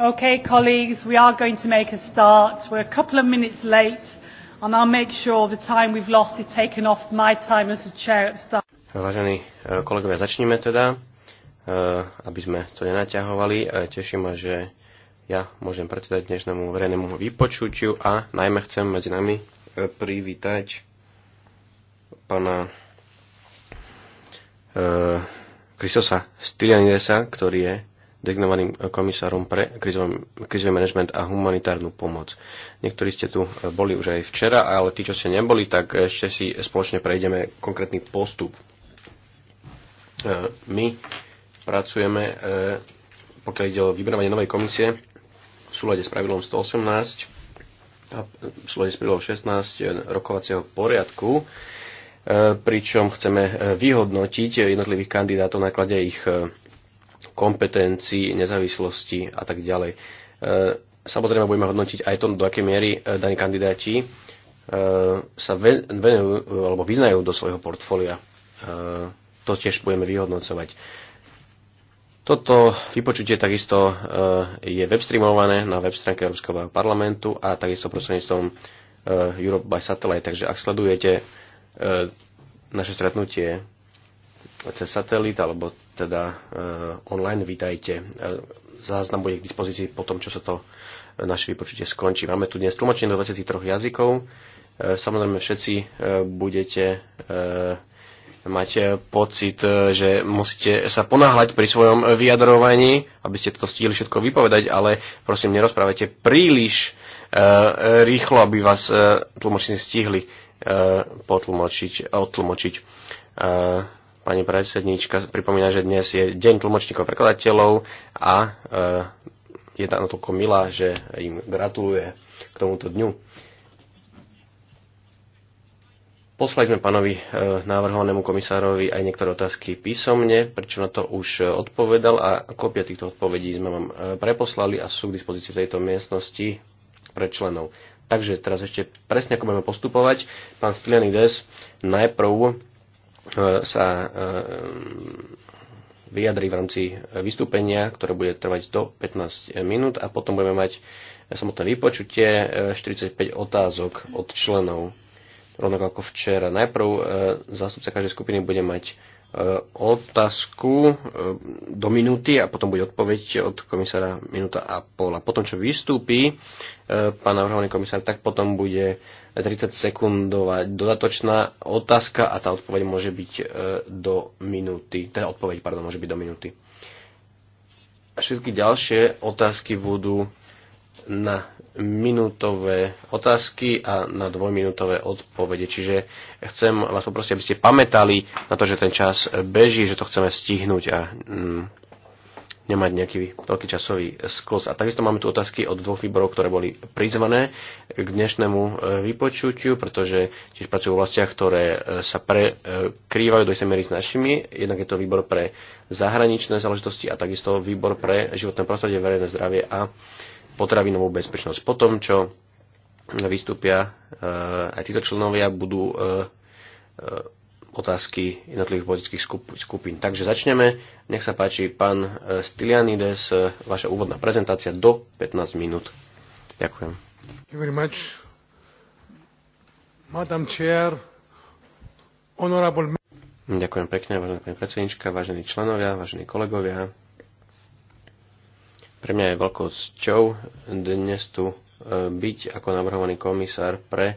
Okay, colleagues, we are going to make a start. We're a couple of minutes late, and I'll make sure the time we've lost is taken off my time as the chair at the start. Vážení eh, kolegovia, začníme teda, eh, aby sme to nenaťahovali. Eh, teším ma, že ja môžem predsedať dnešnému verejnému vypočutiu a najmä chcem medzi nami privítať pána Kristosa Stylianidesa, ktorý je dignovaným komisárom pre krizový, manažment management a humanitárnu pomoc. Niektorí ste tu eh, boli už aj včera, ale tí, čo ste neboli, tak eh, ešte si spoločne prejdeme konkrétny postup. Eh, my pracujeme, pokiaľ ide o vybranie novej komisie, v súlade s pravidlom 118 a v súlade s pravidlom 16 rokovacieho poriadku, pričom chceme vyhodnotiť jednotlivých kandidátov na klade ich kompetencií, nezávislosti a tak ďalej. E, samozrejme budeme hodnotiť aj to, do akej miery e, daní kandidáti e, sa venujú alebo vyznajú do svojho portfólia. To tiež budeme vyhodnocovať. Toto vypočutie takisto je webstreamované na web stránke Európskeho parlamentu a takisto prostredníctvom Europe by Satellite. Takže ak sledujete naše stretnutie cez satelit alebo teda eh, online, vítajte. Eh, záznam bude k dispozícii po tom, čo sa to eh, naše vypočutie skončí. Máme tu dnes tlmočenie do 23 jazykov. Samozrejme všetci budete mať pocit, že musíte sa ponáhľať pri svojom vyjadrovaní, aby ste to stihli všetko vypovedať, ale prosím, nerozprávajte príliš rýchlo, aby vás tlmočníci stihli potlmočiť, odtlmočiť. Pani predsedníčka pripomína, že dnes je deň tlmočníkov prekladateľov a e, je natoľko milá, že im gratuluje k tomuto dňu. Poslali sme pánovi e, návrhovanému komisárovi aj niektoré otázky písomne, prečo na to už odpovedal a kopia týchto odpovedí sme vám e, preposlali a sú k dispozícii v tejto miestnosti pre členov. Takže teraz ešte presne ako budeme postupovať. Pán Stylianides najprv E, sa e, mm, vyjadri v rámci vystúpenia, ktoré bude trvať do 15 minút a potom budeme mať samotné vypočutie 45 e, otázok od členov, rovnako ako včera. Najprv zástupca každej skupiny bude mať E, otázku e, do minúty a potom bude odpoveď od komisára minúta a pol. A potom, čo vystúpi e, pán navrhovaný komisár, tak potom bude 30 sekundová dodatočná otázka a tá odpoveď môže byť do minúty. Teda odpoveď, pardon, môže byť do minúty. A všetky ďalšie otázky budú na minútové otázky a na dvojminútové odpovede. Čiže chcem vás poprosiť, aby ste pamätali na to, že ten čas beží, že to chceme stihnúť a mm, nemať nejaký veľký časový skos. A takisto máme tu otázky od dvoch výborov, ktoré boli prizvané k dnešnému e, vypočutiu, pretože tiež pracujú v oblastiach, ktoré e, sa prekrývajú do istej miery s našimi. Jednak je to výbor pre zahraničné záležitosti a takisto výbor pre životné prostredie, verejné zdravie a potravinovú bezpečnosť. tom, čo vystúpia e, aj títo členovia, budú e, e, otázky jednotlivých politických skupín. Takže začneme. Nech sa páči, pán Stylianides, vaša úvodná prezentácia do 15 minút. Ďakujem. Chair, honorable... Ďakujem pekne, vážená pani predsednička, vážení členovia, vážení kolegovia. Pre mňa je veľkou cťou dnes tu e, byť ako navrhovaný komisár pre e,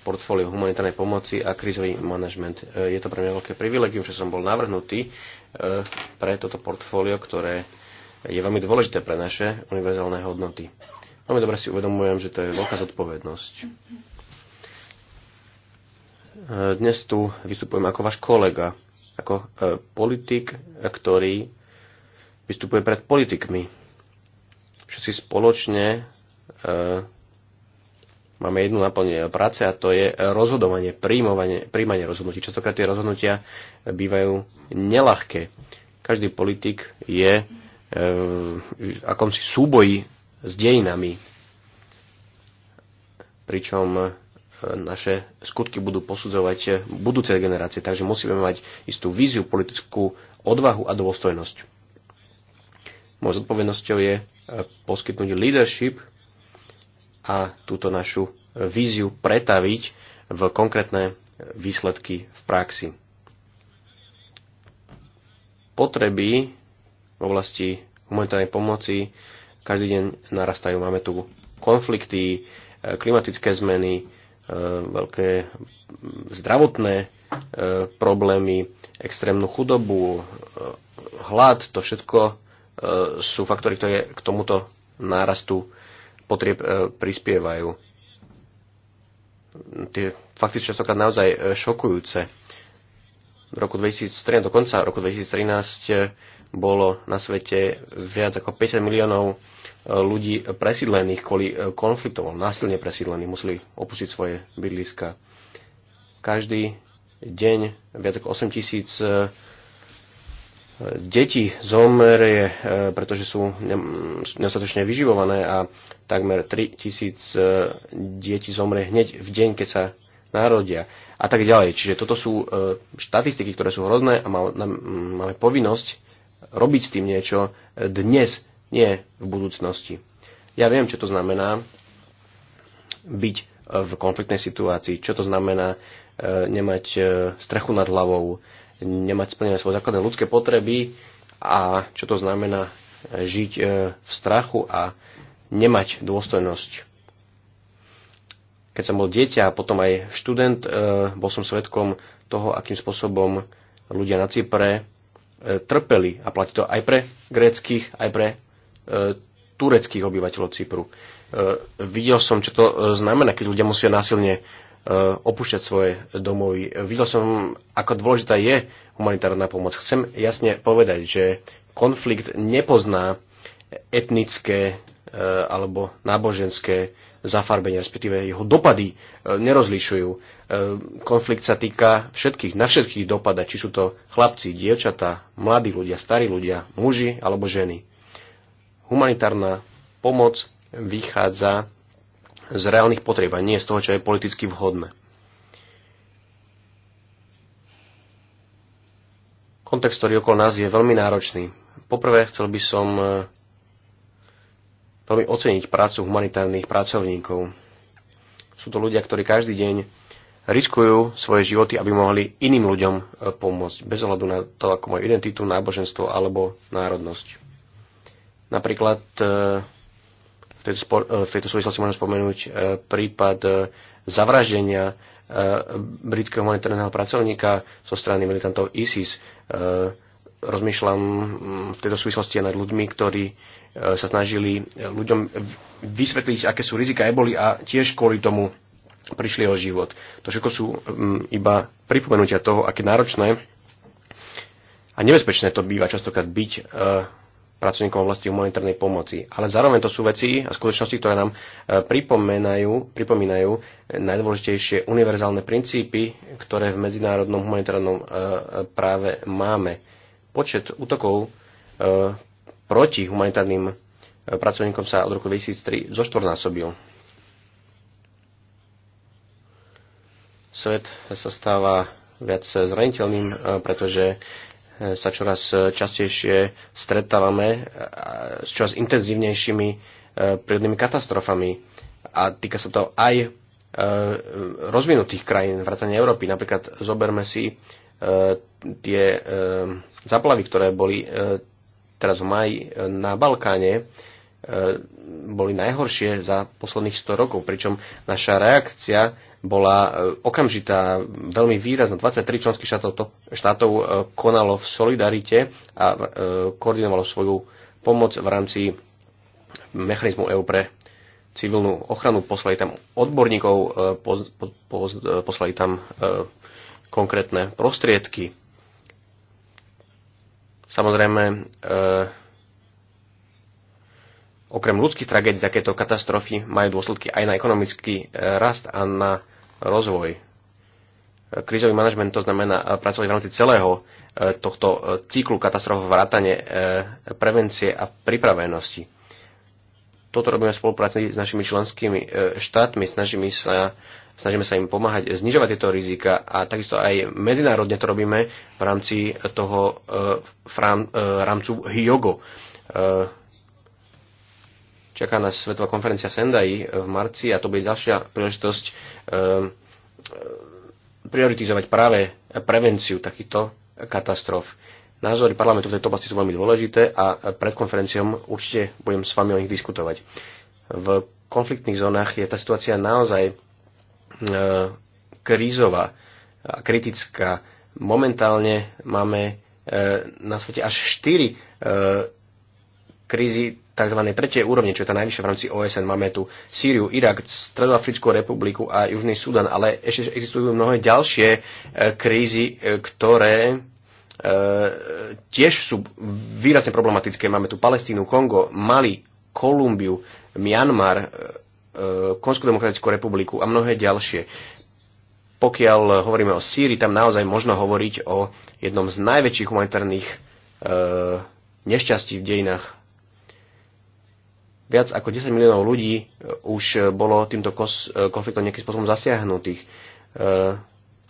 portfólio humanitárnej pomoci a krizový manažment. E, je to pre mňa veľké privilegium, že som bol navrhnutý pre toto portfólio, ktoré je veľmi dôležité pre naše univerzálne hodnoty. Veľmi dobre si uvedomujem, že to je veľká zodpovednosť. Dnes tu vystupujem ako váš kolega, ako politik, ktorý vystupuje pred politikmi. Všetci spoločne e, máme jednu naplnenie práce a to je rozhodovanie, príjmanie rozhodnutí. Častokrát tie rozhodnutia bývajú nelahké. Každý politik je e, v akomsi súboji s dejinami. Pričom e, naše skutky budú posudzovať budúce generácie. Takže musíme mať istú víziu, politickú odvahu a dôstojnosť. Mojou zodpovednosťou je e, poskytnúť leadership a túto našu víziu pretaviť v konkrétne výsledky v praxi. Potreby v oblasti humanitárnej pomoci každý deň narastajú. Máme tu konflikty, e, klimatické zmeny, e, veľké zdravotné problémy, extrémnu chudobu, hlad, to všetko E, sú faktory, ktoré k tomuto nárastu potrieb e, prispievajú. Tie fakty sú častokrát naozaj e, šokujúce. V roku 2013, do konca roku 2013 bolo na svete viac ako 50 miliónov ľudí presídlených kvôli konfliktom, násilne presídlených, museli opustiť svoje bydliska. Každý deň viac ako 8 tisíc Deti zomerie, eh, pretože sú nedostatočne vyživované a takmer 3000 eh, detí zomrie hneď v deň, keď sa narodia a tak ďalej. Čiže toto sú eh, štatistiky, ktoré sú hrozné a mm, máme povinnosť robiť s tým niečo dnes, nie v budúcnosti. Ja viem, čo to znamená byť v konfliktnej situácii, čo to znamená nemať strechu nad hlavou, nemať splnené svoje základné ľudské potreby a čo to znamená e, žiť e, v strachu a nemať dôstojnosť. Keď som bol dieťa a potom aj študent, e, bol som svetkom toho, akým spôsobom ľudia na Cypre trpeli a platí to aj pre gréckých, aj pre tureckých obyvateľov Cypru. Videl som, čo to znamená, keď ľudia musia násilne Eh, opúšťať svoje domovy. Videl som, ako dôležitá je humanitárna pomoc. Chcem jasne povedať, že konflikt nepozná etnické eh, alebo náboženské zafarbenie, respektíve jeho dopady eh, nerozlišujú. Konflikt sa týka všetkých, na všetkých dopada, či sú to chlapci, dievčatá, mladí ľudia, starí ľudia, muži alebo ženy. Humanitárna pomoc vychádza z reálnych potrieb a nie z toho, čo je politicky vhodné. Kontext, ktorý okolo nás je veľmi náročný. Poprvé chcel by som e, veľmi oceniť prácu humanitárnych pracovníkov. Sú to ľudia, ktorí každý deň riskujú svoje životy, aby mohli iným ľuďom e, pomôcť, bez ohľadu na to, ako majú identitu, náboženstvo alebo národnosť. Napríklad e, v tejto, spor, eh, v tejto súvislosti môžem spomenúť eh, prípad eh, zavraždenia britského monetárneho pracovníka zo strany militantov ISIS. Rozmýšľam mm, v tejto súvislosti aj nad ľuďmi, ktorí sa snažili ľuďom vysvetliť, aké sú rizika eboli a tiež kvôli tomu prišli o život. To všetko sú mm, iba pripomenutia toho, aké náročné a nebezpečné to býva častokrát byť pracovníkov v oblasti humanitárnej pomoci. Ale zároveň to sú veci a skutočnosti, ktoré nám e, pripomínajú, pripomínajú e, najdôležitejšie univerzálne princípy, ktoré v medzinárodnom humanitárnom e, práve máme. Počet útokov proti humanitárnym pracovníkom sa od roku 2003 zoštvornásobil. Svet sa stáva viac zraniteľným, pretože sa čoraz častejšie stretávame s čoraz intenzívnejšími e, prírodnými katastrofami. A týka sa to aj e, rozvinutých krajín, vrátane Európy. Napríklad zoberme si e, tie zaplavy, ktoré boli teraz v maji na Balkáne, boli najhoršie za posledných 100 rokov, pričom naša reakcia bola e, okamžitá, veľmi výrazná. 23 členských štátov, to, štátov e, konalo v solidarite a e, koordinovalo svoju pomoc v rámci mechanizmu EU pre civilnú ochranu. Poslali tam odborníkov, poz, poz, poslali tam konkrétne prostriedky. Samozrejme, okrem ľudských tragédií takéto katastrofy majú dôsledky aj na ekonomický e, rast a na rozvoj. E, Krizový manažment to znamená e, pracovať v rámci celého tohto cyklu katastrof vrátane prevencie a pripravenosti. Toto robíme v spolupráci s našimi členskými štátmi, snažíme sa snažíme sa im pomáhať znižovať tieto rizika a takisto aj medzinárodne to robíme v rámci toho v rámcu HIOGO. Čaká nás Svetová konferencia v Sendai e, v marci a to bude ďalšia príležitosť e, e, prioritizovať práve prevenciu takýchto katastrof. Názory parlamentu v tejto oblasti sú veľmi dôležité a pred konferenciom určite budem s vami o nich diskutovať. V konfliktných zónach je tá situácia naozaj krízová a kritická. Momentálne máme na svete až 4 krízy tzv. tretej úrovne, čo je tá najvyššia v rámci OSN. Máme tu Sýriu, Irak, Stredoafrickú republiku a Južný Sudan, ale ešte existujú mnohé ďalšie e, krízy, e, ktoré e, tiež sú výrazne problematické. Máme tu Palestínu, Kongo, Mali, Kolumbiu, Myanmar, Konskú demokratickú republiku a mnohé ďalšie. Pokiaľ hovoríme o Sýrii, tam naozaj možno hovoriť o jednom z najväčších humanitárnych nešťastí v dejinách Viac ako 10 miliónov ľudí e, už e, bolo týmto e, konfliktom nejakým spôsobom zasiahnutých.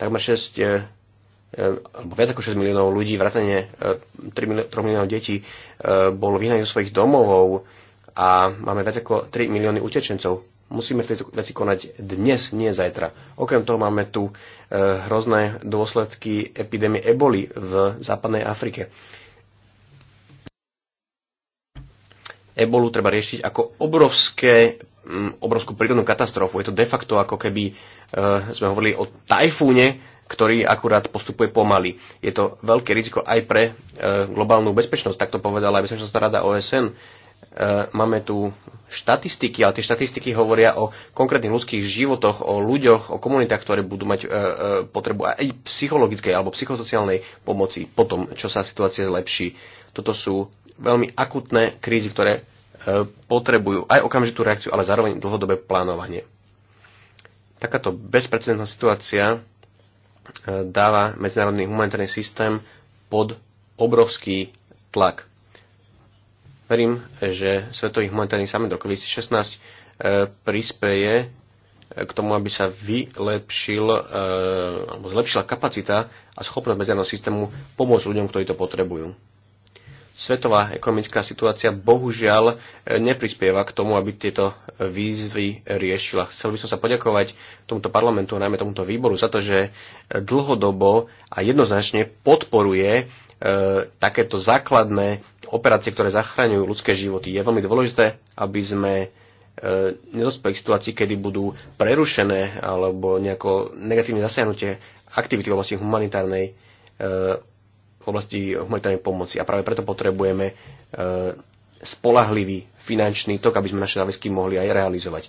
Takmer 6 alebo viac ako 6 miliónov ľudí, vrátane 3, 3 miliónov detí, bolo vyhnaných zo svojich domovov a máme viac ako 3 milióny utečencov musíme v tejto veci konať dnes, nie zajtra. Okrem toho máme tu hrozné dôsledky epidémie eboli v západnej Afrike. ebolu treba riešiť ako obrovské, mm, obrovskú prírodnú katastrofu. Je to de facto ako keby e, sme hovorili o tajfúne, ktorý akurát postupuje pomaly. Je to veľké riziko aj pre e, globálnu bezpečnosť, tak to povedala aj Bezpečnostná rada OSN. E, máme tu štatistiky, ale tie štatistiky hovoria o konkrétnych ľudských životoch, o ľuďoch, o komunitách, ktoré budú mať e, e, potrebu aj psychologickej alebo psychosociálnej pomoci potom, čo sa situácia zlepší. Toto sú veľmi akutné krízy, ktoré e, potrebujú aj okamžitú reakciu, ale zároveň dlhodobé plánovanie. Takáto bezprecedentná situácia e, dáva medzinárodný humanitárny systém pod obrovský tlak. Verím, že Svetový humanitárny summit roku 2016 e, prispeje k tomu, aby sa vylepšil alebo zlepšila kapacita a schopnosť medzinárodného systému pomôcť ľuďom, ktorí to potrebujú svetová ekonomická situácia bohužiaľ e, neprispieva k tomu, aby tieto e, výzvy riešila. Chcel by som sa poďakovať tomuto parlamentu, najmä tomuto výboru, za to, že e, dlhodobo a jednoznačne podporuje takéto základné operácie, ktoré zachraňujú ľudské životy. Je veľmi dôležité, aby sme nedospeli k situácii, kedy budú prerušené alebo nejako negatívne zasiahnutie aktivity v oblasti humanitárnej v oblasti humanitárnej pomoci. A práve preto potrebujeme e, spolahlivý finančný tok, aby sme naše záväzky mohli aj realizovať.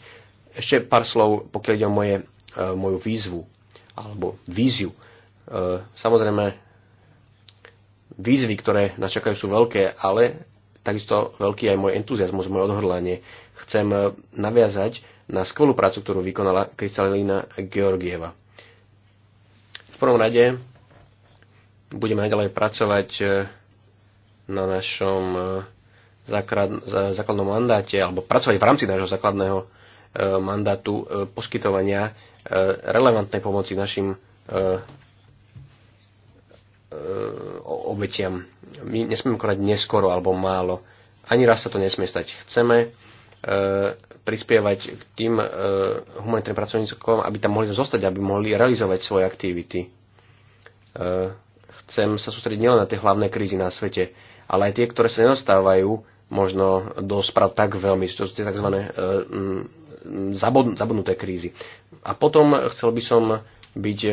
Ešte pár slov, pokiaľ ide o moje, e, moju výzvu alebo víziu. E, samozrejme, výzvy, ktoré nás čakajú, sú veľké, ale takisto veľký aj môj entuziasmus, moje odhodlanie. Chcem naviazať na skvelú prácu, ktorú vykonala Kristalina Georgieva. V prvom rade budeme naďalej pracovať e, na našom e, základnom mandáte, alebo pracovať v rámci nášho základného e, mandátu poskytovania relevantnej pomoci našim obetiam. My nesmieme konať neskoro alebo málo. Ani raz sa to nesmie stať. Chceme prispievať k tým humanitným pracovníkom, aby tam mohli zostať, aby mohli realizovať svoje aktivity chcem sa sústrediť nielen na tie hlavné krízy na svete, ale aj tie, ktoré sa nedostávajú možno do sprav tak veľmi, čo sú tie tzv. E, zabudnuté krízy. A potom chcel by som byť e,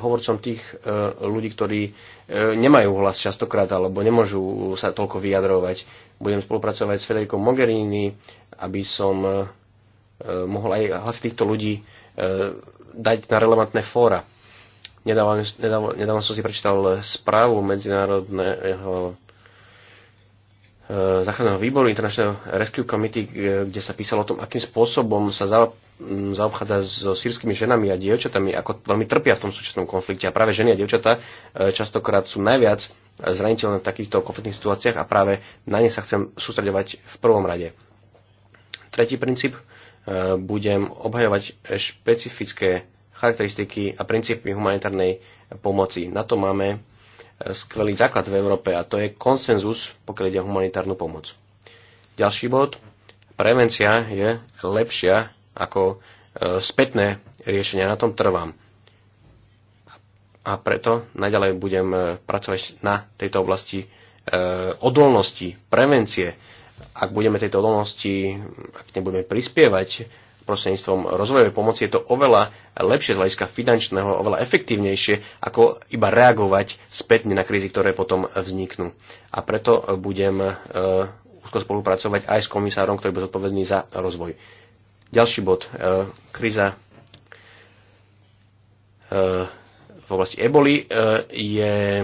hovorcom tých e, ľudí, ktorí nemajú hlas častokrát alebo nemôžu sa toľko vyjadrovať. Budem spolupracovať s Federikou Mogherini, aby som mohol aj hlas týchto ľudí dať na relevantné fóra. Nedávno, som si prečítal správu Medzinárodného e, záchranného výboru International Rescue Committee, eh, kde sa písalo o tom, akým spôsobom sa za, m, mm, zaobchádza so sírskymi ženami a dievčatami, ako veľmi trpia v tom súčasnom konflikte. A práve ženy a dievčatá e, častokrát sú najviac zraniteľné v takýchto konfliktných situáciách a práve na ne sa chcem sústredovať v prvom rade. Tretí princíp, budem obhajovať špecifické charakteristiky a princípy humanitárnej pomoci. Na to máme e, skvelý základ v Európe a to je konsenzus, pokiaľ ide o humanitárnu pomoc. Ďalší bod. Prevencia je lepšia ako e, spätné riešenia. Na tom trvám. A preto naďalej budem e, pracovať na tejto oblasti odolnosti, prevencie. Ak budeme tejto odolnosti, ak nebudeme prispievať prostredníctvom rozvojovej pomoci je to oveľa lepšie z hľadiska finančného, oveľa efektívnejšie, ako iba reagovať spätne na krízy, ktoré potom vzniknú. A preto budem e, úzko spolupracovať aj s komisárom, ktorý bude zodpovedný za rozvoj. Ďalší bod. E, kríza e, v oblasti eboli je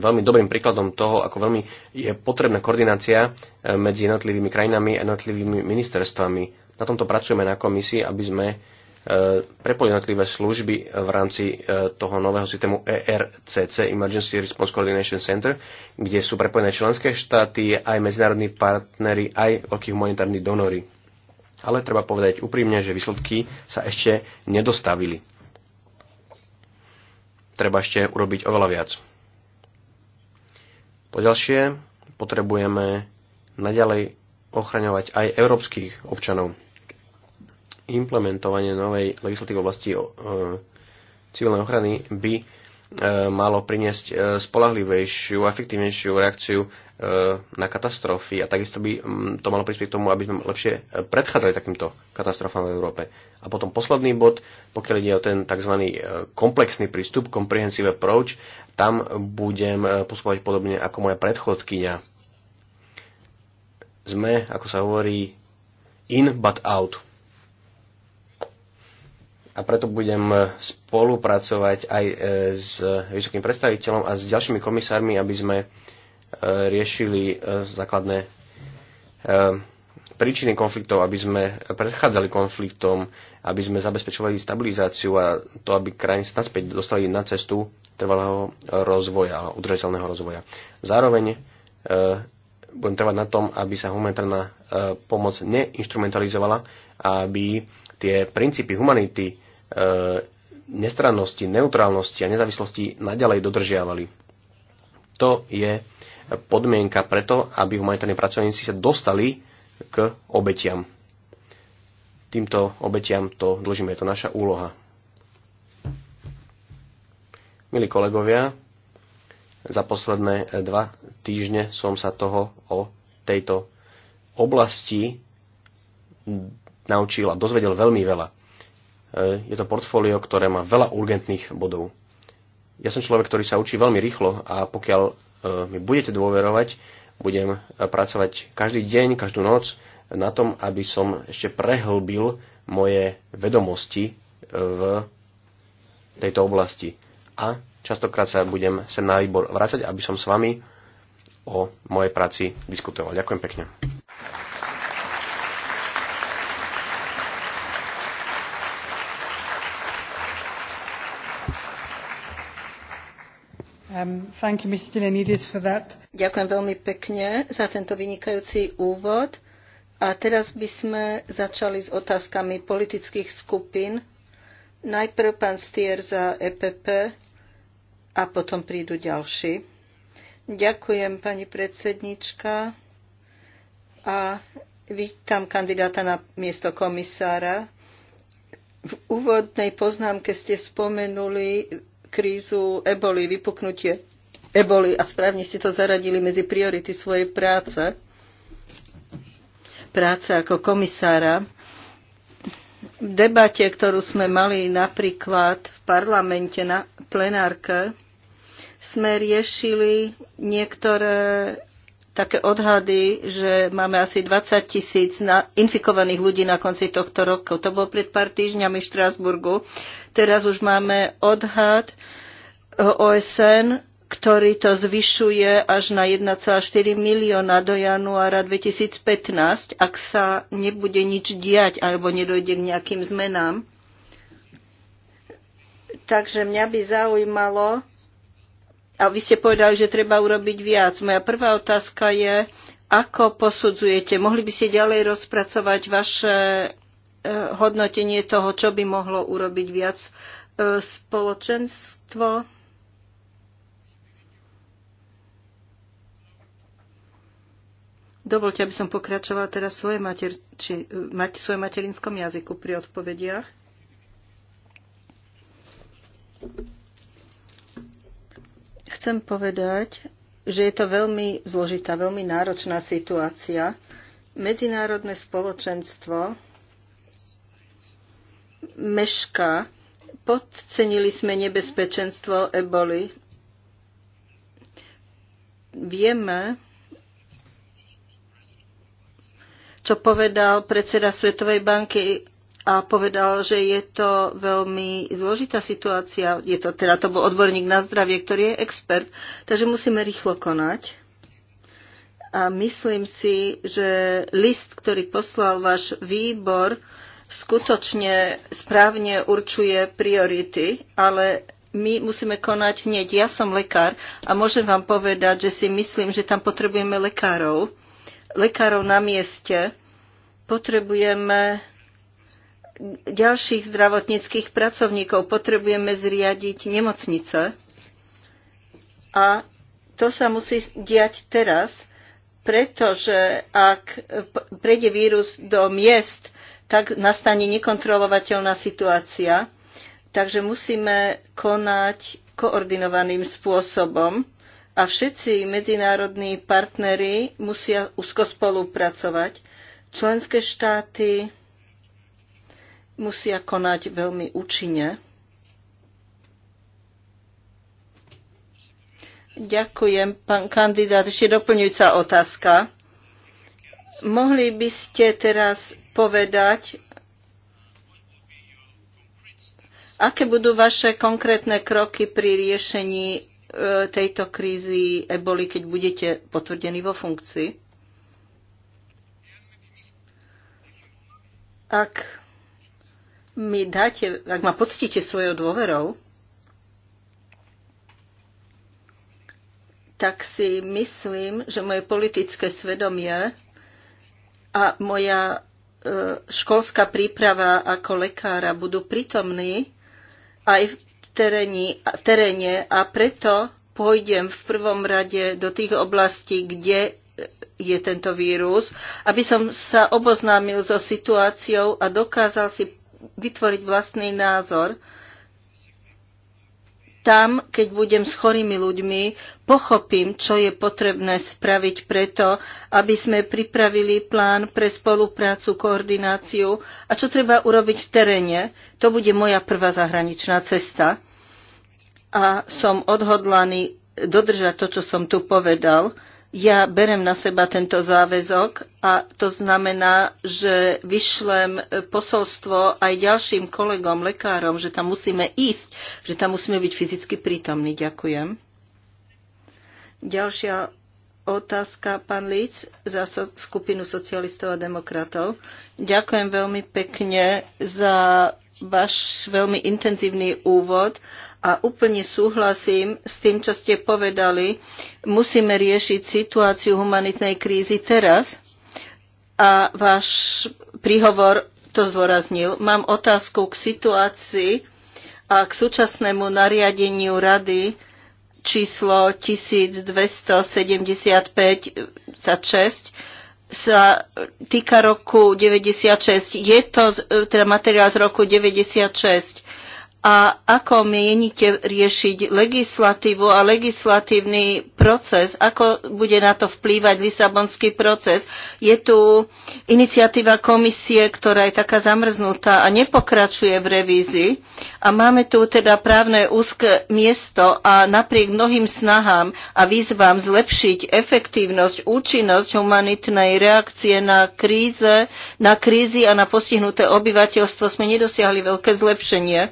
veľmi dobrým príkladom toho, ako veľmi je potrebná koordinácia e, medzi jednotlivými krajinami a jednotlivými ministerstvami. Na tomto pracujeme na komisii, aby sme e, prepojili jednotlivé služby v rámci e, toho nového systému ERCC, Emergency Response Coordination Center, kde sú prepojené členské štáty, aj medzinárodní partnery, aj veľkí humanitárni donory. Ale treba povedať úprimne, že výsledky sa ešte nedostavili. Treba ešte urobiť oveľa viac. Po ďalšie, potrebujeme naďalej ochraňovať aj európskych občanov. Implementovanie novej legislatívy v oblasti e, civilnej ochrany by E, malo priniesť e, spolahlivejšiu, efektívnejšiu reakciu e, na katastrofy a takisto by to malo prispieť k tomu, aby sme lepšie predchádzali takýmto katastrofám v Európe. A potom posledný bod, pokiaľ ide o ten tzv. komplexný prístup, comprehensive approach, tam budem postupovať podobne ako moja predchodkynia. Sme, ako sa hovorí, in but out a preto budem e, spolupracovať aj e, s vysokým predstaviteľom a s ďalšími komisármi, aby sme e, riešili základné príčiny konfliktov, aby sme predchádzali konfliktom, aby sme zabezpečovali stabilizáciu a to, aby krajiny sa naspäť dostali na cestu trvalého rozvoja, udržateľného rozvoja. Zároveň budem trvať na tom, aby sa humanitárna pomoc neinstrumentalizovala a aby tie princípy humanity, E, nestrannosti, neutrálnosti a nezávislosti naďalej dodržiavali. To je podmienka preto, aby humanitárni pracovníci sa dostali k obetiam. Týmto obetiam to dlžíme, je to naša úloha. Milí kolegovia, za posledné dva týždne som sa toho o tejto oblasti naučil a dozvedel veľmi veľa. Eh, je to portfólio, ktoré má veľa urgentných bodov. Ja som človek, ktorý sa učí veľmi rýchlo a pokiaľ eh, mi budete dôverovať, budem eh, pracovať každý deň, každú noc na tom, aby som ešte prehlbil moje vedomosti v tejto oblasti. A častokrát sa budem sem na výbor vrácať, aby som s vami o mojej práci diskutoval. Ďakujem pekne. Um, Ďakujem veľmi pekne za tento vynikajúci úvod. A teraz by sme začali s otázkami politických skupín. Najprv pán Stier za EPP a potom prídu ďalší. Ďakujem, pani predsednička. A vítam kandidáta na miesto komisára. V úvodnej poznámke ste spomenuli krízu eboli, vypuknutie eboli a správne ste to zaradili medzi priority svojej práce. Práce ako komisára. V debate, ktorú sme mali napríklad v parlamente na plenárke, sme riešili niektoré také odhady, že máme asi 20 tisíc infikovaných ľudí na konci tohto roku. To bolo pred pár týždňami v Štrásburgu. Teraz už máme odhad OSN, ktorý to zvyšuje až na 1,4 milióna do januára 2015, ak sa nebude nič diať alebo nedojde k nejakým zmenám. Takže mňa by zaujímalo, a vy ste povedali, že treba urobiť viac. Moja prvá otázka je, ako posudzujete? Mohli by ste ďalej rozpracovať vaše e, hodnotenie toho, čo by mohlo urobiť viac e, spoločenstvo? Dovolte, aby som pokračovala teraz svoje mater, či, e, mať, svojom materinskom jazyku pri odpovediach. Chcem povedať, že je to veľmi zložitá, veľmi náročná situácia. Medzinárodné spoločenstvo meška. Podcenili sme nebezpečenstvo eboli. Vieme, čo povedal predseda Svetovej banky a povedal, že je to veľmi zložitá situácia. Je to, teda to bol odborník na zdravie, ktorý je expert, takže musíme rýchlo konať. A myslím si, že list, ktorý poslal váš výbor, skutočne správne určuje priority, ale my musíme konať hneď. Ja som lekár a môžem vám povedať, že si myslím, že tam potrebujeme lekárov. Lekárov na mieste. Potrebujeme ďalších zdravotníckých pracovníkov. Potrebujeme zriadiť nemocnice. A to sa musí diať teraz, pretože ak prejde vírus do miest, tak nastane nekontrolovateľná situácia. Takže musíme konať koordinovaným spôsobom a všetci medzinárodní partnery musia úzko spolupracovať. Členské štáty, musia konať veľmi účinne. Ďakujem, pán kandidát. Ešte doplňujúca otázka. Mohli by ste teraz povedať, aké budú vaše konkrétne kroky pri riešení e, tejto krízy eboli, keď budete potvrdení vo funkcii? Ak mi dáte, ak ma poctíte svojou dôverou, tak si myslím, že moje politické svedomie a moja e, školská príprava ako lekára budú prítomní aj v, teréni, v teréne a preto pôjdem v prvom rade do tých oblastí, kde je tento vírus, aby som sa oboznámil so situáciou a dokázal si vytvoriť vlastný názor. Tam, keď budem s chorými ľuďmi, pochopím, čo je potrebné spraviť preto, aby sme pripravili plán pre spoluprácu, koordináciu a čo treba urobiť v teréne. To bude moja prvá zahraničná cesta. A som odhodlaný dodržať to, čo som tu povedal ja berem na seba tento záväzok a to znamená, že vyšlem posolstvo aj ďalším kolegom, lekárom, že tam musíme ísť, že tam musíme byť fyzicky prítomní. Ďakujem. Ďalšia otázka, pán Líc, za so, skupinu socialistov a demokratov. Ďakujem veľmi pekne za váš veľmi intenzívny úvod a úplne súhlasím s tým, čo ste povedali. Musíme riešiť situáciu humanitnej krízy teraz. A váš príhovor to zdôraznil. Mám otázku k situácii a k súčasnému nariadeniu rady číslo 1275-6 sa týka roku 96. Je to e, teda materiál z roku 96 a ako mienite riešiť legislatívu a legislatívny proces, ako bude na to vplývať Lisabonský proces. Je tu iniciatíva komisie, ktorá je taká zamrznutá a nepokračuje v revízii a máme tu teda právne úzke miesto a napriek mnohým snahám a výzvam zlepšiť efektívnosť, účinnosť humanitnej reakcie na kríze, na krízy a na postihnuté obyvateľstvo sme nedosiahli veľké zlepšenie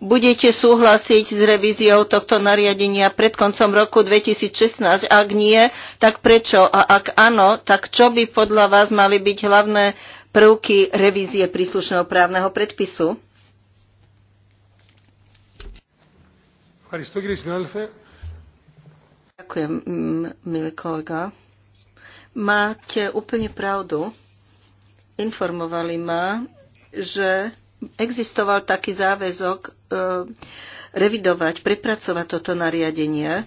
budete súhlasiť s revíziou tohto nariadenia pred koncom roku 2016? Ak nie, tak prečo? A ak áno, tak čo by podľa vás mali byť hlavné prvky revízie príslušného právneho predpisu? ¿no, Ďakujem, milý kolega. Máte úplne pravdu. Informovali ma, že existoval taký záväzok e, revidovať, prepracovať toto nariadenie.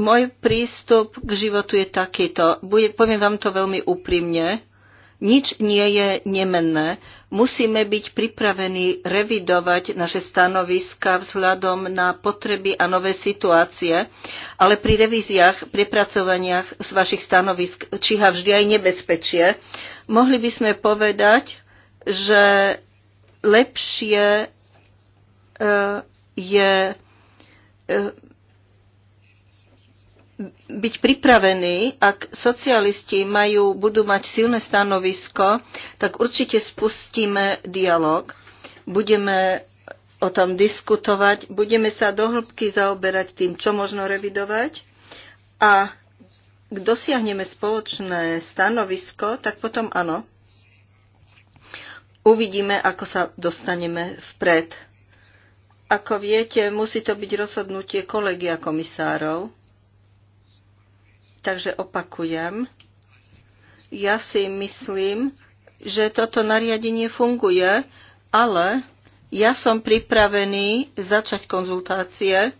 Môj prístup k životu je takýto. Bude, poviem vám to veľmi úprimne. Nič nie je nemenné. Musíme byť pripravení revidovať naše stanoviska vzhľadom na potreby a nové situácie, ale pri revíziách, prepracovaniach z vašich stanovisk číha vždy aj nebezpečie. Mohli by sme povedať, že lepšie e, je e, byť pripravený, ak socialisti majú, budú mať silné stanovisko, tak určite spustíme dialog. Budeme o tom diskutovať, budeme sa dohlbky zaoberať tým, čo možno revidovať a dosiahneme spoločné stanovisko, tak potom áno, uvidíme, ako sa dostaneme vpred. Ako viete, musí to byť rozhodnutie kolegia komisárov. Takže opakujem. Ja si myslím, že toto nariadenie funguje, ale ja som pripravený začať konzultácie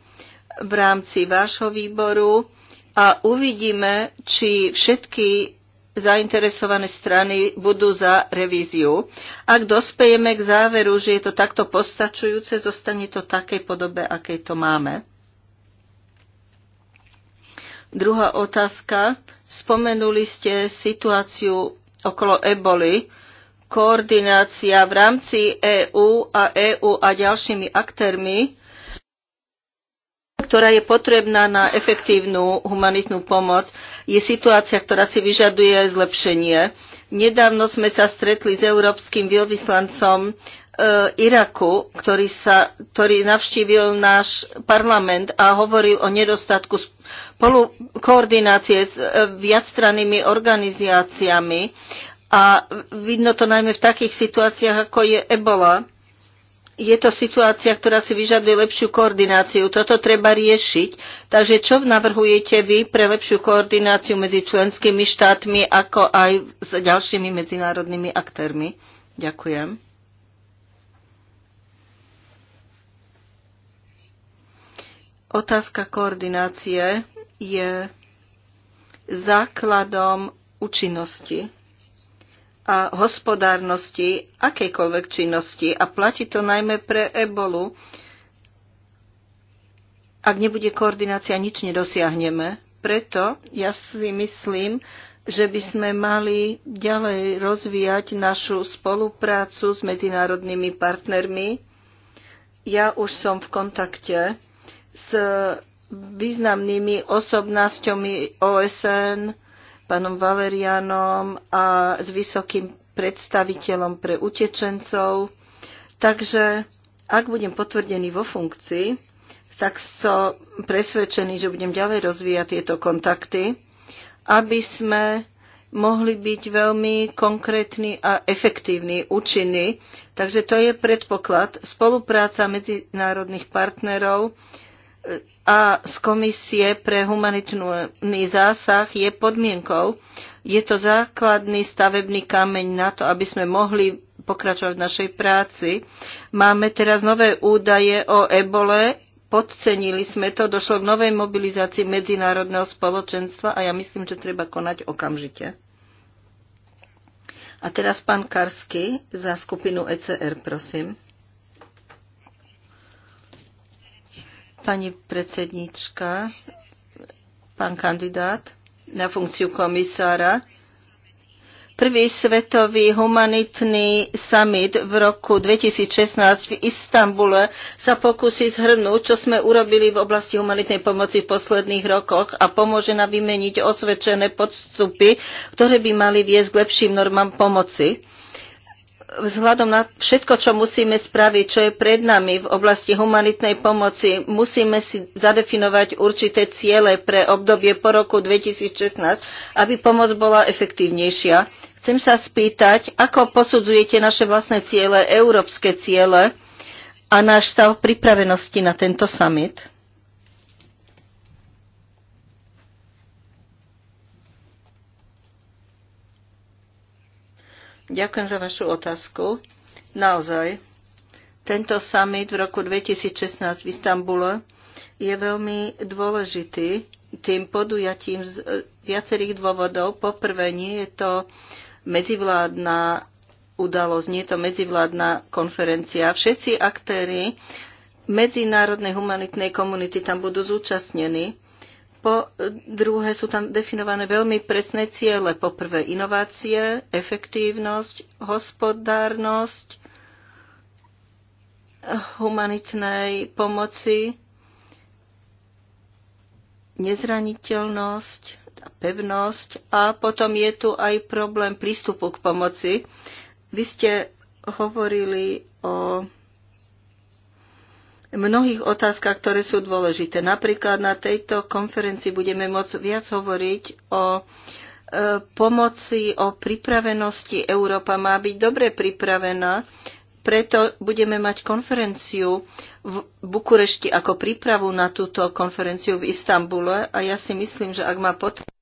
v rámci vášho výboru a uvidíme, či všetky zainteresované strany budú za revíziu. Ak dospejeme k záveru, že je to takto postačujúce, zostane to takej podobe, akej to máme. Druhá otázka. Spomenuli ste situáciu okolo eboli, koordinácia v rámci EÚ a EÚ a ďalšími aktérmi ktorá je potrebná na efektívnu humanitnú pomoc, je situácia, ktorá si vyžaduje zlepšenie. Nedávno sme sa stretli s európskym veľvyslancom e, Iraku, ktorý, sa, ktorý navštívil náš parlament a hovoril o nedostatku spolu koordinácie s e, viacstrannými organizáciami a vidno to najmä v takých situáciách, ako je ebola je to situácia, ktorá si vyžaduje lepšiu koordináciu. Toto treba riešiť. Takže čo navrhujete vy pre lepšiu koordináciu medzi členskými štátmi, ako aj s ďalšími medzinárodnými aktérmi? Ďakujem. Otázka koordinácie je základom účinnosti a hospodárnosti akejkoľvek činnosti a platí to najmä pre ebolu. Ak nebude koordinácia, nič nedosiahneme. Preto ja si myslím, že by sme mali ďalej rozvíjať našu spoluprácu s medzinárodnými partnermi. Ja už som v kontakte s významnými osobnosťami OSN, pánom Valerianom a s vysokým predstaviteľom pre utečencov. Takže ak budem potvrdený vo funkcii, tak som presvedčený, že budem ďalej rozvíjať tieto kontakty, aby sme mohli byť veľmi konkrétni a efektívni, účinní. Takže to je predpoklad spolupráca medzinárodných partnerov, a z Komisie pre humanitný zásah je podmienkou. Je to základný stavebný kameň na to, aby sme mohli pokračovať v našej práci. Máme teraz nové údaje o ebole. Podcenili sme to, došlo k novej mobilizácii medzinárodného spoločenstva a ja myslím, že treba konať okamžite. A teraz pán Karsky za skupinu ECR, prosím. Pani predsednička, pán kandidát na funkciu komisára, Prvý svetový humanitný summit v roku 2016 v Istambule sa pokusí zhrnúť, čo sme urobili v oblasti humanitnej pomoci v posledných rokoch a pomôže nám vymeniť osvedčené podstupy, ktoré by mali viesť k lepším normám pomoci vzhľadom na všetko, čo musíme spraviť, čo je pred nami v oblasti humanitnej pomoci, musíme si zadefinovať určité ciele pre obdobie po roku 2016, aby pomoc bola efektívnejšia. Chcem sa spýtať, ako posudzujete naše vlastné ciele, európske ciele a náš stav pripravenosti na tento summit? Ďakujem za vašu otázku. Naozaj, tento summit v roku 2016 v Istambule je veľmi dôležitý tým podujatím z e, viacerých dôvodov. Poprvé, nie je to medzivládna udalosť, nie je to medzivládna konferencia. Všetci aktéry medzinárodnej humanitnej komunity tam budú zúčastnení. Po druhé sú tam definované veľmi presné ciele. Po prvé inovácie, efektívnosť, hospodárnosť, humanitnej pomoci, nezraniteľnosť, pevnosť a potom je tu aj problém prístupu k pomoci. Vy ste hovorili o mnohých otázkach, ktoré sú dôležité. Napríklad na tejto konferencii budeme môcť viac hovoriť o e, pomoci, o pripravenosti. Európa má byť dobre pripravená, preto budeme mať konferenciu v Bukurešti ako prípravu na túto konferenciu v Istambule a ja si myslím, že ak má potrebu.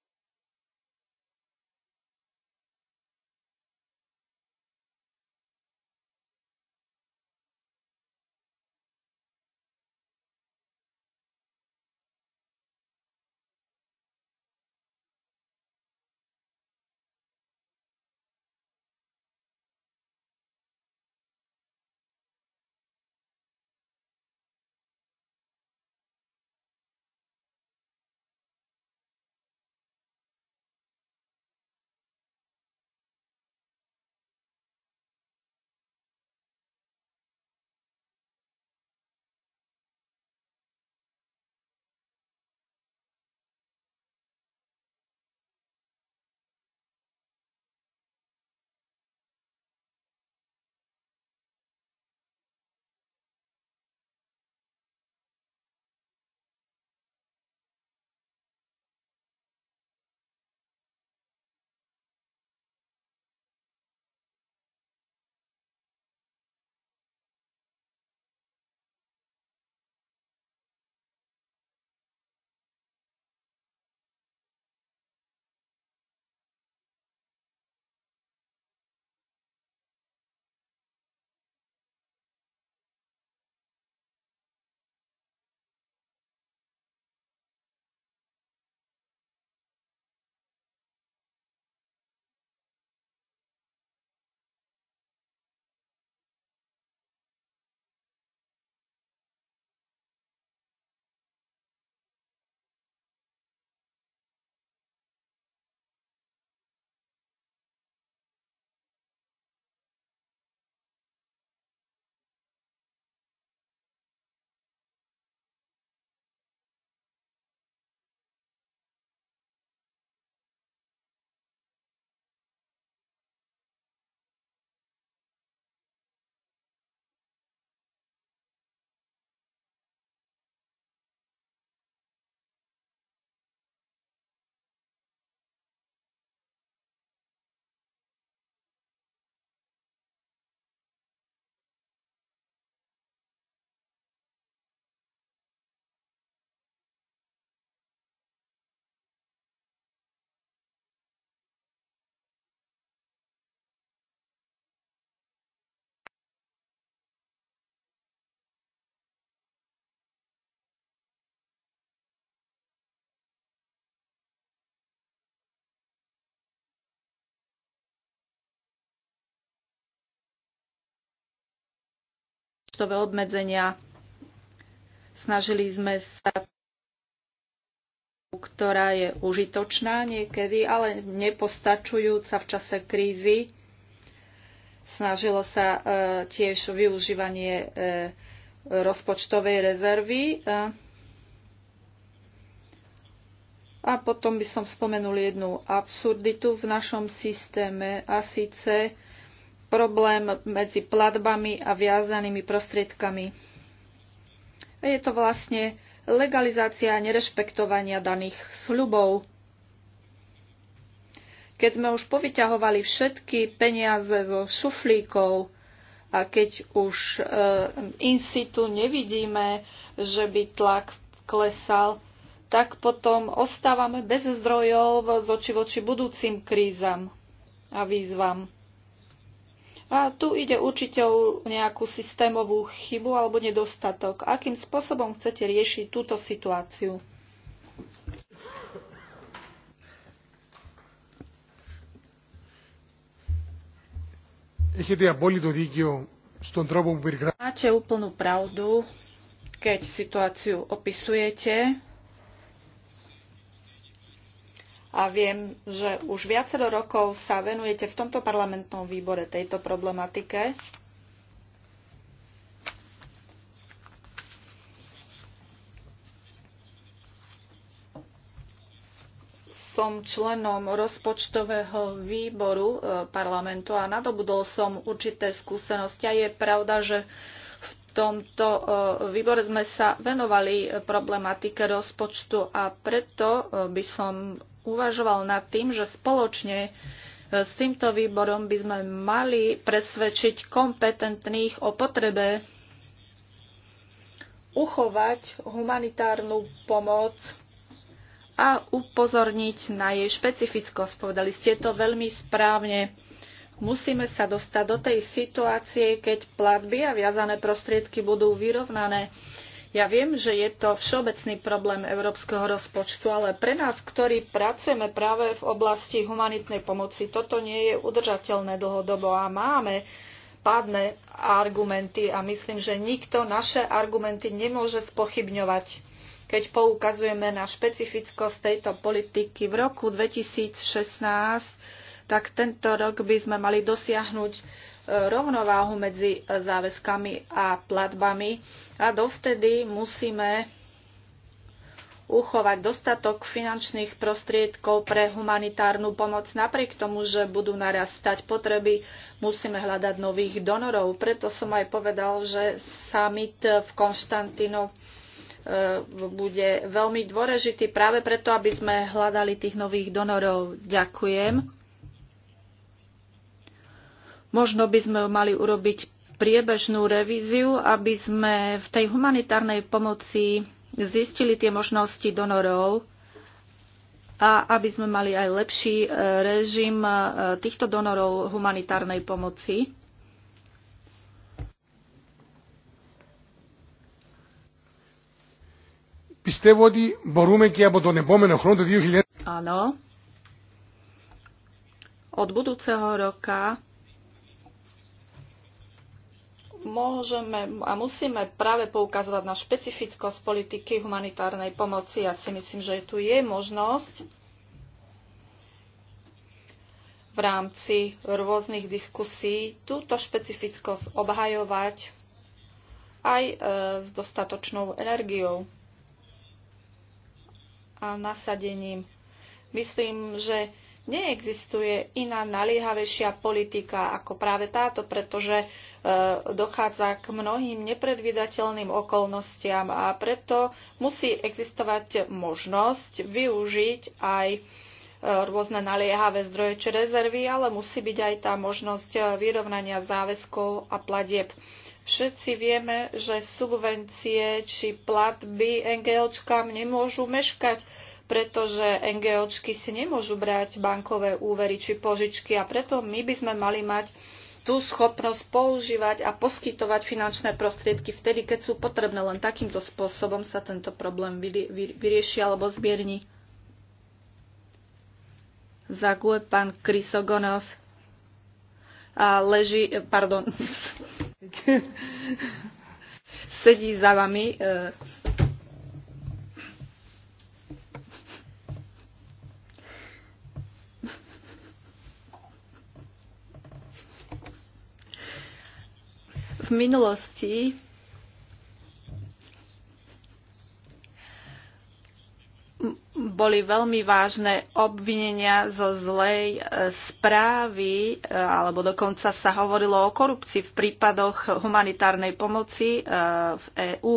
rozpočtové obmedzenia. Snažili sme sa ktorá je užitočná niekedy, ale nepostačujúca v čase krízy. Snažilo sa e, tiež využívanie e, rozpočtovej rezervy. E, a potom by som spomenul jednu absurditu v našom systéme a síce problém medzi platbami a viazanými prostriedkami. Je to vlastne legalizácia nerešpektovania daných sľubov. Keď sme už povyťahovali všetky peniaze zo šuflíkov a keď už eh, in situ nevidíme, že by tlak klesal, tak potom ostávame bez zdrojov z oči voči budúcim krízam a výzvam. A tu ide určite o nejakú systémovú chybu alebo nedostatok. Akým spôsobom chcete riešiť túto situáciu? Máte úplnú pravdu, keď situáciu opisujete a viem, že už viacero rokov sa venujete v tomto parlamentnom výbore tejto problematike. som členom rozpočtového výboru e, parlamentu a nadobudol som určité skúsenosti a je pravda, že v tomto e, výbore sme sa venovali problematike rozpočtu a preto e, by som uvažoval nad tým, že spoločne e, s týmto výborom by sme mali presvedčiť kompetentných o potrebe uchovať humanitárnu pomoc a upozorniť na jej špecifickosť. Povedali ste to veľmi správne. Musíme sa dostať do tej situácie, keď platby a viazané prostriedky budú vyrovnané ja viem, že je to všeobecný problém európskeho rozpočtu, ale pre nás, ktorí pracujeme práve v oblasti humanitnej pomoci, toto nie je udržateľné dlhodobo a máme pádne argumenty a myslím, že nikto naše argumenty nemôže spochybňovať. Keď poukazujeme na špecifickosť tejto politiky v roku 2016, tak tento rok by sme mali dosiahnuť rovnováhu medzi záväzkami a platbami a dovtedy musíme uchovať dostatok finančných prostriedkov pre humanitárnu pomoc. Napriek tomu, že budú narastať potreby, musíme hľadať nových donorov. Preto som aj povedal, že summit v Konštantinu e, bude veľmi dôležitý práve preto, aby sme hľadali tých nových donorov. Ďakujem. Možno by sme mali urobiť priebežnú revíziu, aby sme v tej humanitárnej pomoci zistili tie možnosti donorov a aby sme mali aj lepší e, režim e, týchto donorov humanitárnej pomoci. 2000... Áno. Od budúceho roka môžeme a musíme práve poukazovať na špecifickosť politiky humanitárnej pomoci. Ja si myslím, že tu je možnosť v rámci rôznych diskusí túto špecifickosť obhajovať aj e, s dostatočnou energiou a nasadením. Myslím, že Neexistuje iná naliehavejšia politika ako práve táto, pretože e, dochádza k mnohým nepredvydateľným okolnostiam a preto musí existovať možnosť využiť aj e, rôzne naliehavé zdroje či rezervy, ale musí byť aj tá možnosť e, vyrovnania záväzkov a platieb. Všetci vieme, že subvencie či platby NGOčkám nemôžu meškať pretože NGOčky si nemôžu brať bankové úvery či požičky a preto my by sme mali mať tú schopnosť používať a poskytovať finančné prostriedky vtedy, keď sú potrebné. Len takýmto spôsobom sa tento problém vyrieši alebo zmierni. Zaguje pán Krysogonos a leží, pardon, sedí za vami e, minulosti boli veľmi vážne obvinenia zo zlej e, správy, e, alebo dokonca sa hovorilo o korupcii v prípadoch humanitárnej pomoci e, v EÚ.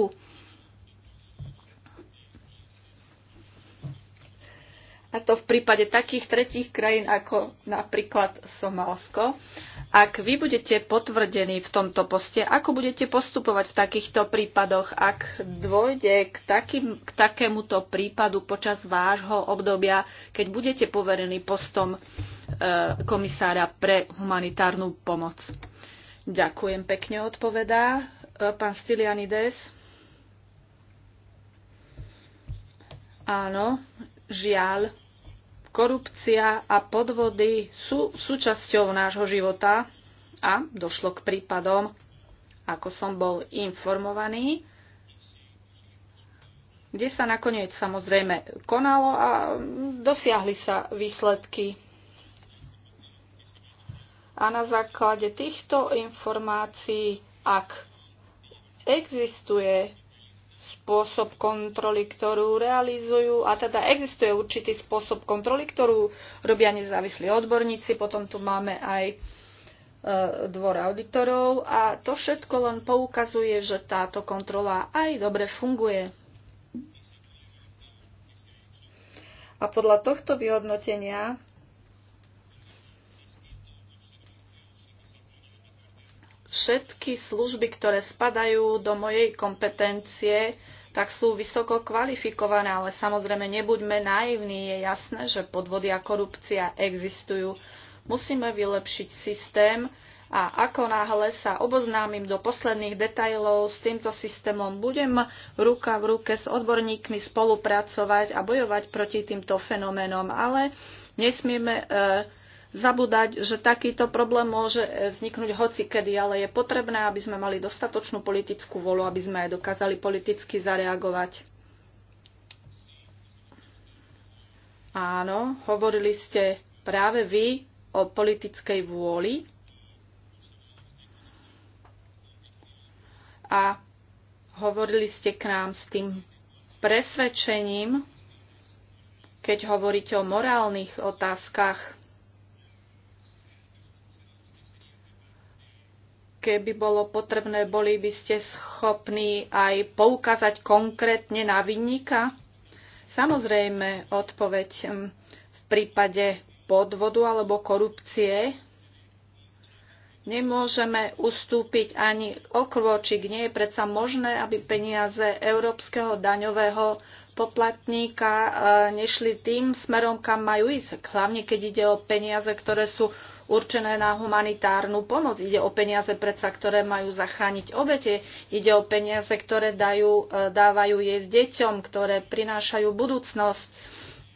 A to v prípade takých tretích krajín ako napríklad Somálsko. Ak vy budete potvrdení v tomto poste, ako budete postupovať v takýchto prípadoch, ak dôjde k, takým, k takémuto prípadu počas vášho obdobia, keď budete poverení postom e, komisára pre humanitárnu pomoc? Ďakujem pekne, odpovedá e, pán Stylianides. Áno, žiaľ, Korupcia a podvody sú súčasťou nášho života a došlo k prípadom, ako som bol informovaný, kde sa nakoniec samozrejme konalo a dosiahli sa výsledky. A na základe týchto informácií, ak existuje spôsob kontroly, ktorú realizujú. A teda existuje určitý spôsob kontroly, ktorú robia nezávislí odborníci. Potom tu máme aj e, dvor auditorov a to všetko len poukazuje, že táto kontrola aj dobre funguje. A podľa tohto vyhodnotenia všetky služby, ktoré spadajú do mojej kompetencie, tak sú vysoko kvalifikované, ale samozrejme nebuďme naivní. Je jasné, že podvody a korupcia existujú. Musíme vylepšiť systém a ako náhle sa oboznámim do posledných detajlov s týmto systémom, budem ruka v ruke s odborníkmi spolupracovať a bojovať proti týmto fenoménom, ale nesmieme Uh, zabúdať, že takýto problém môže e, vzniknúť hoci kedy, ale je potrebné, aby sme mali dostatočnú politickú volu, aby sme aj dokázali politicky zareagovať. Áno, hovorili ste práve vy o politickej vôli. A hovorili ste k nám s tým presvedčením, keď hovoríte o morálnych otázkach keby bolo potrebné, boli by ste schopní aj poukázať konkrétne na vinníka? Samozrejme, odpoveď hm, v prípade podvodu alebo korupcie Nemôžeme ustúpiť ani okrôčik. Nie je predsa možné, aby peniaze európskeho daňového poplatníka eh, nešli tým smerom, kam majú ísť. Hlavne, keď ide o peniaze, ktoré sú určené na humanitárnu pomoc. Ide o peniaze predsa, ktoré majú zachrániť obete. Ide o peniaze, ktoré dajú, e, dávajú s deťom, ktoré prinášajú budúcnosť.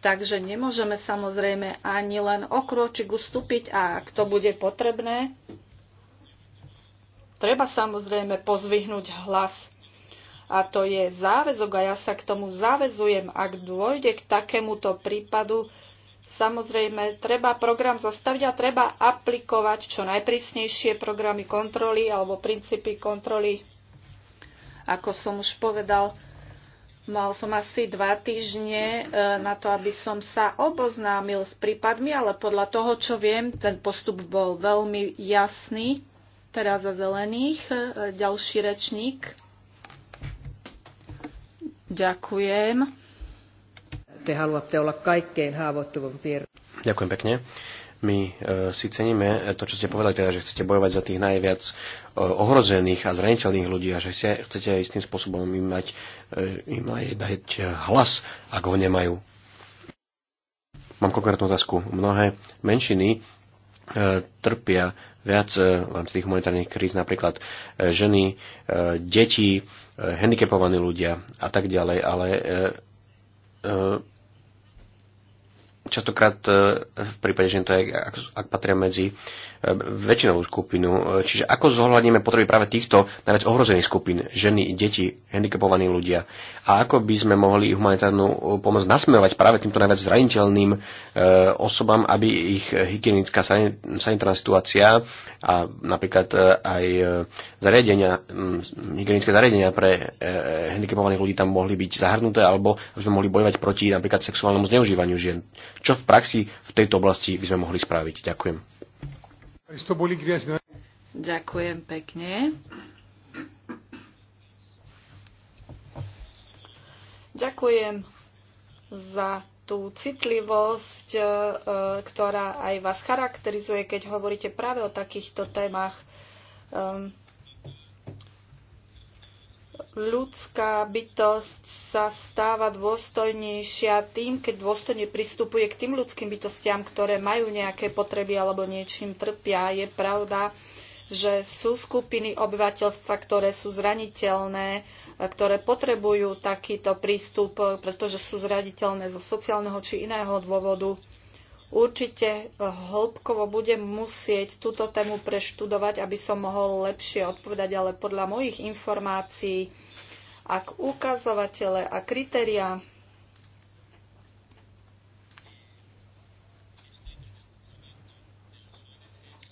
Takže nemôžeme samozrejme ani len kročik ustúpiť a ak to bude potrebné, treba samozrejme pozvihnúť hlas. A to je záväzok a ja sa k tomu záväzujem, ak dôjde k takémuto prípadu, Samozrejme, treba program zastaviť a treba aplikovať čo najprísnejšie programy kontroly alebo princípy kontroly. Ako som už povedal, mal som asi dva týždne e, na to, aby som sa oboznámil s prípadmi, ale podľa toho, čo viem, ten postup bol veľmi jasný. Teraz za zelených e, ďalší rečník. Ďakujem te haluatte olla kaikkein haavoittuvimpien. Ďakujem pekne. My e, si ceníme e, to, čo ste povedali, teda, že chcete bojovať za tých najviac e, ohrozených a zraniteľných ľudí a že ste, chcete istým spôsobom im, mať, e, im aj dať e, hlas, ak ho nemajú. Mám konkrétnu otázku. Mnohé menšiny e, trpia viac v rámci tých humanitárnych kríz, napríklad ženy, deti, handicapovaní ľudia a tak ďalej, ale častokrát e, v prípade že to je, ak, ak patria medzi e, väčšinovú skupinu. E, čiže ako zohľadníme potreby práve týchto najviac ohrozených skupín, ženy, deti, handicapovaní ľudia a ako by sme mohli humanitárnu pomoc nasmerovať práve týmto najviac zraniteľným osobám, aby ich hygienická sanitárna situácia a napríklad e, aj e, zariadenia, hygienické zariadenia pre e, handicapovaných ľudí tam mohli byť zahrnuté, alebo aby sme mohli bojovať proti napríklad sexuálnemu zneužívaniu žien. Čo v praxi v tejto oblasti by sme mohli spraviť? Ďakujem. Ďakujem pekne. Ďakujem za tú citlivosť, e, e, ktorá aj vás charakterizuje, keď hovoríte práve o takýchto témach. Ehm, ľudská bytosť sa stáva dôstojnejšia tým, keď dôstojne pristupuje k tým ľudským bytostiam, ktoré majú nejaké potreby alebo niečím trpia. Je pravda, že sú skupiny obyvateľstva, ktoré sú zraniteľné, e, ktoré potrebujú takýto prístup, e, pretože sú zraniteľné zo sociálneho či iného dôvodu. Určite e, hĺbkovo budem musieť túto tému preštudovať, aby som mohol lepšie odpovedať, ale podľa mojich informácií, ak ukazovatele a kritériá.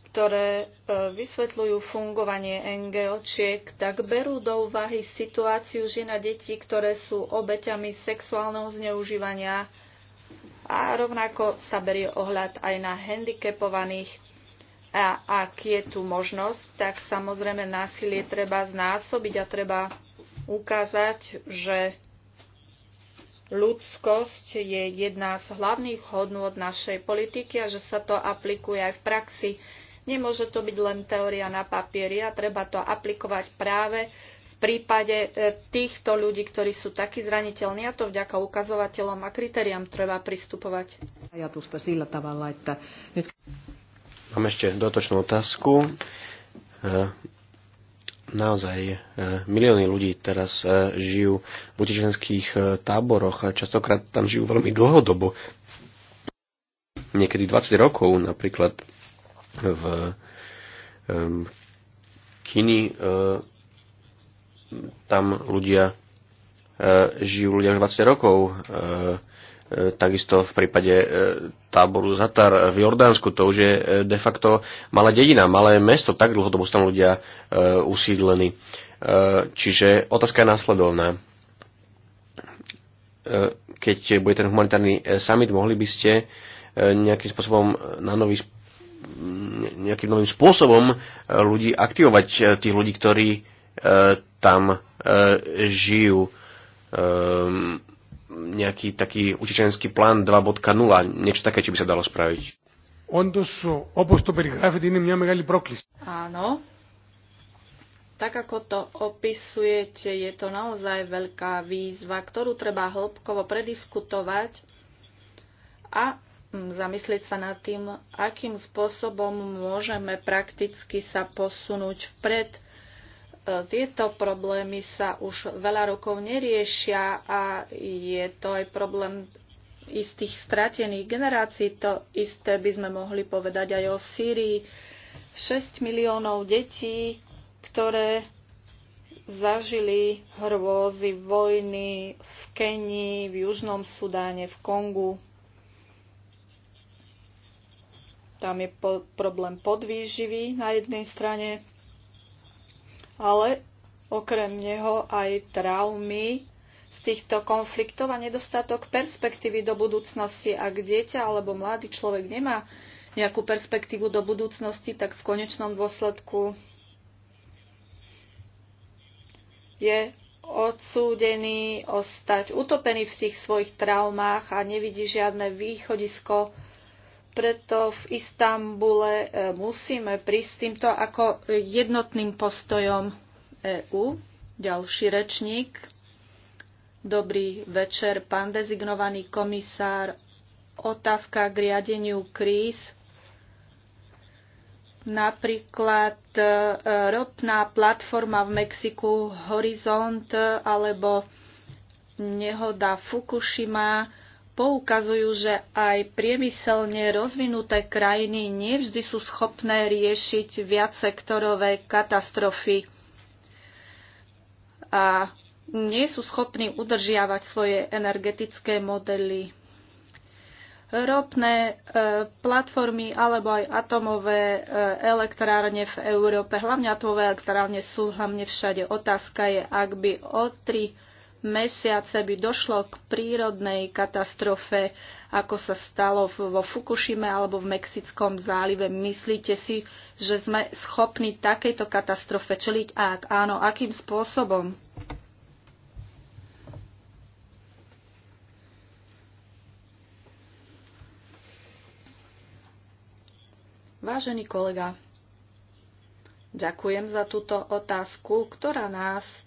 ktoré e, vysvetľujú fungovanie NGOčiek, tak berú do úvahy situáciu žien a detí, ktoré sú obeťami sexuálneho zneužívania a rovnako sa berie ohľad aj na handicapovaných. A ak je tu možnosť, tak samozrejme násilie treba znásobiť a treba ukázať, že ľudskosť je jedna z hlavných hodnôt našej politiky a že sa to aplikuje aj v praxi. Nemôže to byť len teória na papieri a treba to aplikovať práve v prípade e, týchto ľudí, ktorí sú takí zraniteľní a to vďaka ukazovateľom a kritériám treba pristupovať. Mám ešte dotočnú otázku e, naozaj e, milióny ľudí teraz žijú v utečenských táboroch a častokrát tam žijú veľmi dlhodobo. Niekedy 20 rokov napríklad v Kini. E, tam ľudia e, žijú ľudia už 20 rokov. E, takisto v prípade táboru Zatar v Jordánsku to už je de facto malá dedina, malé mesto, tak dlhodobo sú tam ľudia usídlení. Čiže otázka je následovná. Keď bude ten humanitárny summit, mohli by ste nejakým spôsobom na nový nejakým novým spôsobom e, ľudí aktivovať, e, tých ľudí, ktorí e, tam žijú. Ehm, nejaký taký utečenský plán 2.0, niečo také, či by sa dalo spraviť. Áno, tak ako to opisujete, je to naozaj veľká výzva, ktorú treba hĺbkovo prediskutovať a zamyslieť sa nad tým, akým spôsobom môžeme prakticky sa posunúť vpred. E, tieto problémy sa už veľa rokov neriešia a je to aj problém istých stratených generácií. To isté by sme mohli povedať aj o Sýrii. 6 miliónov detí, ktoré zažili hrôzy vojny v Kenii, v Južnom Sudáne, v Kongu. Tam je po- problém podvýživy na jednej strane, ale okrem neho aj traumy z týchto konfliktov a nedostatok perspektívy do budúcnosti. Ak dieťa alebo mladý človek nemá nejakú perspektívu do budúcnosti, tak v konečnom dôsledku je odsúdený ostať utopený v tých svojich traumách a nevidí žiadne východisko preto v Istambule e, musíme prísť týmto ako jednotným postojom EÚ. Ďalší rečník. Dobrý večer, pán dezignovaný komisár. Otázka k riadeniu kríz. Napríklad e, ropná platforma v Mexiku Horizont alebo nehoda Fukushima poukazujú, že aj priemyselne rozvinuté krajiny nevždy sú schopné riešiť viacsektorové katastrofy a nie sú schopní udržiavať svoje energetické modely. Ropné e, platformy alebo aj atomové e, elektrárne v Európe, hlavne atomové elektrárne sú hlavne všade. Otázka je, ak by o 3 mesiace by došlo k prírodnej katastrofe, ako sa stalo vo Fukushime alebo v Mexickom zálive. Myslíte si, že sme schopní takejto katastrofe čeliť? A ak áno, akým spôsobom? Vážený kolega, ďakujem za túto otázku, ktorá nás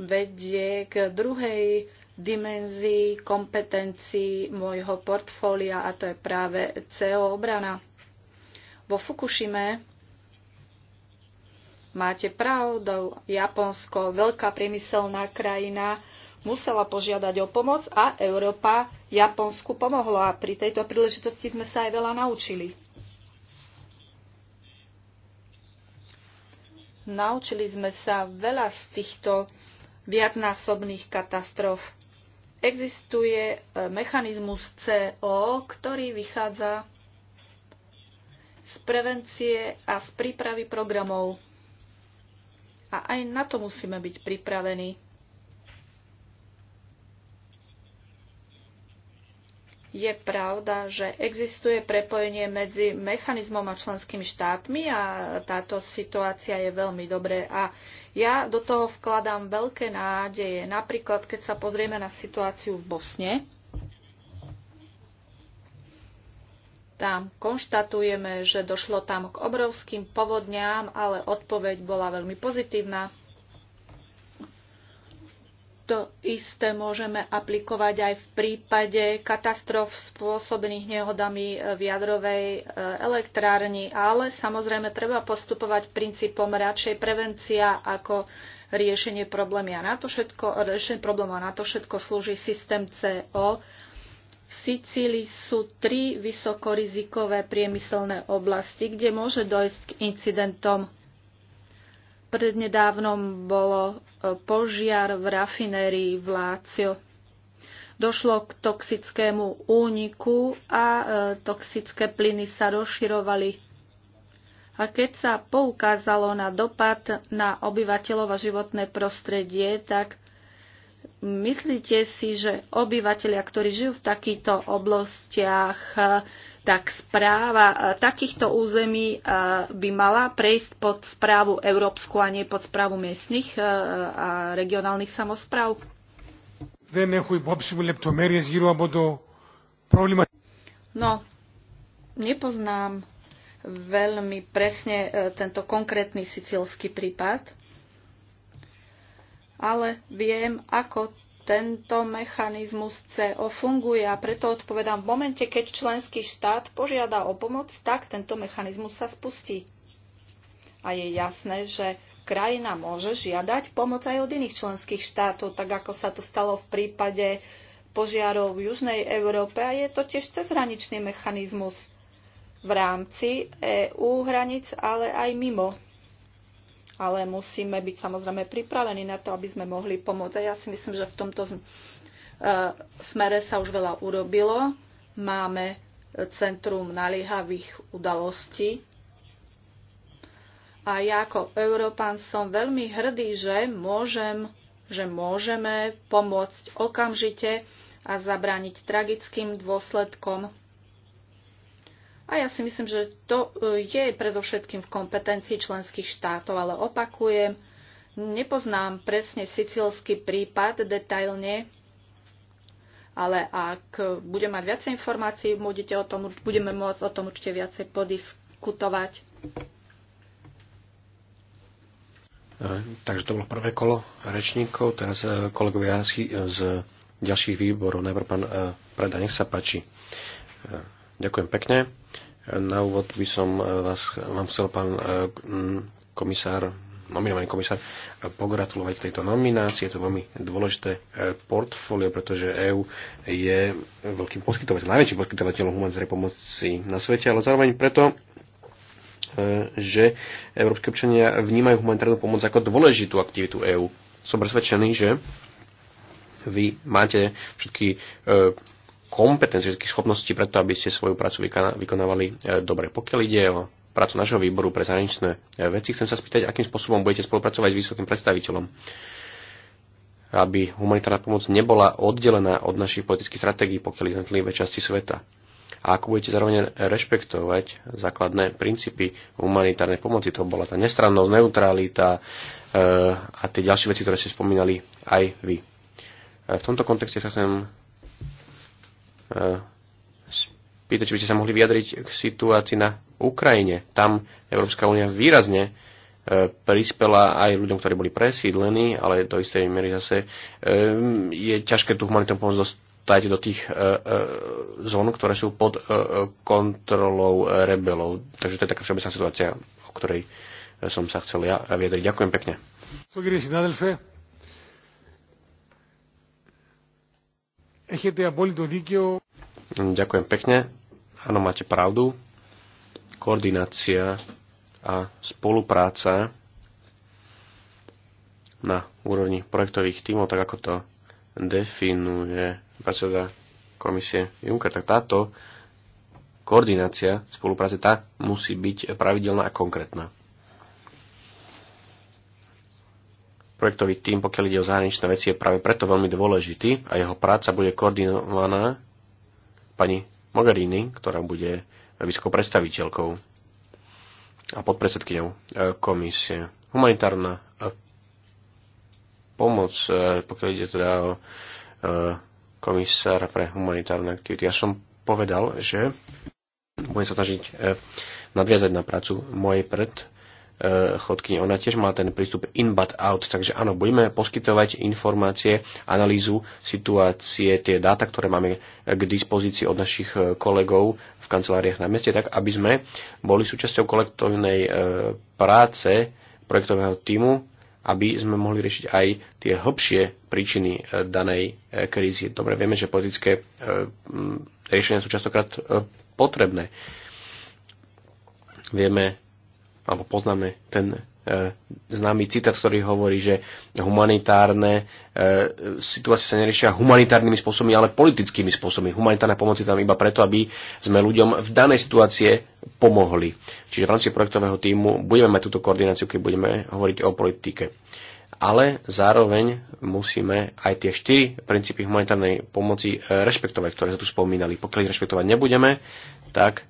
vedie k druhej dimenzii kompetencií môjho portfólia a to je práve CO obrana. Vo Fukushime máte pravdu, Japonsko, veľká priemyselná krajina, musela požiadať o pomoc a Európa Japonsku pomohla. A Pri tejto príležitosti sme sa aj veľa naučili. Naučili sme sa veľa z týchto viacnásobných katastrof. Existuje e, mechanizmus CO, ktorý vychádza z prevencie a z prípravy programov. A aj na to musíme byť pripravení. Je pravda, že existuje prepojenie medzi mechanizmom a členskými štátmi a táto situácia je veľmi dobré a ja do toho vkladám veľké nádeje. Napríklad, keď sa pozrieme na situáciu v Bosne, tam konštatujeme, že došlo tam k obrovským povodňám, ale odpoveď bola veľmi pozitívna. To isté môžeme aplikovať aj v prípade katastrof spôsobených nehodami v jadrovej e, elektrárni, ale samozrejme treba postupovať princípom radšej prevencia ako riešenie problémy. A na to všetko, riešenie problému a na to všetko slúži systém CO. V Sicílii sú tri vysokorizikové priemyselné oblasti, kde môže dojsť k incidentom Prednedávnom bolo e, požiar v rafinérii v Lácio. Došlo k toxickému úniku a e, toxické plyny sa rozširovali. A keď sa poukázalo na dopad na obyvateľov a životné prostredie, tak myslíte si, že obyvateľia, ktorí žijú v takýchto oblastiach, tak správa e, takýchto území e, by mala prejsť pod správu európsku a nie pod správu miestnych e, a regionálnych samozpráv. No, nepoznám veľmi presne tento konkrétny sicilský prípad, ale viem, ako tento mechanizmus CO funguje a preto odpovedám, v momente, keď členský štát požiada o pomoc, tak tento mechanizmus sa spustí. A je jasné, že krajina môže žiadať pomoc aj od iných členských štátov, tak ako sa to stalo v prípade požiarov v Južnej Európe a je to tiež cezhraničný mechanizmus v rámci EU hranic, ale aj mimo ale musíme byť samozrejme pripravení na to, aby sme mohli pomôcť. A ja si myslím, že v tomto e, smere sa už veľa urobilo. Máme Centrum naliehavých udalostí. A ja ako Európan som veľmi hrdý, že, môžem, že môžeme pomôcť okamžite a zabrániť tragickým dôsledkom a ja si myslím, že to e, je predovšetkým v kompetencii členských štátov, ale opakujem, nepoznám presne sicilský prípad detailne, ale ak budem mať viacej informácií, budete o tom, budeme môcť o tom určite viacej podiskutovať. E, takže to bolo prvé kolo rečníkov. Teraz e, kolegovia z ďalších výborov. Najprv pán Preda, nech sa páči. Ďakujem pekne. Na úvod by som e, vás, vám chcel, pán e, komisár, nominovaný komisár, e, pogratulovať tejto nominácii. Je to veľmi dôležité portfólio, pretože EÚ je veľkým poskytovateľom, najväčším poskytovateľom humanitárnej pomoci na svete, ale zároveň preto, že európske občania vnímajú humanitárnu pomoc ako dôležitú aktivitu EÚ. Som presvedčený, že vy máte všetky kompetencií, všetkých schopností preto, aby ste svoju prácu vykonávali e, dobre. Pokiaľ ide o prácu našho výboru pre zahraničné e, veci, chcem sa spýtať, akým spôsobom budete spolupracovať s vysokým predstaviteľom aby humanitárna pomoc nebola oddelená od našich politických stratégií, pokiaľ jednotlivé časti sveta. A ako budete zároveň rešpektovať základné princípy humanitárnej pomoci, to bola tá nestrannosť, neutralita e, a tie ďalšie veci, ktoré ste spomínali aj vy. V tomto kontexte sa chcem pýtať, či by ste sa mohli vyjadriť k situácii na Ukrajine. Tam Európska únia výrazne e, prispela aj ľuďom, ktorí boli presídlení, ale do istej miery zase e, je ťažké tú humanitárnu pomoc dostať do tých e, zón, ktoré sú pod kontrolou rebelov. Takže to je taká všeobecná situácia, o ktorej som sa chcel ja vyjadriť. Ďakujem pekne. Έχετε απόλυτο δίκαιο Hm, ďakujem pekne. Áno, máte pravdu. Koordinácia a spolupráca na úrovni projektových tímov, tak ako to definuje predseda komisie Juncker, tak táto koordinácia spolupráce tá musí byť pravidelná a konkrétna. Projektový tím, pokiaľ ide o zahraničné veci, je práve preto veľmi dôležitý a jeho práca bude koordinovaná pani Mogherini, ktorá bude vysokou predstaviteľkou a podpredsedkyňou e, komisie. Humanitárna e, pomoc, e, pokiaľ ide teda o komisára pre humanitárne aktivity. Ja som povedal, že budem sa snažiť nadviazať na prácu mojej pred chodkyne. Ona tiež má ten prístup in but out, takže áno, budeme poskytovať informácie, analýzu situácie, tie dáta, ktoré máme k dispozícii od našich e, kolegov v kanceláriách na meste, tak aby sme boli súčasťou kolektívnej e, práce projektového týmu, aby sme mohli riešiť aj tie hlbšie príčiny e, danej krízy. Dobre, vieme, že politické riešenia sú častokrát potrebné. Vieme, alebo poznáme ten e, známy citát, ktorý hovorí, že humanitárne e, situácie sa neriešia humanitárnymi spôsobmi, ale politickými spôsobmi. Humanitárna pomoc je tam iba preto, aby sme ľuďom v danej situácie pomohli. Čiže v rámci projektového týmu budeme mať túto koordináciu, keď budeme hovoriť o politike. Ale zároveň musíme aj tie štyri princípy humanitárnej pomoci e, rešpektovať, ktoré sa tu spomínali. Pokiaľ ich rešpektovať nebudeme, tak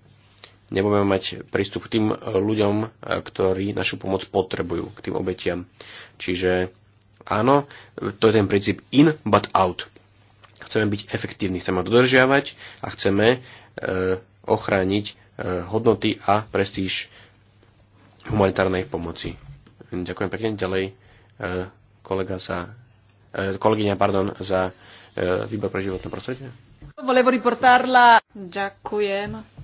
nebudeme mať prístup k tým e, ľuďom, e, ktorí našu pomoc potrebujú, k tým obetiam. Čiže áno, to je ten princíp in but out. Chceme byť efektívni, chceme dodržiavať a chceme e, ochrániť e, hodnoty a prestíž humanitárnej pomoci. Ďakujem pekne. Ďalej e, kolega za, e, kolegyňa pardon, za e, výbor pre životné prostredie. Ďakujem.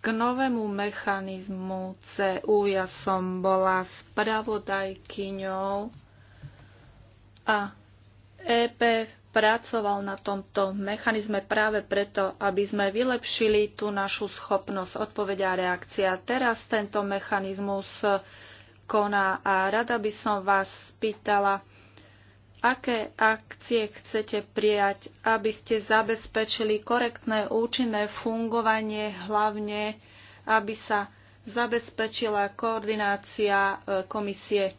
K novému mechanizmu CU ja som bola spravodajkyňou a EP pracoval na tomto mechanizme práve preto, aby sme vylepšili tú našu schopnosť odpovedia a reakcia. Teraz tento mechanizmus koná a rada by som vás spýtala, aké akcie chcete prijať, aby ste zabezpečili korektné účinné fungovanie, hlavne aby sa zabezpečila koordinácia e, komisie,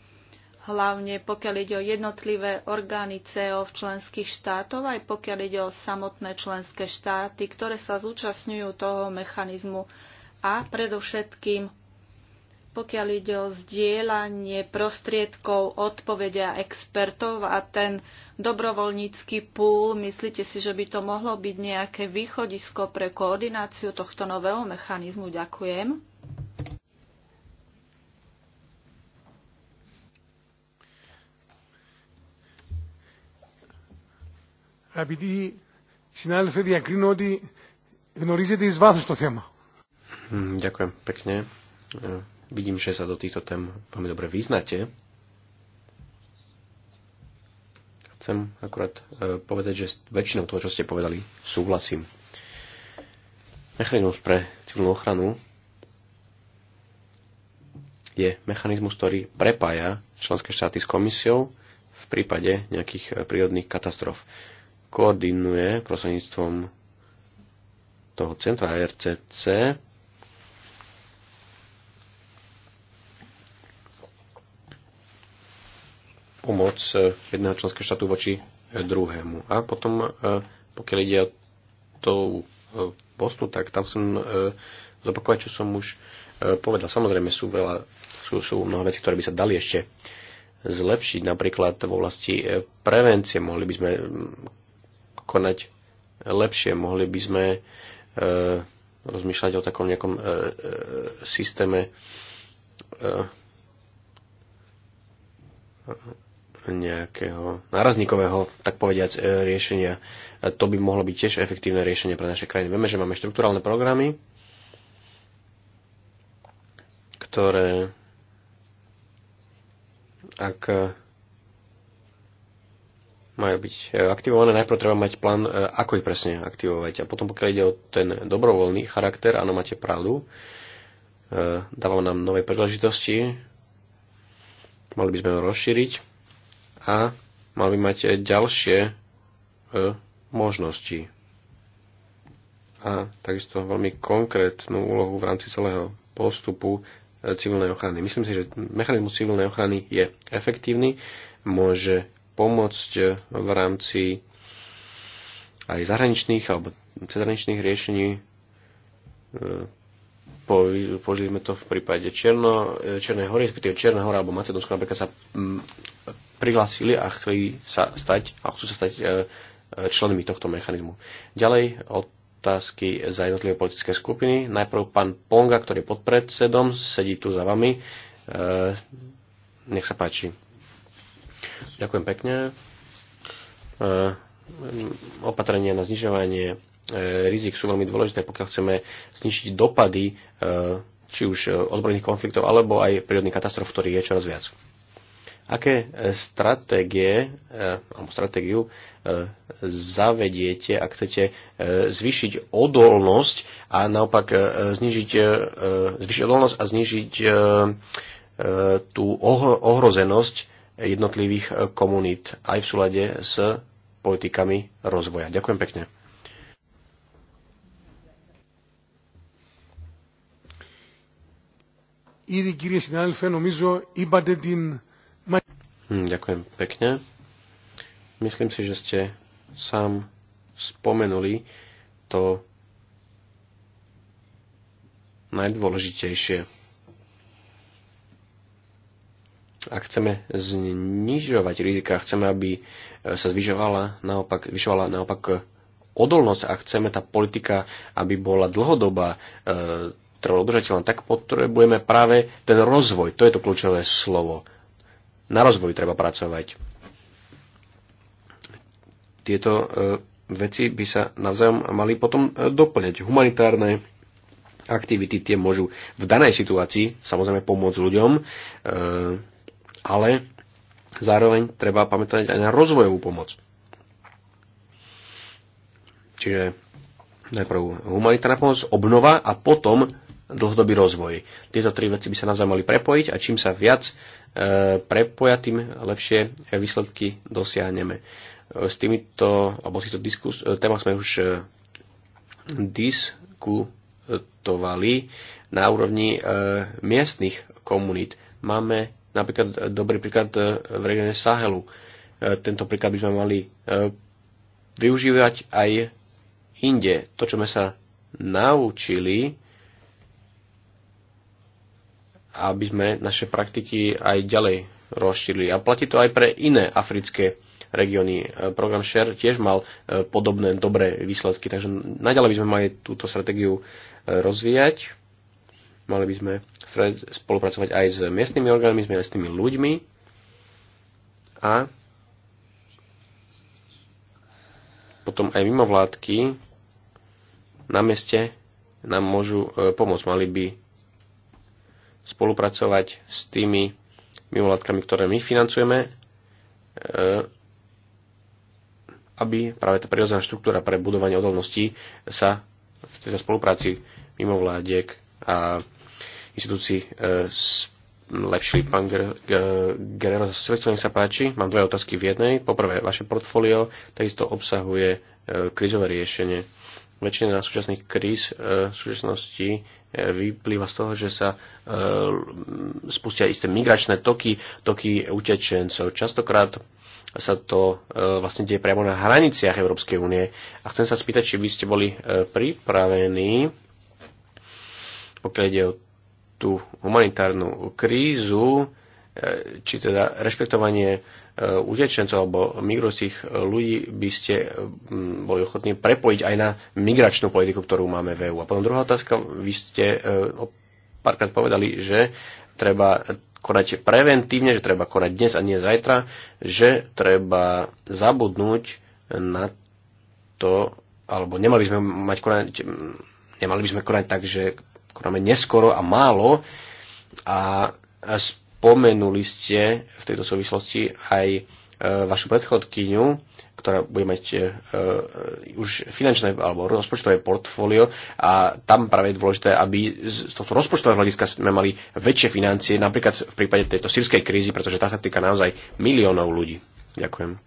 hlavne pokiaľ ide o jednotlivé orgány CO e v členských štátoch, aj pokiaľ ide o samotné členské štáty, ktoré sa zúčastňujú toho mechanizmu a predovšetkým pokiaľ ide o zdieľanie prostriedkov, odpovedia expertov a ten dobrovoľnícky púl, myslíte si, že by to mohlo byť nejaké východisko pre koordináciu tohto nového mechanizmu? Ďakujem. Ďakujem pekne. Vidím, že sa do týchto tém veľmi dobre vyznáte. Chcem akurát e, povedať, že s väčšinou toho, čo ste povedali, súhlasím. Mechanizmus pre civilnú ochranu je mechanizmus, ktorý prepája členské štáty s komisiou v prípade nejakých e, prírodných katastrof. Koordinuje prostredníctvom toho centra RCC pomoc e, jedného členského štátu voči e, druhému. A potom, e, pokiaľ ide o tú Bosnu, tak tam som zopakovať, čo som už povedal. Samozrejme sú, veľa, sú, sú mnoho veci, ktoré by sa dali ešte zlepšiť. Napríklad vo oblasti prevencie mohli by sme konať lepšie, mohli by sme rozmýšľať o takom nejakom systéme nejakého nárazníkového, tak povediať e, riešenia. To by mohlo byť tiež efektívne riešenie pre naše krajiny. Vieme, že máme štruktúralne programy, ktoré ak majú byť e, aktivované, najprv treba mať plán, e, ako ich presne aktivovať. A potom, pokiaľ ide o ten dobrovoľný charakter, áno, máte pravdu, dáva nám nové príležitosti, mali by sme ho rozšíriť a mal by mať ďalšie e, možnosti. A takisto veľmi konkrétnu úlohu v rámci celého postupu e, civilnej ochrany. Myslím si, že mechanizmus civilnej ochrany je efektívny, môže pomôcť e, v rámci aj zahraničných alebo cezhraničných riešení. Požili sme to v prípade Černo, Černej hory, respektíve Černá hora alebo Macedónska, napríklad sa mm, prihlásili a chceli sa stať, a chcú sa stať e, e, členmi tohto mechanizmu. Ďalej otázky za jednotlivé politické skupiny. Najprv pán Ponga, ktorý je podpredsedom, sedí tu za vami. E, nech sa páči. Ďakujem pekne. Opatrenia na znižovanie rizik sú veľmi dôležité, pokiaľ chceme znižiť dopady či už odborných konfliktov, alebo aj prírodných katastrof, ktorý je čoraz viac. Aké e, stratégie, e, alebo stratégiu e, zavediete, ak chcete zvýšiť odolnosť a naopak znižiť, zvýšiť odolnosť a znižiť tú ohrozenosť jednotlivých komunít aj v súlade s politikami rozvoja. Ďakujem pekne. Ήδη κύριε συνάδελφε νομίζω είπατε την Hm, ďakujem pekne. Myslím si, že ste sám spomenuli to najdôležitejšie. Ak chceme znižovať rizika, chceme, aby sa zvyšovala naopak, vyšovala naopak odolnosť a chceme tá politika, aby bola dlhodobá, e, trvalo udržateľná, tak potrebujeme práve ten rozvoj. To je to kľúčové slovo na rozvoj treba pracovať. Tieto e, veci by sa navzájom mali potom e, doplňať. Humanitárne aktivity tie môžu v danej situácii samozrejme pomôcť ľuďom, e, ale zároveň treba pamätať aj na rozvojovú pomoc. Čiže najprv humanitárna pomoc, obnova a potom dlhodobý rozvoj. Tieto tri veci by sa navzájom mali prepojiť a čím sa viac E, prepoja, tým lepšie výsledky dosiahneme. S týmito, alebo týchto diskus, e, témach sme už e, diskutovali na úrovni miestnych komunít. Máme napríklad dobrý príklad v regióne Sahelu. Tento príklad by sme mali využívať aj inde. To, čo sme sa naučili, aby sme naše praktiky aj ďalej rozšírili. A platí to aj pre iné africké regióny. E, program SHARE tiež mal e, podobné dobré výsledky, takže naďalej by sme mali túto stratégiu e, rozvíjať. Mali by sme spolupracovať aj s miestnymi organizmi, aj s tými ľuďmi. A potom aj mimovládky na meste nám môžu pomôcť. Mali by spolupracovať s tými mimovládkami, ktoré my financujeme, e, aby práve tá prirodzená štruktúra pre budovanie odolností sa v tejto spolupráci mimovládiek a inštitúcií e, lepšili. Pán Guerrero, srdcovne sa páči, mám dve otázky v jednej. Poprvé, vaše portfólio takisto obsahuje e, krizové riešenie väčšina súčasných kríz e, v súčasnosti e, vyplýva z toho, že sa e, spustia isté migračné toky, toky utečencov. Častokrát sa to vlastne deje priamo na hraniciach Európskej únie. A chcem sa spýtať, či by ste boli pripravení, pokiaľ ide o tú humanitárnu krízu, E, či teda rešpektovanie e, utečencov alebo migrujúcich e, ľudí by ste boli ochotní prepojiť aj na migračnú politiku, ktorú máme v EU. A potom druhá otázka, vy ste párkrát povedali, že treba konať preventívne, že treba konať dnes a nie zajtra, že treba zabudnúť na to, alebo nemali by sme mať konať, nemali by sme konať tak, že konáme neskoro a málo a Spomenuli ste v tejto súvislosti aj e, vašu predchodkyňu, ktorá bude mať e, e, už finančné alebo rozpočtové portfólio a tam práve je dôležité, aby z tohto rozpočtového hľadiska sme mali väčšie financie, napríklad v prípade tejto sírskej krízy, pretože tá sa týka naozaj miliónov ľudí. Ďakujem.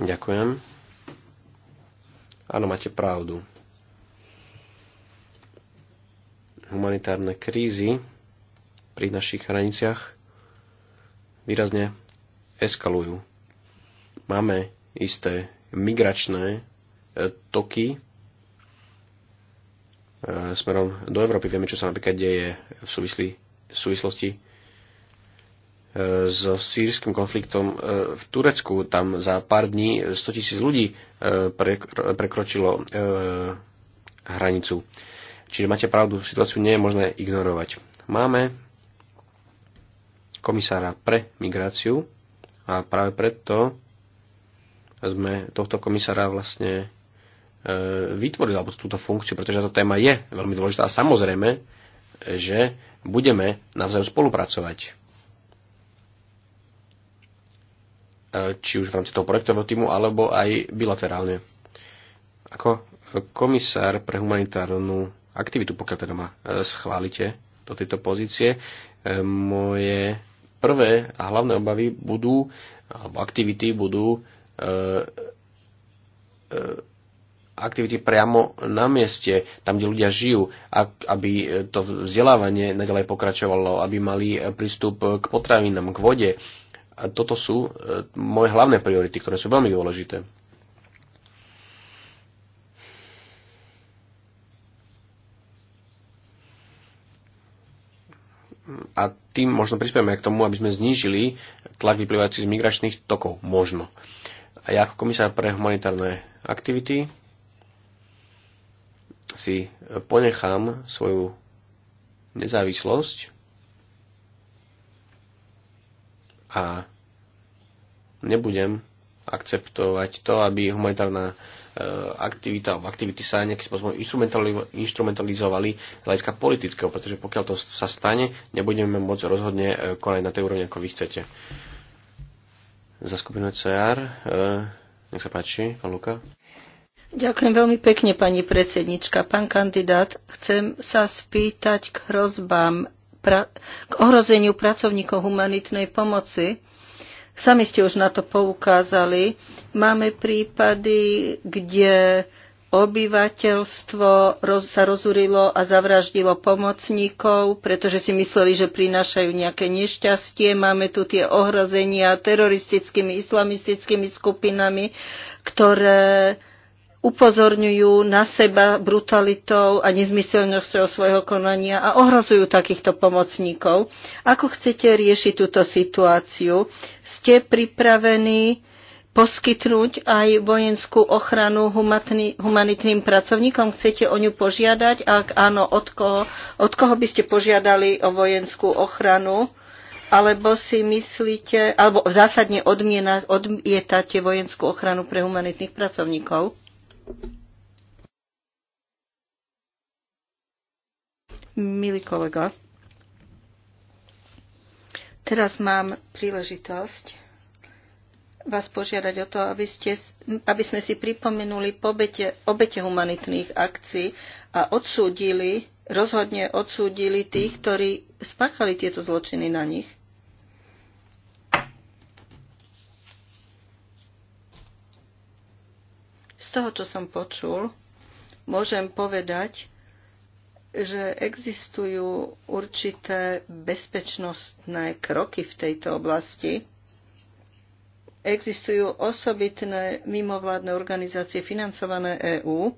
Ďakujem. Áno, máte pravdu. humanitárne krízy pri našich hraniciach výrazne eskalujú. Máme isté migračné e, toky e, smerom do Európy. Vieme, čo sa napríklad deje v, súvislí, v súvislosti e, so sírským konfliktom v Turecku. Tam za pár dní 100 tisíc ľudí prekročilo hranicu. Čiže máte pravdu, situáciu nie je možné ignorovať. Máme komisára pre migráciu a práve preto sme tohto komisára vlastne e, vytvorili alebo túto funkciu, pretože táto téma je veľmi dôležitá a samozrejme, že budeme navzájom spolupracovať. E, či už v rámci toho projektového týmu, alebo aj bilaterálne. Ako komisár pre humanitárnu aktivitu, pokiaľ teda ma e, schválite do tejto pozície. E, moje prvé a hlavné obavy budú, alebo aktivity budú e, aktivity priamo na mieste, tam, kde ľudia žijú, aby to vzdelávanie nadalej pokračovalo, aby mali prístup k potravinám, k vode. Toto sú moje hlavné priority, ktoré sú veľmi dôležité. a tým možno prispieme k tomu, aby sme znížili tlak vyplývajúci z migračných tokov. Možno. A ja ako komisár pre humanitárne aktivity si e, ponechám svoju nezávislosť a nebudem akceptovať to, aby humanitárna E, aktivita, aktivity sa nejakým spôsobom instrumentalizovali z hľadiska politického, pretože pokiaľ to sa stane, nebudeme môcť rozhodne e, konať na tej úrovni, ako vy chcete. Za skupinu e CR, nech sa páči, pán Luka. Ďakujem veľmi pekne, pani predsednička. Pán kandidát, chcem sa spýtať k hrozbám, pra, k ohrozeniu pracovníkov humanitnej pomoci. Sami ste už na to poukázali. Máme prípady, kde obyvateľstvo sa rozurilo a zavraždilo pomocníkov, pretože si mysleli, že prinášajú nejaké nešťastie. Máme tu tie ohrozenia teroristickými, islamistickými skupinami, ktoré upozorňujú na seba brutalitou a nezmyselnosťou svojho konania a ohrozujú takýchto pomocníkov. Ako chcete riešiť túto situáciu? Ste pripravení poskytnúť aj vojenskú ochranu humanitným pracovníkom? Chcete o ňu požiadať? Ak áno, od koho? Od koho by ste požiadali o vojenskú ochranu? Alebo si myslíte, alebo zásadne odmietate vojenskú ochranu pre humanitných pracovníkov? Milý kolega, teraz mám príležitosť vás požiadať o to, aby, ste, aby sme si pripomenuli pobete, obete humanitných akcií a odsúdili, rozhodne odsúdili tých, ktorí spáchali tieto zločiny na nich. Z toho, čo som počul, môžem povedať, že existujú určité bezpečnostné kroky v tejto oblasti. Existujú osobitné mimovládne organizácie financované EÚ,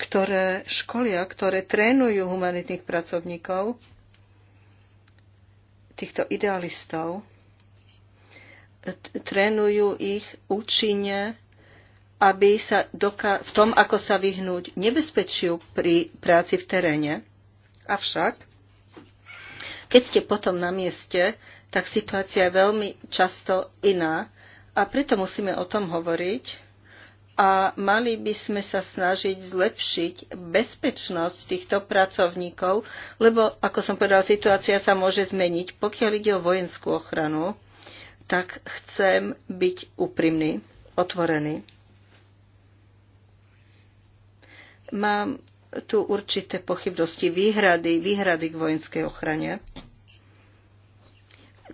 ktoré školia, ktoré trénujú humanitných pracovníkov, týchto idealistov, trénujú ich účinne aby sa doká- v tom, ako sa vyhnúť nebezpečiu pri práci v teréne. Avšak, keď ste potom na mieste, tak situácia je veľmi často iná a preto musíme o tom hovoriť a mali by sme sa snažiť zlepšiť bezpečnosť týchto pracovníkov, lebo, ako som povedal, situácia sa môže zmeniť. Pokiaľ ide o vojenskú ochranu, tak chcem byť úprimný, otvorený. Mám tu určité pochybnosti, výhrady, výhrady k vojenskej ochrane.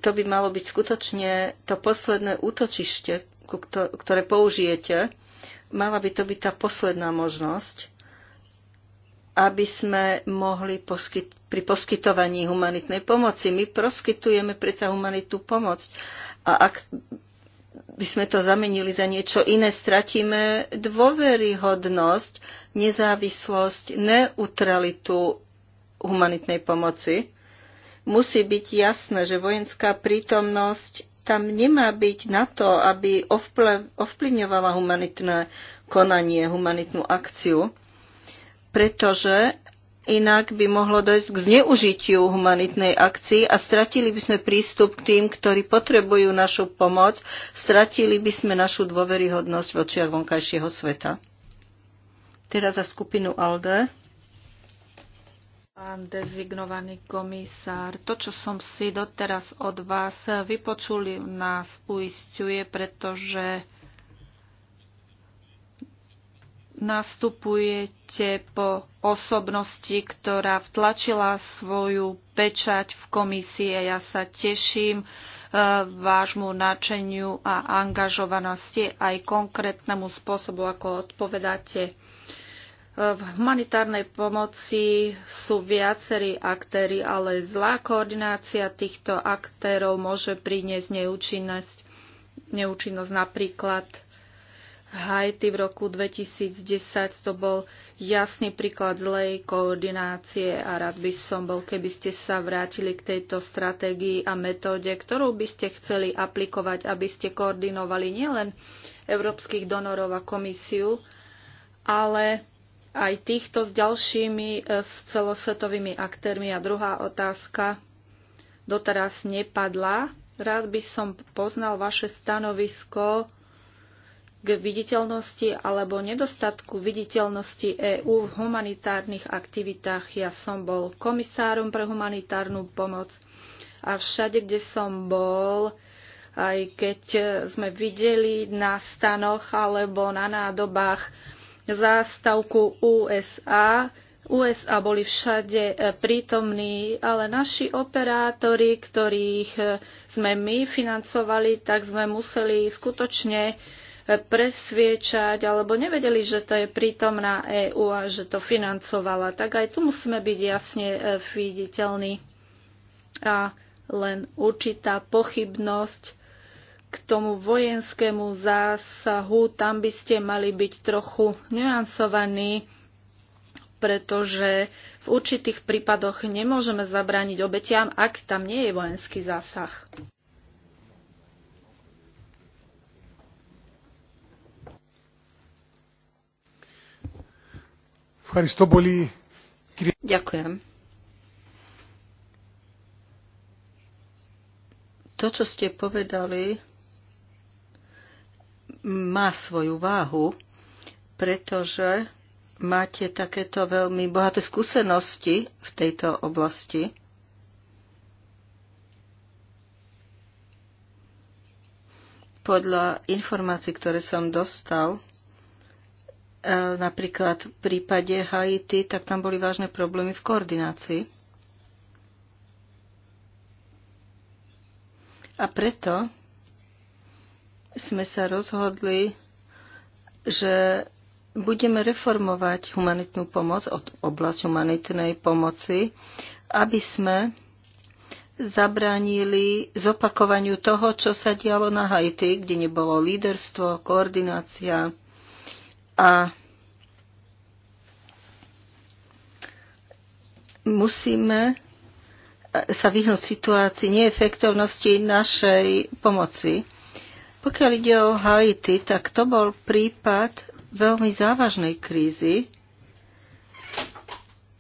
To by malo byť skutočne to posledné útočište, ktoré použijete. Mala by to byť tá posledná možnosť, aby sme mohli poskyt- pri poskytovaní humanitnej pomoci. My poskytujeme predsa humanitnú pomoc a ak by sme to zamenili za niečo iné, stratíme dôveryhodnosť, nezávislosť, neutralitu humanitnej pomoci. Musí byť jasné, že vojenská prítomnosť tam nemá byť na to, aby ovplyvňovala humanitné konanie, humanitnú akciu, pretože Inak by mohlo dojsť k zneužitiu humanitnej akcii a stratili by sme prístup k tým, ktorí potrebujú našu pomoc, stratili by sme našu dôveryhodnosť očiach vonkajšieho sveta. Teraz za skupinu ALDE. Pán dezignovaný komisár, to, čo som si doteraz od vás vypočuli, nás uistuje, pretože nastupujete po osobnosti, ktorá vtlačila svoju pečať v komisie. Ja sa teším e, vášmu načeniu a angažovanosti aj konkrétnemu spôsobu, ako odpovedáte. E, v humanitárnej pomoci sú viacerí aktéry, ale zlá koordinácia týchto aktérov môže priniesť neúčinnosť, neúčinnosť napríklad Haiti v roku 2010 to bol jasný príklad zlej koordinácie a rád by som bol, keby ste sa vrátili k tejto stratégii a metóde, ktorú by ste chceli aplikovať, aby ste koordinovali nielen európskych donorov a komisiu, ale aj týchto s ďalšími e, s celosvetovými aktérmi. A druhá otázka doteraz nepadla. Rád by som poznal vaše stanovisko k viditeľnosti alebo nedostatku viditeľnosti EÚ v humanitárnych aktivitách. Ja som bol komisárom pre humanitárnu pomoc a všade, kde som bol, aj keď sme videli na stanoch alebo na nádobách zástavku USA, USA boli všade eh, prítomní, ale naši operátori, ktorých eh, sme my financovali, tak sme museli skutočne presviečať, alebo nevedeli, že to je prítomná EÚ a že to financovala. Tak aj tu musíme byť jasne e, viditeľní. A len určitá pochybnosť k tomu vojenskému zásahu, tam by ste mali byť trochu nuancovaní, pretože v určitých prípadoch nemôžeme zabrániť obetiam, ak tam nie je vojenský zásah. Ďakujem. To, čo ste povedali, má svoju váhu, pretože máte takéto veľmi bohaté skúsenosti v tejto oblasti. Podľa informácií, ktoré som dostal, E, napríklad v prípade Haiti, tak tam boli vážne problémy v koordinácii. A preto sme sa rozhodli, že budeme reformovať humanitnú pomoc, oblasť humanitnej pomoci, aby sme zabránili zopakovaniu toho, čo sa dialo na Haiti, kde nebolo líderstvo, koordinácia, a musíme e, sa vyhnúť situácii neefektovnosti našej pomoci. Pokiaľ ide o Haiti, tak to bol prípad veľmi závažnej krízy.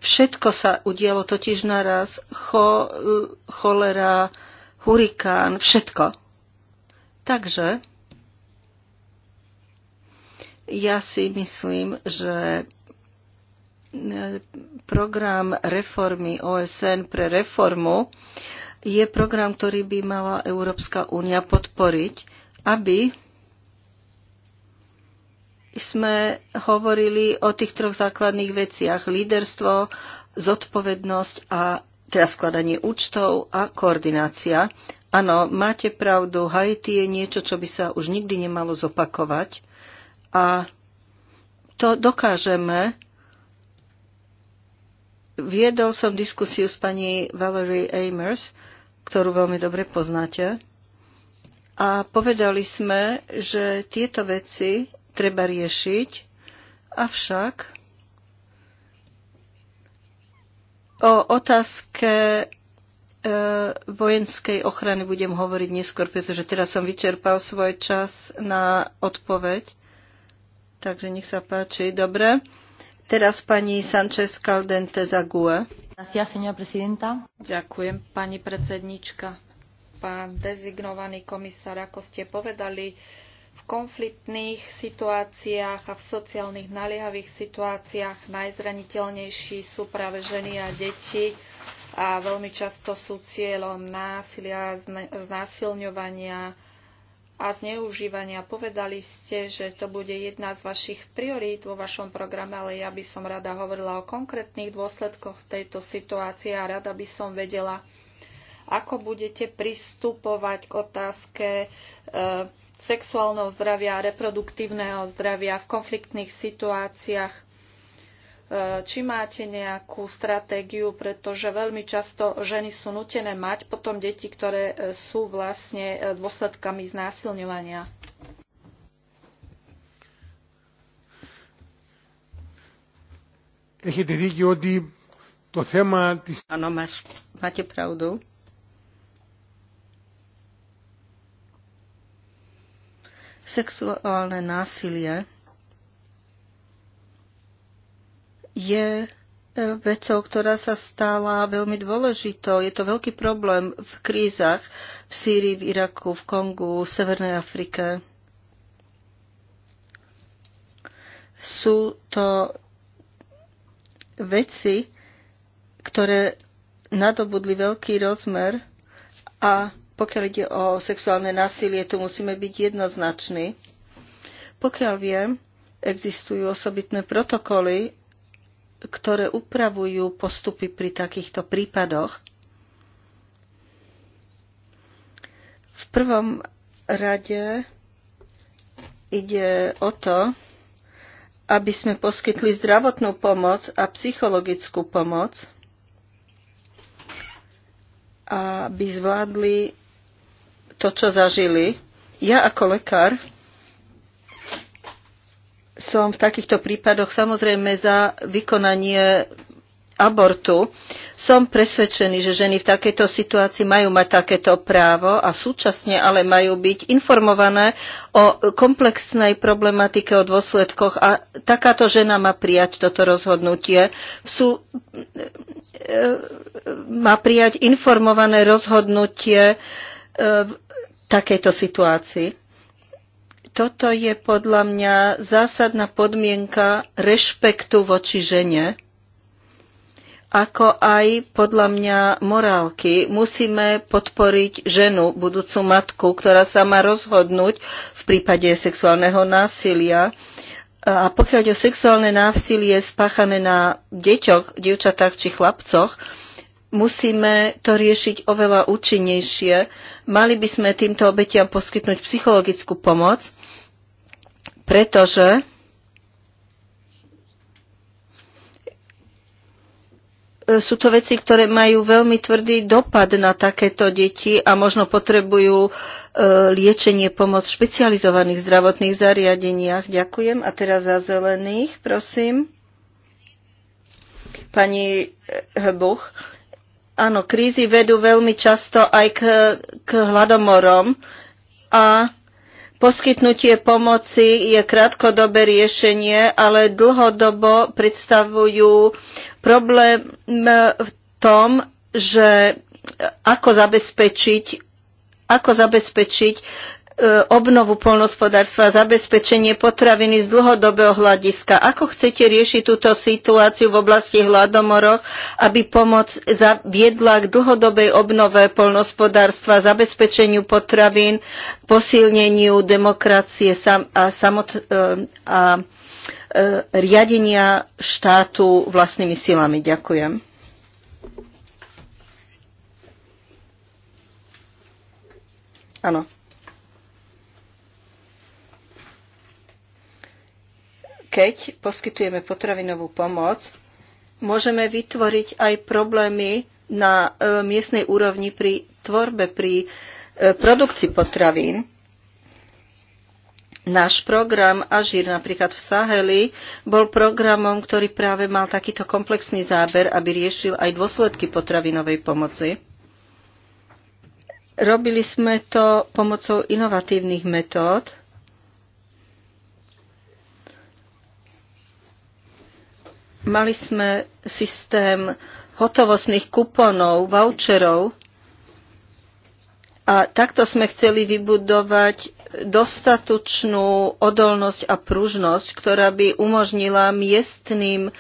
Všetko sa udialo totiž naraz. Cho, cholera, hurikán, všetko. Takže ja si myslím, že e, program reformy OSN pre reformu je program, ktorý by mala Európska únia podporiť, aby sme hovorili o tých troch základných veciach. Líderstvo, zodpovednosť a teda skladanie účtov a koordinácia. Áno, máte pravdu, Haiti je niečo, čo by sa už nikdy nemalo zopakovať. A to dokážeme. Viedol som diskusiu s pani Valerie Amers, ktorú veľmi dobre poznáte. A povedali sme, že tieto veci treba riešiť, avšak o otázke e, vojenskej ochrany budem hovoriť neskôr, pretože teraz som vyčerpal svoj čas na odpoveď. Takže nech sa páči. Dobre. Teraz pani Sanchez Caldente Zague. Ďakujem, pani predsednička. Pán dezignovaný komisár, ako ste povedali, v konfliktných situáciách a v sociálnych naliehavých situáciách najzraniteľnejší sú práve ženy a deti a veľmi často sú cieľom násilia, znásilňovania, a zneužívania. Povedali ste, že to bude jedna z vašich priorít vo vašom programe, ale ja by som rada hovorila o konkrétnych dôsledkoch tejto situácie a rada by som vedela, ako budete pristupovať k otázke e, sexuálneho zdravia a reproduktívneho zdravia v konfliktných situáciách E, či máte nejakú stratégiu, pretože veľmi často ženy sú nutené mať potom deti, ktoré e, sú vlastne e, dôsledkami znásilňovania. Áno, máš, máte pravdu. Sexuálne násilie je e, vecou, ktorá sa stala veľmi dôležitou. Je to veľký problém v krízach v Sýrii, v Iraku, v Kongu, v Severnej Afrike. Sú to veci, ktoré nadobudli veľký rozmer a pokiaľ ide o sexuálne násilie, tu musíme byť jednoznační. Pokiaľ viem, existujú osobitné protokoly ktoré upravujú postupy pri takýchto prípadoch. V prvom rade ide o to, aby sme poskytli zdravotnú pomoc a psychologickú pomoc, aby zvládli to, čo zažili. Ja ako lekár som v takýchto prípadoch samozrejme za vykonanie abortu. Som presvedčený, že ženy v takejto situácii majú mať takéto právo a súčasne ale majú byť informované o komplexnej problematike, o dôsledkoch a takáto žena má prijať toto rozhodnutie. Sú, e, e, má prijať informované rozhodnutie e, v takejto situácii. Toto je podľa mňa zásadná podmienka rešpektu voči žene, ako aj podľa mňa morálky. Musíme podporiť ženu, budúcu matku, ktorá sa má rozhodnúť v prípade sexuálneho násilia. A pokiaľ o sexuálne násilie spáchané na deťoch, dievčatách či chlapcoch, musíme to riešiť oveľa účinnejšie. Mali by sme týmto obetiam poskytnúť psychologickú pomoc pretože sú to veci, ktoré majú veľmi tvrdý dopad na takéto deti a možno potrebujú e, liečenie, pomoc v špecializovaných zdravotných zariadeniach. Ďakujem. A teraz za zelených, prosím. Pani e, Hbuch. Áno, krízy vedú veľmi často aj k, k hladomorom a Poskytnutie pomoci je krátkodobé riešenie, ale dlhodobo predstavujú problém v tom, že ako zabezpečiť ako zabezpečiť E, obnovu a zabezpečenie potraviny z dlhodobého hľadiska. Ako chcete riešiť túto situáciu v oblasti hladomoroch, aby pomoc viedla k dlhodobej obnove poľnohospodárstva, zabezpečeniu potravín, posilneniu demokracie a, samot- e, a e, riadenia štátu vlastnými silami. Ďakujem. Áno. keď poskytujeme potravinovú pomoc, môžeme vytvoriť aj problémy na e, miestnej úrovni pri tvorbe, pri e, produkcii potravín. Náš program Ažír napríklad v Saheli bol programom, ktorý práve mal takýto komplexný záber, aby riešil aj dôsledky potravinovej pomoci. Robili sme to pomocou inovatívnych metód, Mali sme systém hotovostných kuponov, voucherov a takto sme chceli vybudovať dostatočnú odolnosť a pružnosť, ktorá by umožnila miestným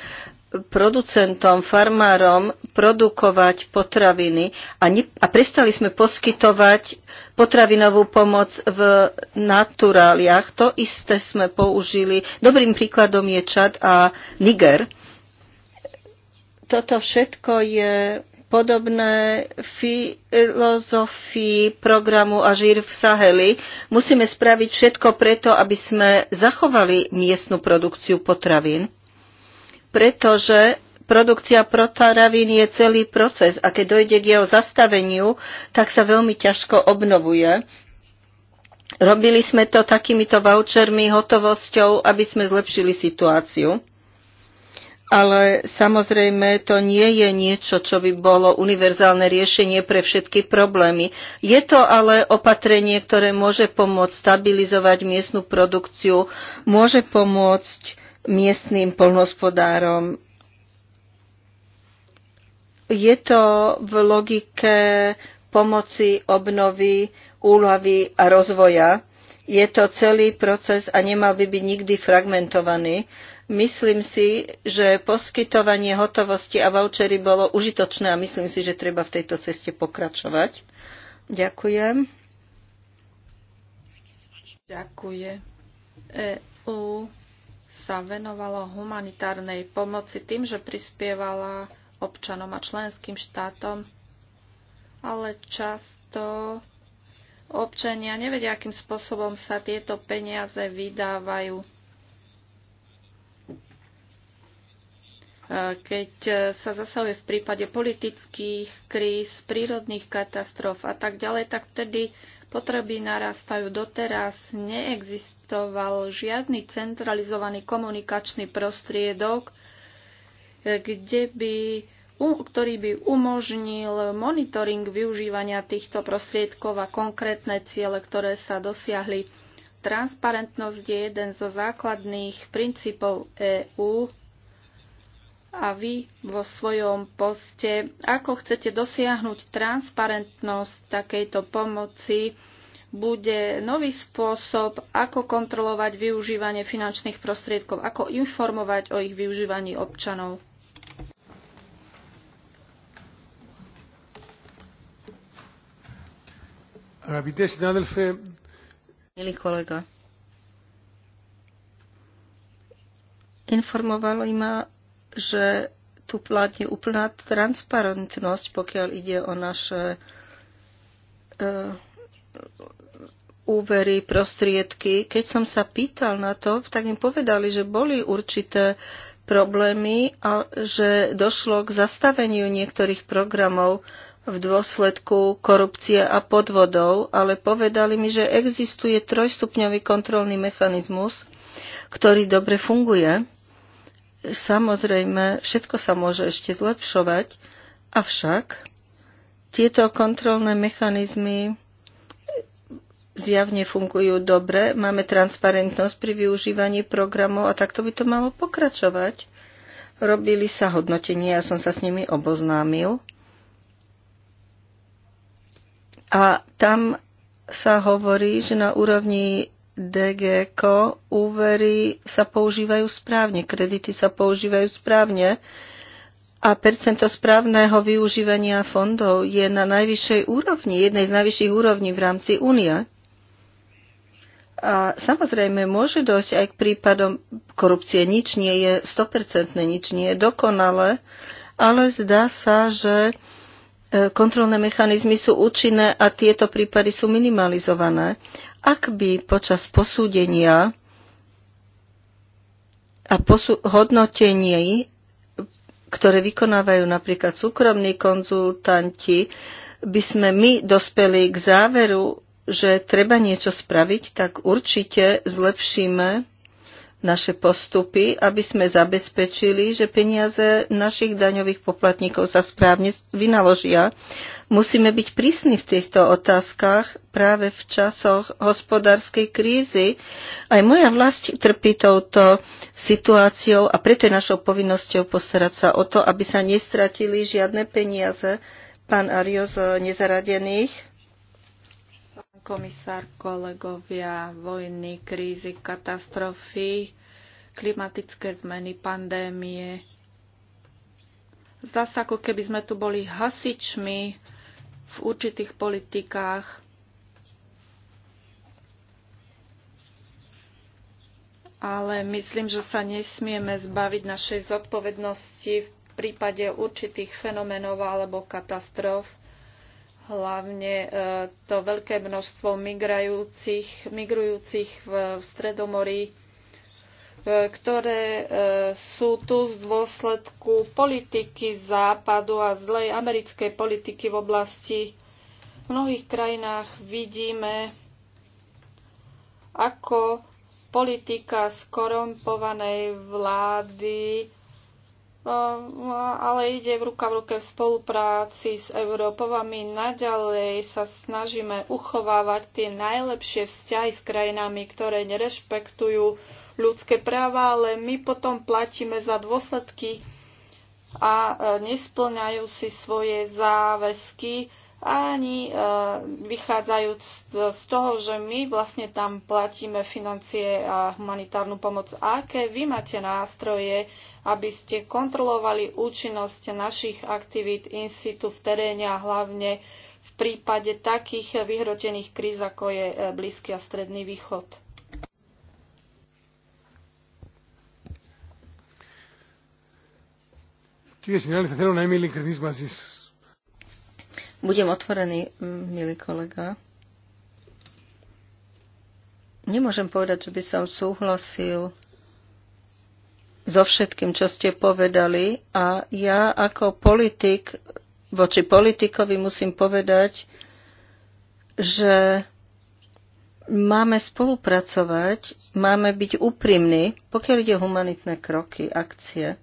producentom, farmárom produkovať potraviny a, ne, a prestali sme poskytovať potravinovú pomoc v naturáliach. To isté sme použili. Dobrým príkladom je Čad a Niger. Toto všetko je podobné filozofii programu Ažír v Saheli. Musíme spraviť všetko preto, aby sme zachovali miestnu produkciu potravín, pretože produkcia potravín je celý proces a keď dojde k jeho zastaveniu, tak sa veľmi ťažko obnovuje. Robili sme to takýmito vouchermi, hotovosťou, aby sme zlepšili situáciu ale samozrejme to nie je niečo, čo by bolo univerzálne riešenie pre všetky problémy. Je to ale opatrenie, ktoré môže pomôcť stabilizovať miestnu produkciu, môže pomôcť miestnym polnospodárom. Je to v logike pomoci, obnovy, úlavy a rozvoja. Je to celý proces a nemal by byť nikdy fragmentovaný. Myslím si, že poskytovanie hotovosti a vouchery bolo užitočné a myslím si, že treba v tejto ceste pokračovať. Ďakujem. Ďakujem. EU sa venovalo humanitárnej pomoci tým, že prispievala občanom a členským štátom, ale často občania nevedia, akým spôsobom sa tieto peniaze vydávajú keď e, sa zasahuje v prípade politických kríz, prírodných katastrof a tak ďalej, tak vtedy potreby narastajú. Doteraz neexistoval žiadny centralizovaný komunikačný prostriedok, e, kde by, ktorý by umožnil monitoring využívania týchto prostriedkov a konkrétne ciele, ktoré sa dosiahli. Transparentnosť je jeden zo základných princípov EÚ a vy vo svojom poste, ako chcete dosiahnuť transparentnosť takejto pomoci, bude nový spôsob, ako kontrolovať využívanie finančných prostriedkov, ako informovať o ich využívaní občanov. Milý kolega, informovali ma že tu platí úplná transparentnosť, pokiaľ ide o naše e, úvery, prostriedky. Keď som sa pýtal na to, tak mi povedali, že boli určité problémy a že došlo k zastaveniu niektorých programov v dôsledku korupcie a podvodov, ale povedali mi, že existuje trojstupňový kontrolný mechanizmus, ktorý dobre funguje Samozrejme, všetko sa môže ešte zlepšovať, avšak tieto kontrolné mechanizmy zjavne fungujú dobre, máme transparentnosť pri využívaní programov a takto by to malo pokračovať. Robili sa hodnotenia, ja som sa s nimi oboznámil. A tam sa hovorí, že na úrovni DGK úvery sa používajú správne, kredity sa používajú správne a percento správneho využívania fondov je na najvyššej úrovni, jednej z najvyšších úrovní v rámci únie. A samozrejme môže dosť aj k prípadom korupcie. Nič nie je 100%, nič nie je dokonalé, ale zdá sa, že e, kontrolné mechanizmy sú účinné a tieto prípady sú minimalizované. Ak by počas posúdenia a posú- hodnotení, ktoré vykonávajú napríklad súkromní konzultanti, by sme my dospeli k záveru, že treba niečo spraviť, tak určite zlepšíme naše postupy, aby sme zabezpečili, že peniaze našich daňových poplatníkov sa správne vynaložia. Musíme byť prísni v týchto otázkach práve v časoch hospodárskej krízy. Aj moja vlast trpí touto situáciou a preto je našou povinnosťou postarať sa o to, aby sa nestratili žiadne peniaze. Pán Arios nezaradených komisár, kolegovia, vojny, krízy, katastrofy, klimatické zmeny, pandémie. Zdá sa, ako keby sme tu boli hasičmi v určitých politikách. Ale myslím, že sa nesmieme zbaviť našej zodpovednosti v prípade určitých fenomenov alebo katastrof hlavne e, to veľké množstvo migrajúcich, migrujúcich v Stredomorí, e, ktoré e, sú tu z dôsledku politiky západu a zlej americkej politiky v oblasti. V mnohých krajinách vidíme, ako politika skorumpovanej vlády No ale ide v ruka v ruke v spolupráci s Európou a my naďalej sa snažíme uchovávať tie najlepšie vzťahy s krajinami, ktoré nerešpektujú ľudské práva, ale my potom platíme za dôsledky a e, nesplňajú si svoje záväzky ani e, vychádzajúc z toho, že my vlastne tam platíme financie a humanitárnu pomoc. Aké vy máte nástroje, aby ste kontrolovali účinnosť našich aktivít in situ v teréne a hlavne v prípade takých vyhrotených kríz, ako je e, Blízky a Stredný východ. Budem otvorený, milý kolega. Nemôžem povedať, že by som súhlasil so všetkým, čo ste povedali a ja ako politik, voči politikovi musím povedať, že máme spolupracovať, máme byť úprimní, pokiaľ ide humanitné kroky, akcie.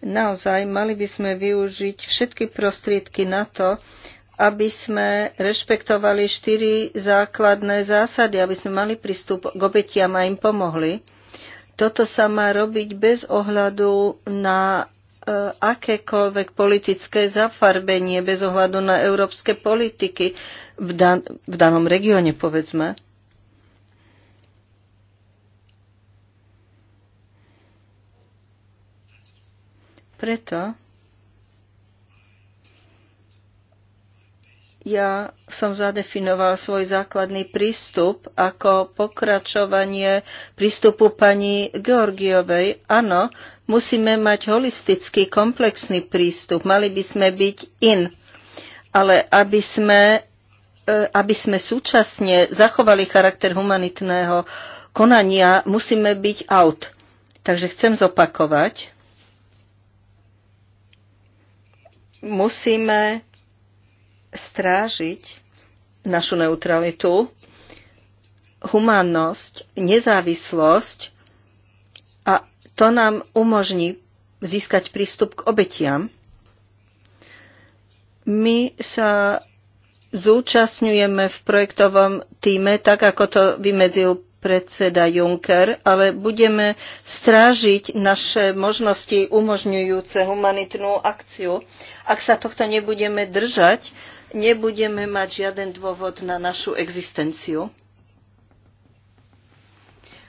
Naozaj, mali by sme využiť všetky prostriedky na to, aby sme rešpektovali štyri základné zásady, aby sme mali prístup k obetiam a im pomohli. Toto sa má robiť bez ohľadu na e, akékoľvek politické zafarbenie, bez ohľadu na európske politiky v, dan- v danom regióne, povedzme. Preto ja som zadefinoval svoj základný prístup ako pokračovanie prístupu pani Georgiovej. Áno, musíme mať holistický, komplexný prístup. Mali by sme byť in. Ale aby sme, e, aby sme súčasne zachovali charakter humanitného konania, musíme byť out. Takže chcem zopakovať. Musíme strážiť našu neutralitu, humánnosť, nezávislosť a to nám umožní získať prístup k obetiam. My sa zúčastňujeme v projektovom týme, tak ako to vymedzil predseda Juncker, ale budeme strážiť naše možnosti umožňujúce humanitnú akciu. Ak sa tohto nebudeme držať, nebudeme mať žiaden dôvod na našu existenciu.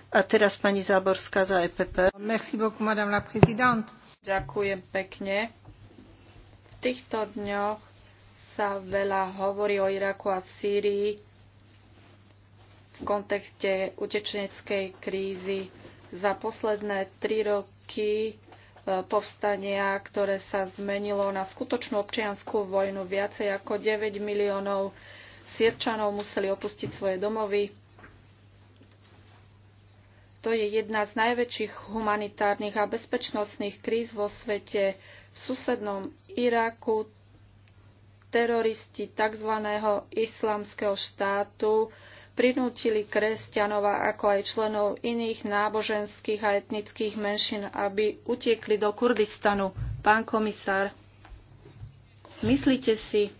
A teraz pani Záborská za EPP. Merci beaucoup, madame la présidente. Ďakujem pekne. V týchto dňoch sa veľa hovorí o Iraku a Sýrii v kontekste utečeneckej krízy. Za posledné tri roky povstania, ktoré sa zmenilo na skutočnú občianskú vojnu. Viacej ako 9 miliónov Sierčanov museli opustiť svoje domovy. To je jedna z najväčších humanitárnych a bezpečnostných kríz vo svete. V susednom Iraku teroristi tzv. islamského štátu prinútili kresťanova ako aj členov iných náboženských a etnických menšín, aby utiekli do Kurdistanu. Pán komisár, myslíte si,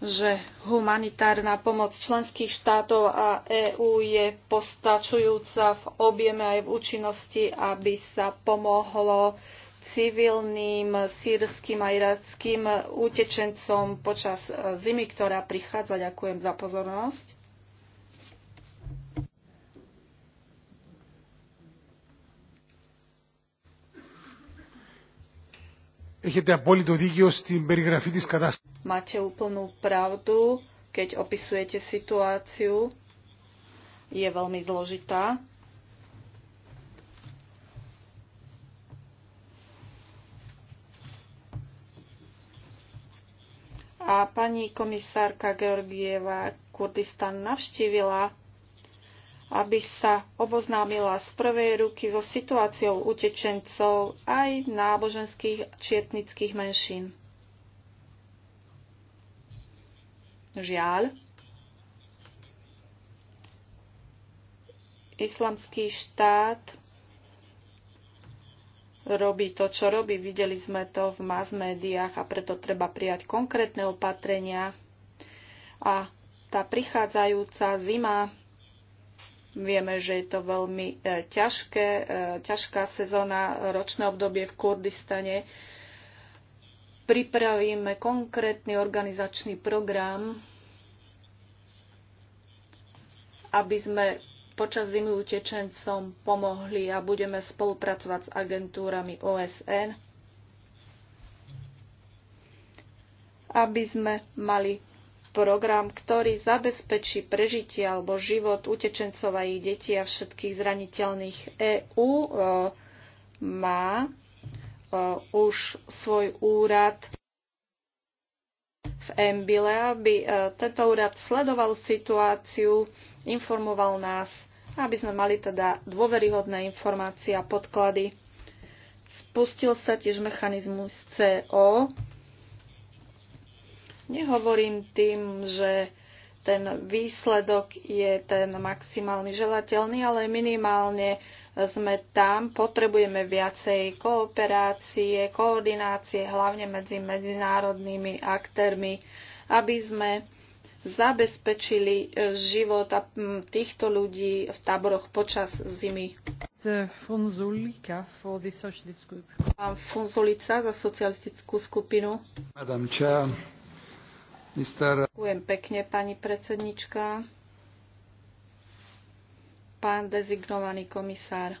že humanitárna pomoc členských štátov a EÚ je postačujúca v objeme aj v účinnosti, aby sa pomohlo civilným sírským a irackým utečencom počas e, zimy, ktorá prichádza. Ďakujem za pozornosť. Máte úplnú pravdu, keď opisujete situáciu. Je veľmi zložitá. a pani komisárka Georgieva Kurdistan navštívila, aby sa oboznámila z prvej ruky so situáciou utečencov aj náboženských či etnických menšín. Žiaľ, islamský štát robí to, čo robí. Videli sme to v mass médiách a preto treba prijať konkrétne opatrenia. A tá prichádzajúca zima, vieme, že je to veľmi e, ťažké, e, ťažká sezóna, ročné obdobie v Kurdistane. Pripravíme konkrétny organizačný program, aby sme počas zimy utečencom pomohli a budeme spolupracovať s agentúrami OSN, aby sme mali program, ktorý zabezpečí prežitie alebo život utečencov a ich detí a všetkých zraniteľných EÚ e, má e, už svoj úrad v Embile, aby e, tento úrad sledoval situáciu, informoval nás aby sme mali teda dôveryhodné informácie a podklady. Spustil sa tiež mechanizmus CO. Nehovorím tým, že ten výsledok je ten maximálny želateľný, ale minimálne sme tam, potrebujeme viacej kooperácie, koordinácie, hlavne medzi medzinárodnými aktérmi, aby sme zabezpečili e, život týchto ľudí v táboroch počas zimy. Funzulica Pán Funzulica za socialistickú skupinu. Madam Chair, Mr. Ďakujem pekne, pani predsednička. Pán dezignovaný komisár,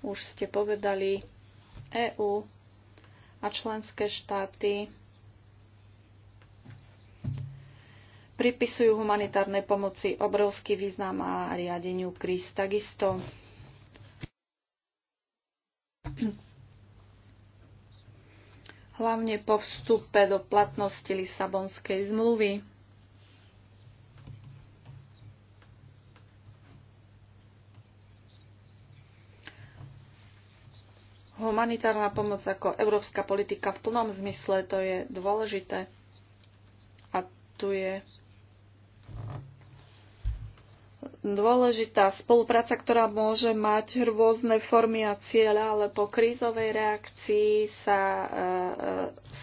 už ste povedali, EÚ a členské štáty pripisujú humanitárnej pomoci obrovský význam a riadeniu kríz takisto. Hlavne po vstupe do platnosti Lisabonskej zmluvy. Humanitárna pomoc ako európska politika v plnom zmysle to je dôležité. A tu je dôležitá spolupráca, ktorá môže mať rôzne formy a cieľa, ale po krízovej reakcii sa e, e,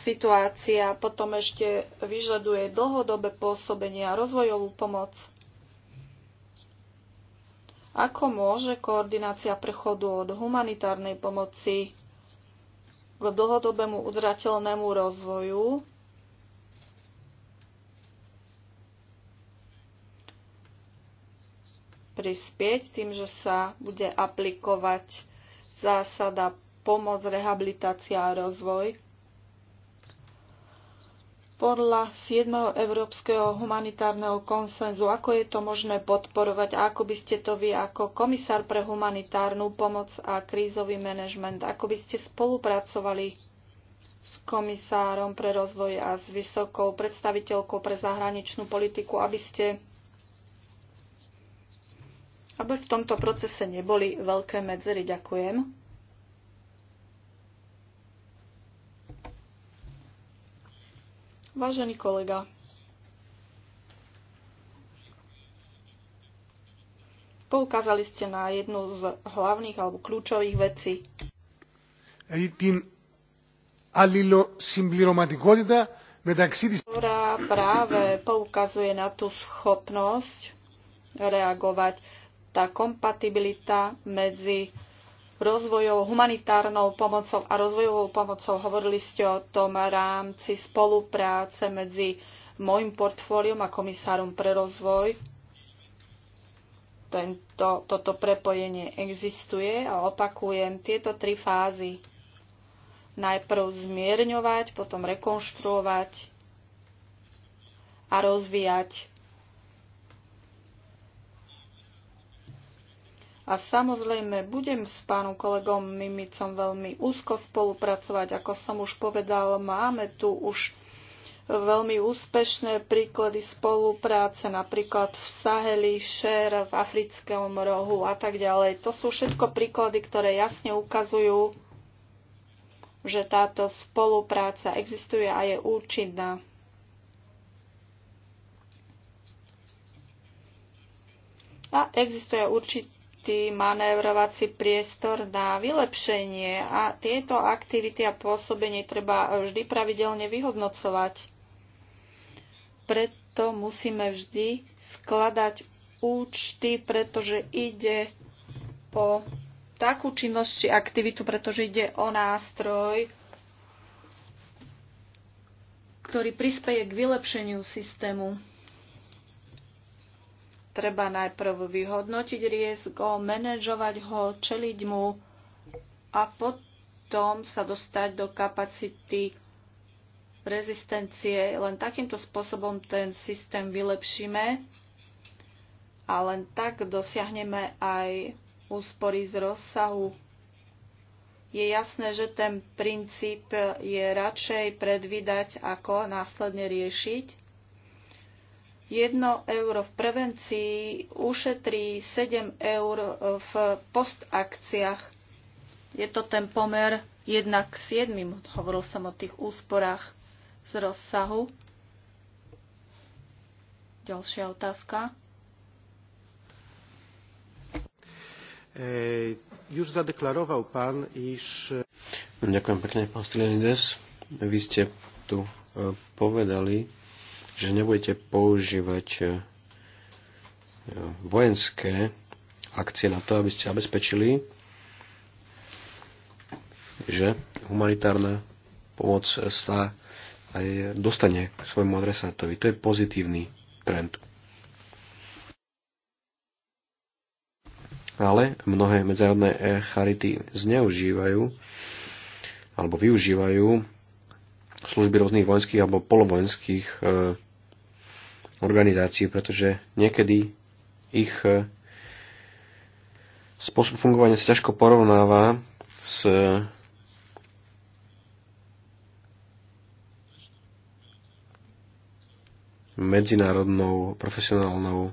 situácia potom ešte vyžaduje dlhodobé pôsobenie a rozvojovú pomoc. Ako môže koordinácia prechodu od humanitárnej pomoci k dlhodobému udržateľnému rozvoju prispieť tým, že sa bude aplikovať zásada pomoc, rehabilitácia a rozvoj. Podľa 7. Európskeho humanitárneho konsenzu, ako je to možné podporovať a ako by ste to vy ako komisár pre humanitárnu pomoc a krízový manažment, ako by ste spolupracovali s komisárom pre rozvoj a s vysokou predstaviteľkou pre zahraničnú politiku, aby ste aby v tomto procese neboli veľké medzery. Ďakujem. Vážený kolega, poukázali ste na jednu z hlavných alebo kľúčových vecí. Ktorá práve poukazuje na tú schopnosť reagovať tá kompatibilita medzi rozvojovou humanitárnou pomocou a rozvojovou pomocou. Hovorili ste o tom rámci spolupráce medzi môjim portfóliom a komisárom pre rozvoj. Tento, toto prepojenie existuje a opakujem tieto tri fázy. Najprv zmierňovať, potom rekonštruovať a rozvíjať A samozrejme, budem s pánom kolegom Mimicom veľmi úzko spolupracovať. Ako som už povedal, máme tu už veľmi úspešné príklady spolupráce, napríklad v Saheli, Šer, v Africkom rohu a tak ďalej. To sú všetko príklady, ktoré jasne ukazujú, že táto spolupráca existuje a je účinná. A existuje určitý určitý manévrovací priestor na vylepšenie a tieto aktivity a pôsobenie treba vždy pravidelne vyhodnocovať. Preto musíme vždy skladať účty, pretože ide o takú činnosť či aktivitu, pretože ide o nástroj, ktorý prispeje k vylepšeniu systému. Treba najprv vyhodnotiť riesko, manažovať ho, čeliť mu a potom sa dostať do kapacity rezistencie. Len takýmto spôsobom ten systém vylepšíme a len tak dosiahneme aj úspory z rozsahu. Je jasné, že ten princíp je radšej predvídať, ako následne riešiť 1 euro v prevencii ušetrí 7 eur v postakciách. Je to ten pomer 1 k 7. Hovoril som o tých úsporách z rozsahu. Ďalšia otázka. E, już zadeklaroval pán, iż... Ďakujem pekne, pán Strelides. Vy ste tu e, povedali, že nebudete používať e, vojenské akcie na to, aby ste zabezpečili, že humanitárna pomoc sa aj dostane k svojmu adresátovi. To je pozitívny trend. Ale mnohé medzinárodné e, charity zneužívajú alebo využívajú služby rôznych vojenských alebo polovojenských e, organizácií, pretože niekedy ich e, spôsob fungovania sa ťažko porovnáva s e, medzinárodnou profesionálnou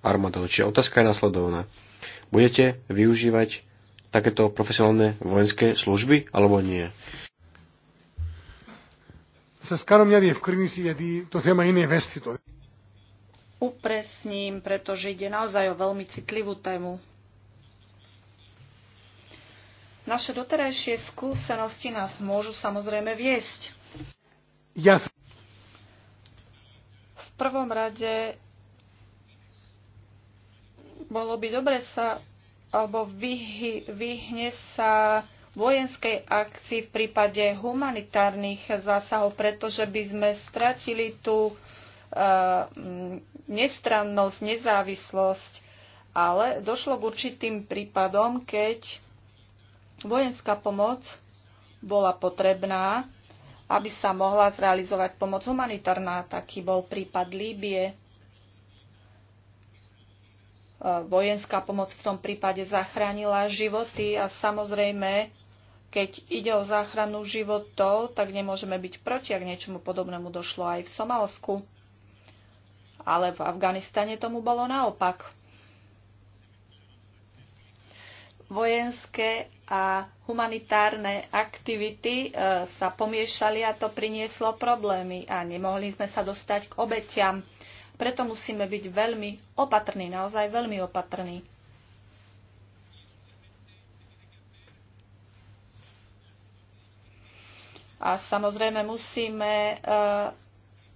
armádou. Čiže otázka je nasledovná. Budete využívať takéto profesionálne vojenské služby alebo nie? Σας κάνω μια διευκρίνηση γιατί το θέμα είναι ευαίσθητο upresním, pretože ide naozaj o veľmi citlivú tému. Naše doterajšie skúsenosti nás môžu samozrejme viesť. Ja. V prvom rade bolo by dobre sa alebo vyhy, vyhne sa vojenskej akcii v prípade humanitárnych zásahov, pretože by sme stratili tú eh, nestrannosť, nezávislosť, ale došlo k určitým prípadom, keď vojenská pomoc bola potrebná, aby sa mohla zrealizovať pomoc humanitárna. Taký bol prípad Líbie. E, vojenská pomoc v tom prípade zachránila životy a samozrejme, keď ide o záchranu životov, tak nemôžeme byť proti, ak niečomu podobnému došlo aj v Somalsku ale v Afganistane tomu bolo naopak. Vojenské a humanitárne aktivity e, sa pomiešali a to prinieslo problémy a nemohli sme sa dostať k obetiam. Preto musíme byť veľmi opatrní, naozaj veľmi opatrní. A samozrejme musíme e,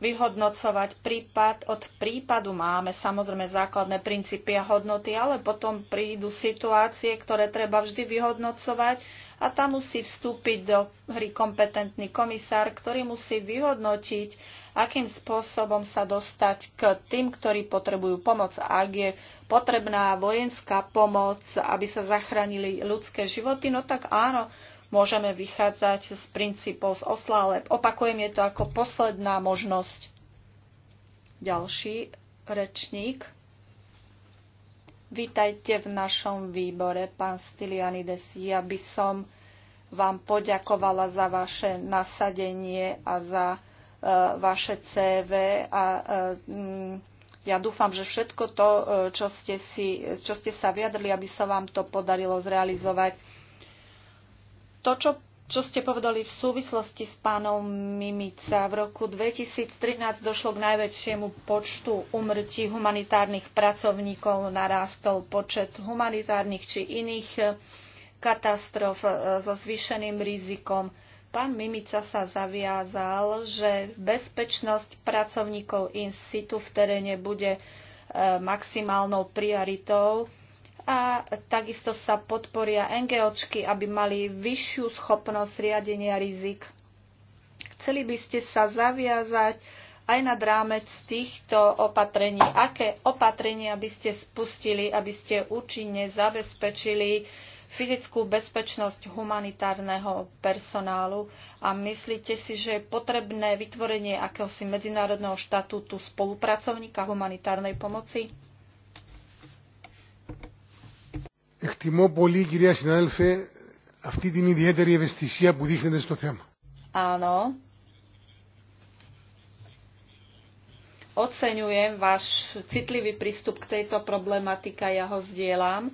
vyhodnocovať prípad od prípadu. Máme samozrejme základné princípy a hodnoty, ale potom prídu situácie, ktoré treba vždy vyhodnocovať a tam musí vstúpiť do hry kompetentný komisár, ktorý musí vyhodnotiť, akým spôsobom sa dostať k tým, ktorí potrebujú pomoc. A ak je potrebná vojenská pomoc, aby sa zachránili ľudské životy, no tak áno, môžeme vychádzať z princípov z Osla, ale opakujem, je to ako posledná možnosť. Ďalší rečník. Vítajte v našom výbore, pán Stylianides. Ja by som vám poďakovala za vaše nasadenie a za e, vaše CV a e, m, ja dúfam, že všetko to, e, čo ste, si, čo ste sa vyjadrili, aby sa vám to podarilo zrealizovať to, čo, čo ste povedali v súvislosti s pánom Mimica, v roku 2013 došlo k najväčšiemu počtu umrtí humanitárnych pracovníkov, narástol počet humanitárnych či iných eh, katastrof eh, so zvýšeným rizikom. Pán Mimica sa zaviazal, že bezpečnosť pracovníkov in situ v teréne bude eh, maximálnou prioritou a takisto sa podporia NGOčky, aby mali vyššiu schopnosť riadenia rizik. Chceli by ste sa zaviazať aj nad rámec týchto opatrení. Aké opatrenia by ste spustili, aby ste účinne zabezpečili fyzickú bezpečnosť humanitárneho personálu a myslíte si, že je potrebné vytvorenie akéhosi medzinárodného štatútu spolupracovníka humanitárnej pomoci? εκτιμώ πολύ κυρία συνάδελφε αυτή την ιδιαίτερη ευαισθησία που δείχνετε στο θέμα. Áno. Oceňujem váš citlivý prístup k tejto problematike, ja ho zdieľam.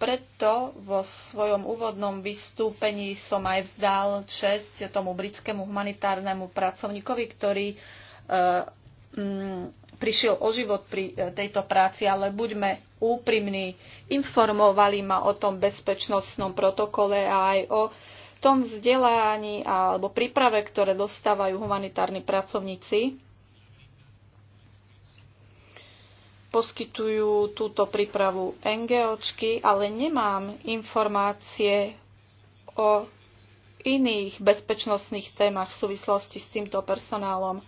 Preto vo svojom úvodnom vystúpení som aj vzdal čest tomu britskému humanitárnemu pracovníkovi, ktorý e, eh, m, mm, prišiel o život pri eh, tejto práci, ale buďme úprimný. Informovali ma o tom bezpečnostnom protokole a aj o tom vzdelaní alebo príprave, ktoré dostávajú humanitárni pracovníci. Poskytujú túto prípravu NGOčky, ale nemám informácie o iných bezpečnostných témach v súvislosti s týmto personálom.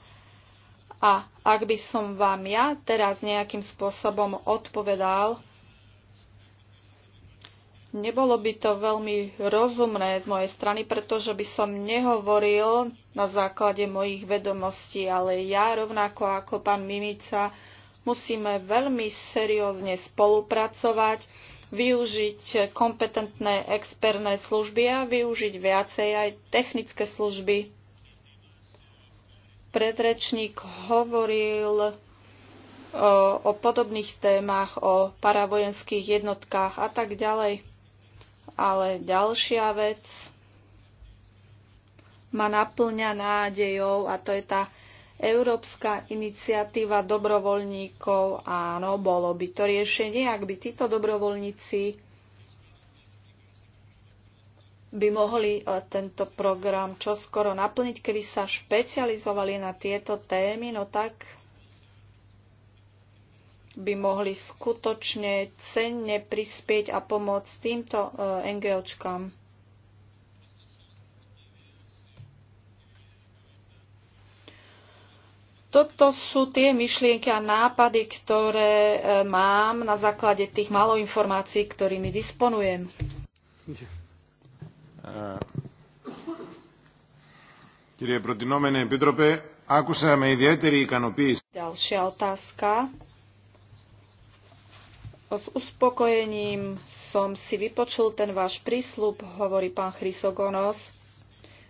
A ak by som vám ja teraz nejakým spôsobom odpovedal, nebolo by to veľmi rozumné z mojej strany, pretože by som nehovoril na základe mojich vedomostí, ale ja rovnako ako pán Mimica musíme veľmi seriózne spolupracovať, využiť kompetentné expertné služby a využiť viacej aj technické služby predrečník hovoril o, o podobných témach, o paravojenských jednotkách a tak ďalej. Ale ďalšia vec ma naplňa nádejou a to je tá Európska iniciatíva dobrovoľníkov. Áno, bolo by to riešenie, ak by títo dobrovoľníci by mohli e, tento program čoskoro naplniť, keby sa špecializovali na tieto témy, no tak by mohli skutočne cenne prispieť a pomôcť týmto e, NGOčkám. Toto sú tie myšlienky a nápady, ktoré e, mám na základe tých malo informácií, ktorými disponujem. Yeah. Επίτροπε, άκουσα με ιδιαίτερη ικανοποίηση. Ďalšia otázka. S uspokojením som si vypočul ten váš prísľub, hovorí pán Chrysogonos,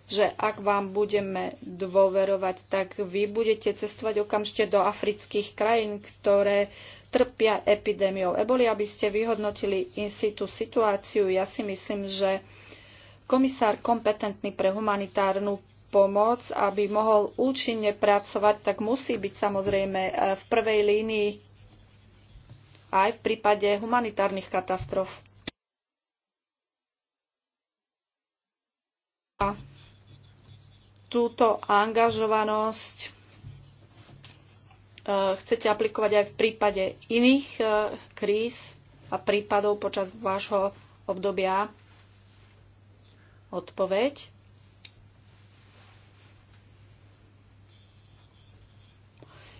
že ak vám budeme dôverovať, tak vy budete cestovať okamžite do afrických krajín, ktoré trpia epidémiou eboli, aby ste vyhodnotili in situ situáciu. Ja si myslím, že komisár kompetentný pre humanitárnu pomoc, aby mohol účinne pracovať, tak musí byť samozrejme eh, v prvej línii aj v prípade humanitárnych katastrof. A túto angažovanosť eh, chcete aplikovať aj v prípade iných eh, kríz a prípadov počas vášho obdobia odpoveď.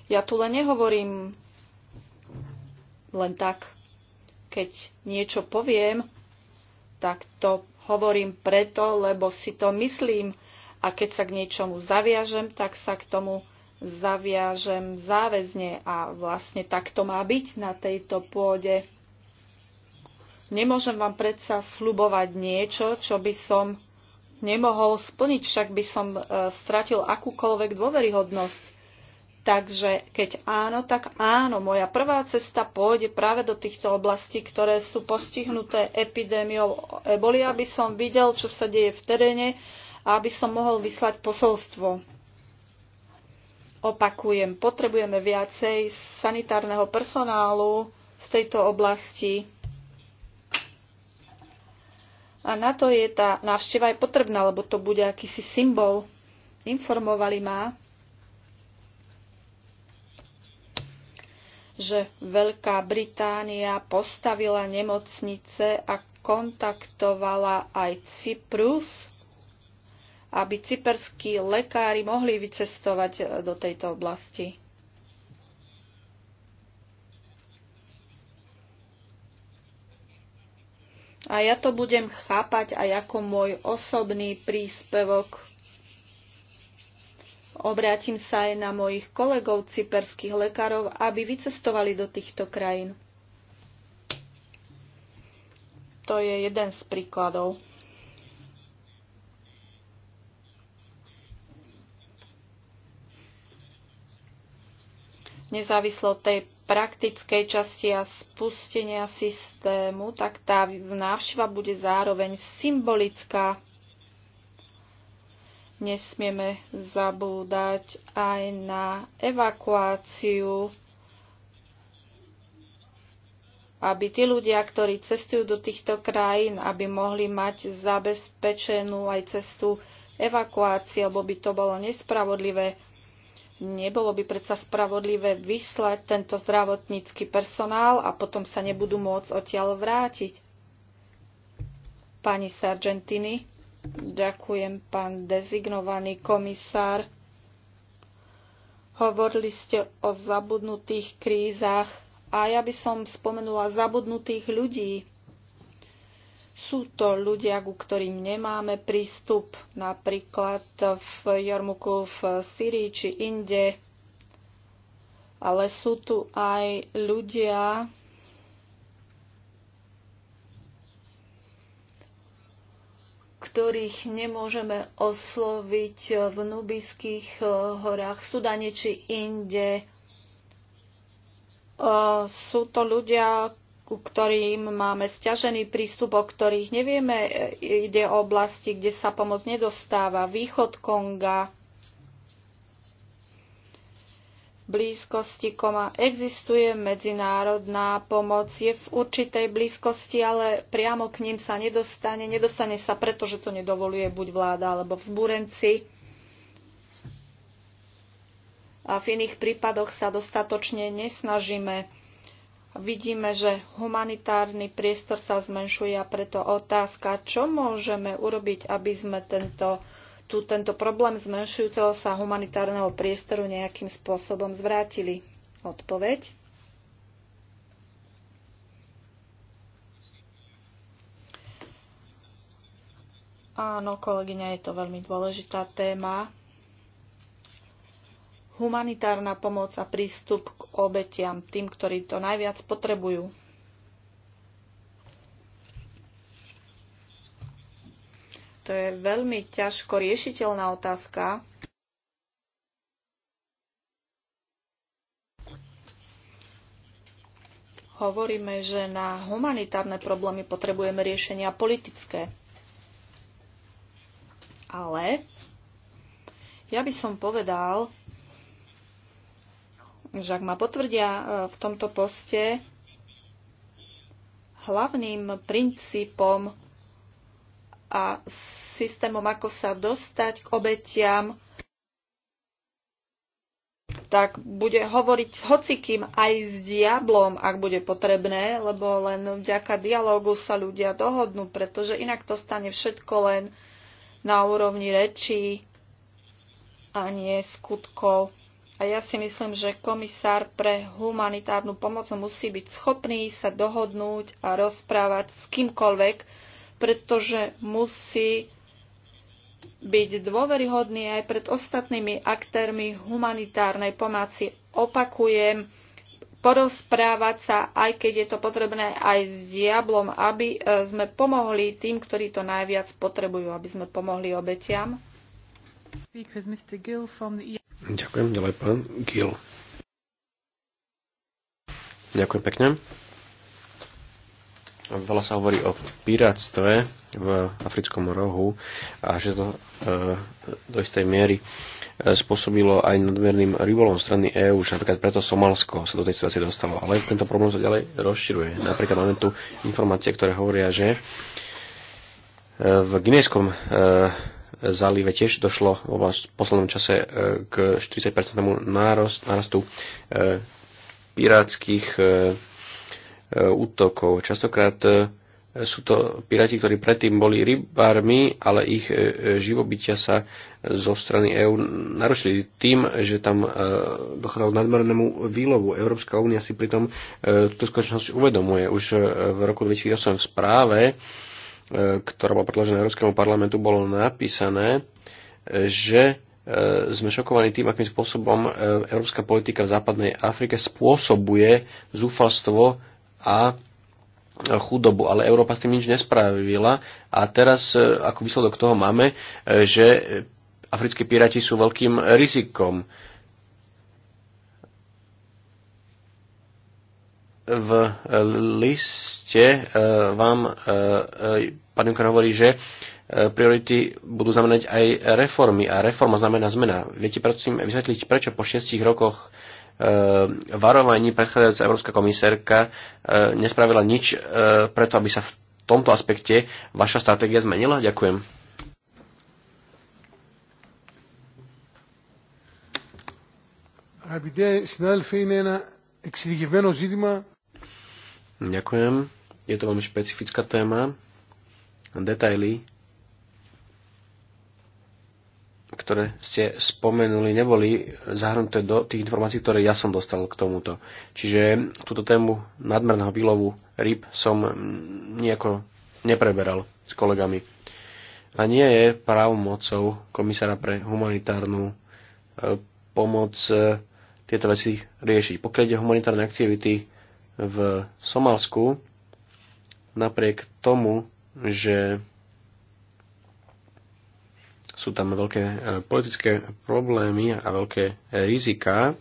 Ja tu len nehovorím len tak. Keď niečo poviem, tak to hovorím preto, lebo si to myslím. A keď sa k niečomu zaviažem, tak sa k tomu zaviažem záväzne. A vlastne tak to má byť na tejto pôde. Nemôžem vám predsa slubovať niečo, čo by som nemohol splniť, však by som e, stratil akúkoľvek dôveryhodnosť. Takže keď áno, tak áno, moja prvá cesta pôjde práve do týchto oblastí, ktoré sú postihnuté epidémiou eboli, aby som videl, čo sa deje v teréne a aby som mohol vyslať posolstvo. Opakujem, potrebujeme viacej sanitárneho personálu v tejto oblasti a na to je tá návšteva aj potrebná, lebo to bude akýsi symbol. Informovali ma, že Veľká Británia postavila nemocnice a kontaktovala aj Cyprus, aby cyperskí lekári mohli vycestovať do tejto oblasti. A ja to budem chápať aj ako môj osobný príspevok. Obrátim sa aj na mojich kolegov cyperských lekárov, aby vycestovali do týchto krajín. To je jeden z príkladov. Nezávislo tej praktickej časti a spustenia systému, tak tá návšteva bude zároveň symbolická. Nesmieme zabúdať aj na evakuáciu, aby tí ľudia, ktorí cestujú do týchto krajín, aby mohli mať zabezpečenú aj cestu evakuácie, lebo by to bolo nespravodlivé Nebolo by predsa spravodlivé vyslať tento zdravotnícky personál a potom sa nebudú môcť odtiaľ vrátiť. Pani Sargentini, ďakujem, pán dezignovaný komisár. Hovorili ste o zabudnutých krízach a ja by som spomenula zabudnutých ľudí. Sú to ľudia, ku ktorým nemáme prístup, napríklad v Jormuku, v Syrii či inde. Ale sú tu aj ľudia, ktorých nemôžeme osloviť v Nubijských eh, horách, v Sudane či inde. Eh, sú to ľudia, ku ktorým máme sťažený prístup, o ktorých nevieme. E, ide o oblasti, kde sa pomoc nedostáva. Východ Konga, blízkosti Koma existuje, medzinárodná pomoc je v určitej blízkosti, ale priamo k ním sa nedostane. Nedostane sa, pretože to nedovoluje buď vláda alebo vzbúrenci. A v iných prípadoch sa dostatočne nesnažíme vidíme, že humanitárny priestor sa zmenšuje a preto otázka, čo môžeme urobiť, aby sme tento, tu, tento problém zmenšujúceho sa humanitárneho priestoru nejakým spôsobom zvrátili. Odpoveď. Áno, kolegyňa, je to veľmi dôležitá téma humanitárna pomoc a prístup k obetiam, tým, ktorí to najviac potrebujú. To je veľmi ťažko riešiteľná otázka. Hovoríme, že na humanitárne problémy potrebujeme riešenia politické. Ale ja by som povedal, že ak ma potvrdia e, v tomto poste, hlavným princípom a systémom, ako sa dostať k obetiam, tak bude hovoriť s hocikým aj s diablom, ak bude potrebné, lebo len vďaka dialogu sa ľudia dohodnú, pretože inak to stane všetko len na úrovni rečí a nie skutkov. A ja si myslím, že komisár pre humanitárnu pomoc musí byť schopný sa dohodnúť a rozprávať s kýmkoľvek, pretože musí byť dôveryhodný aj pred ostatnými aktérmi humanitárnej pomoci. Opakujem, porozprávať sa, aj keď je to potrebné, aj s diablom, aby e, sme pomohli tým, ktorí to najviac potrebujú, aby sme pomohli obetiam. Ďakujem ďalej, pán Gil. Ďakujem pekne. Veľa sa hovorí o pirátstve v africkom rohu a že to e, do istej miery e, spôsobilo aj nadmerným rybolom strany EÚ, že napríklad preto Somalsko sa do tej situácie dostalo. Ale tento problém sa ďalej rozširuje. Napríklad máme tu informácie, ktoré hovoria, že e, v Ginejskom e, zálive tiež došlo v poslednom čase e, k 40-percentnému nárastu e, pirátskych e, útokov. Častokrát sú to piráti, ktorí predtým boli rybármi, ale ich živobytia sa zo strany EÚ narušili tým, že tam dochádzalo k nadmernému výlovu. Európska únia si pritom túto skutočnosť uvedomuje. Už v roku 2008 v správe E, ktorá bola predložená Európskemu parlamentu, bolo napísané, e, že e, sme šokovaní tým, akým spôsobom európska politika v západnej Afrike spôsobuje zúfalstvo a chudobu, ale Európa s tým nič nespravila a teraz ako výsledok toho máme, že africké piráti sú veľkým rizikom. v liste e, vám e, e, pán Junker hovorí, že priority budú znamenať aj reformy a reforma znamená zmena. Viete prosím vysvetliť, prečo po šiestich rokoch varovaní predchádzajúca Európska komisárka nespravila nič preto, aby sa v tomto aspekte vaša stratégia zmenila? Ďakujem. Αγαπητέ συνάδελφοι, είναι ένα εξειδικευμένο ζήτημα Ďakujem. Je to veľmi špecifická téma. Detaily, ktoré ste spomenuli, neboli zahrnuté do tých informácií, ktoré ja som dostal k tomuto. Čiže túto tému nadmerného výlovu rýb som nejako nepreberal s kolegami. A nie je právomocou komisára pre humanitárnu e, pomoc e, tieto veci riešiť. Pokiaľ ide humanitárne aktivity, v Somalsku, napriek tomu, že sú tam veľké e, politické problémy a veľké rizika,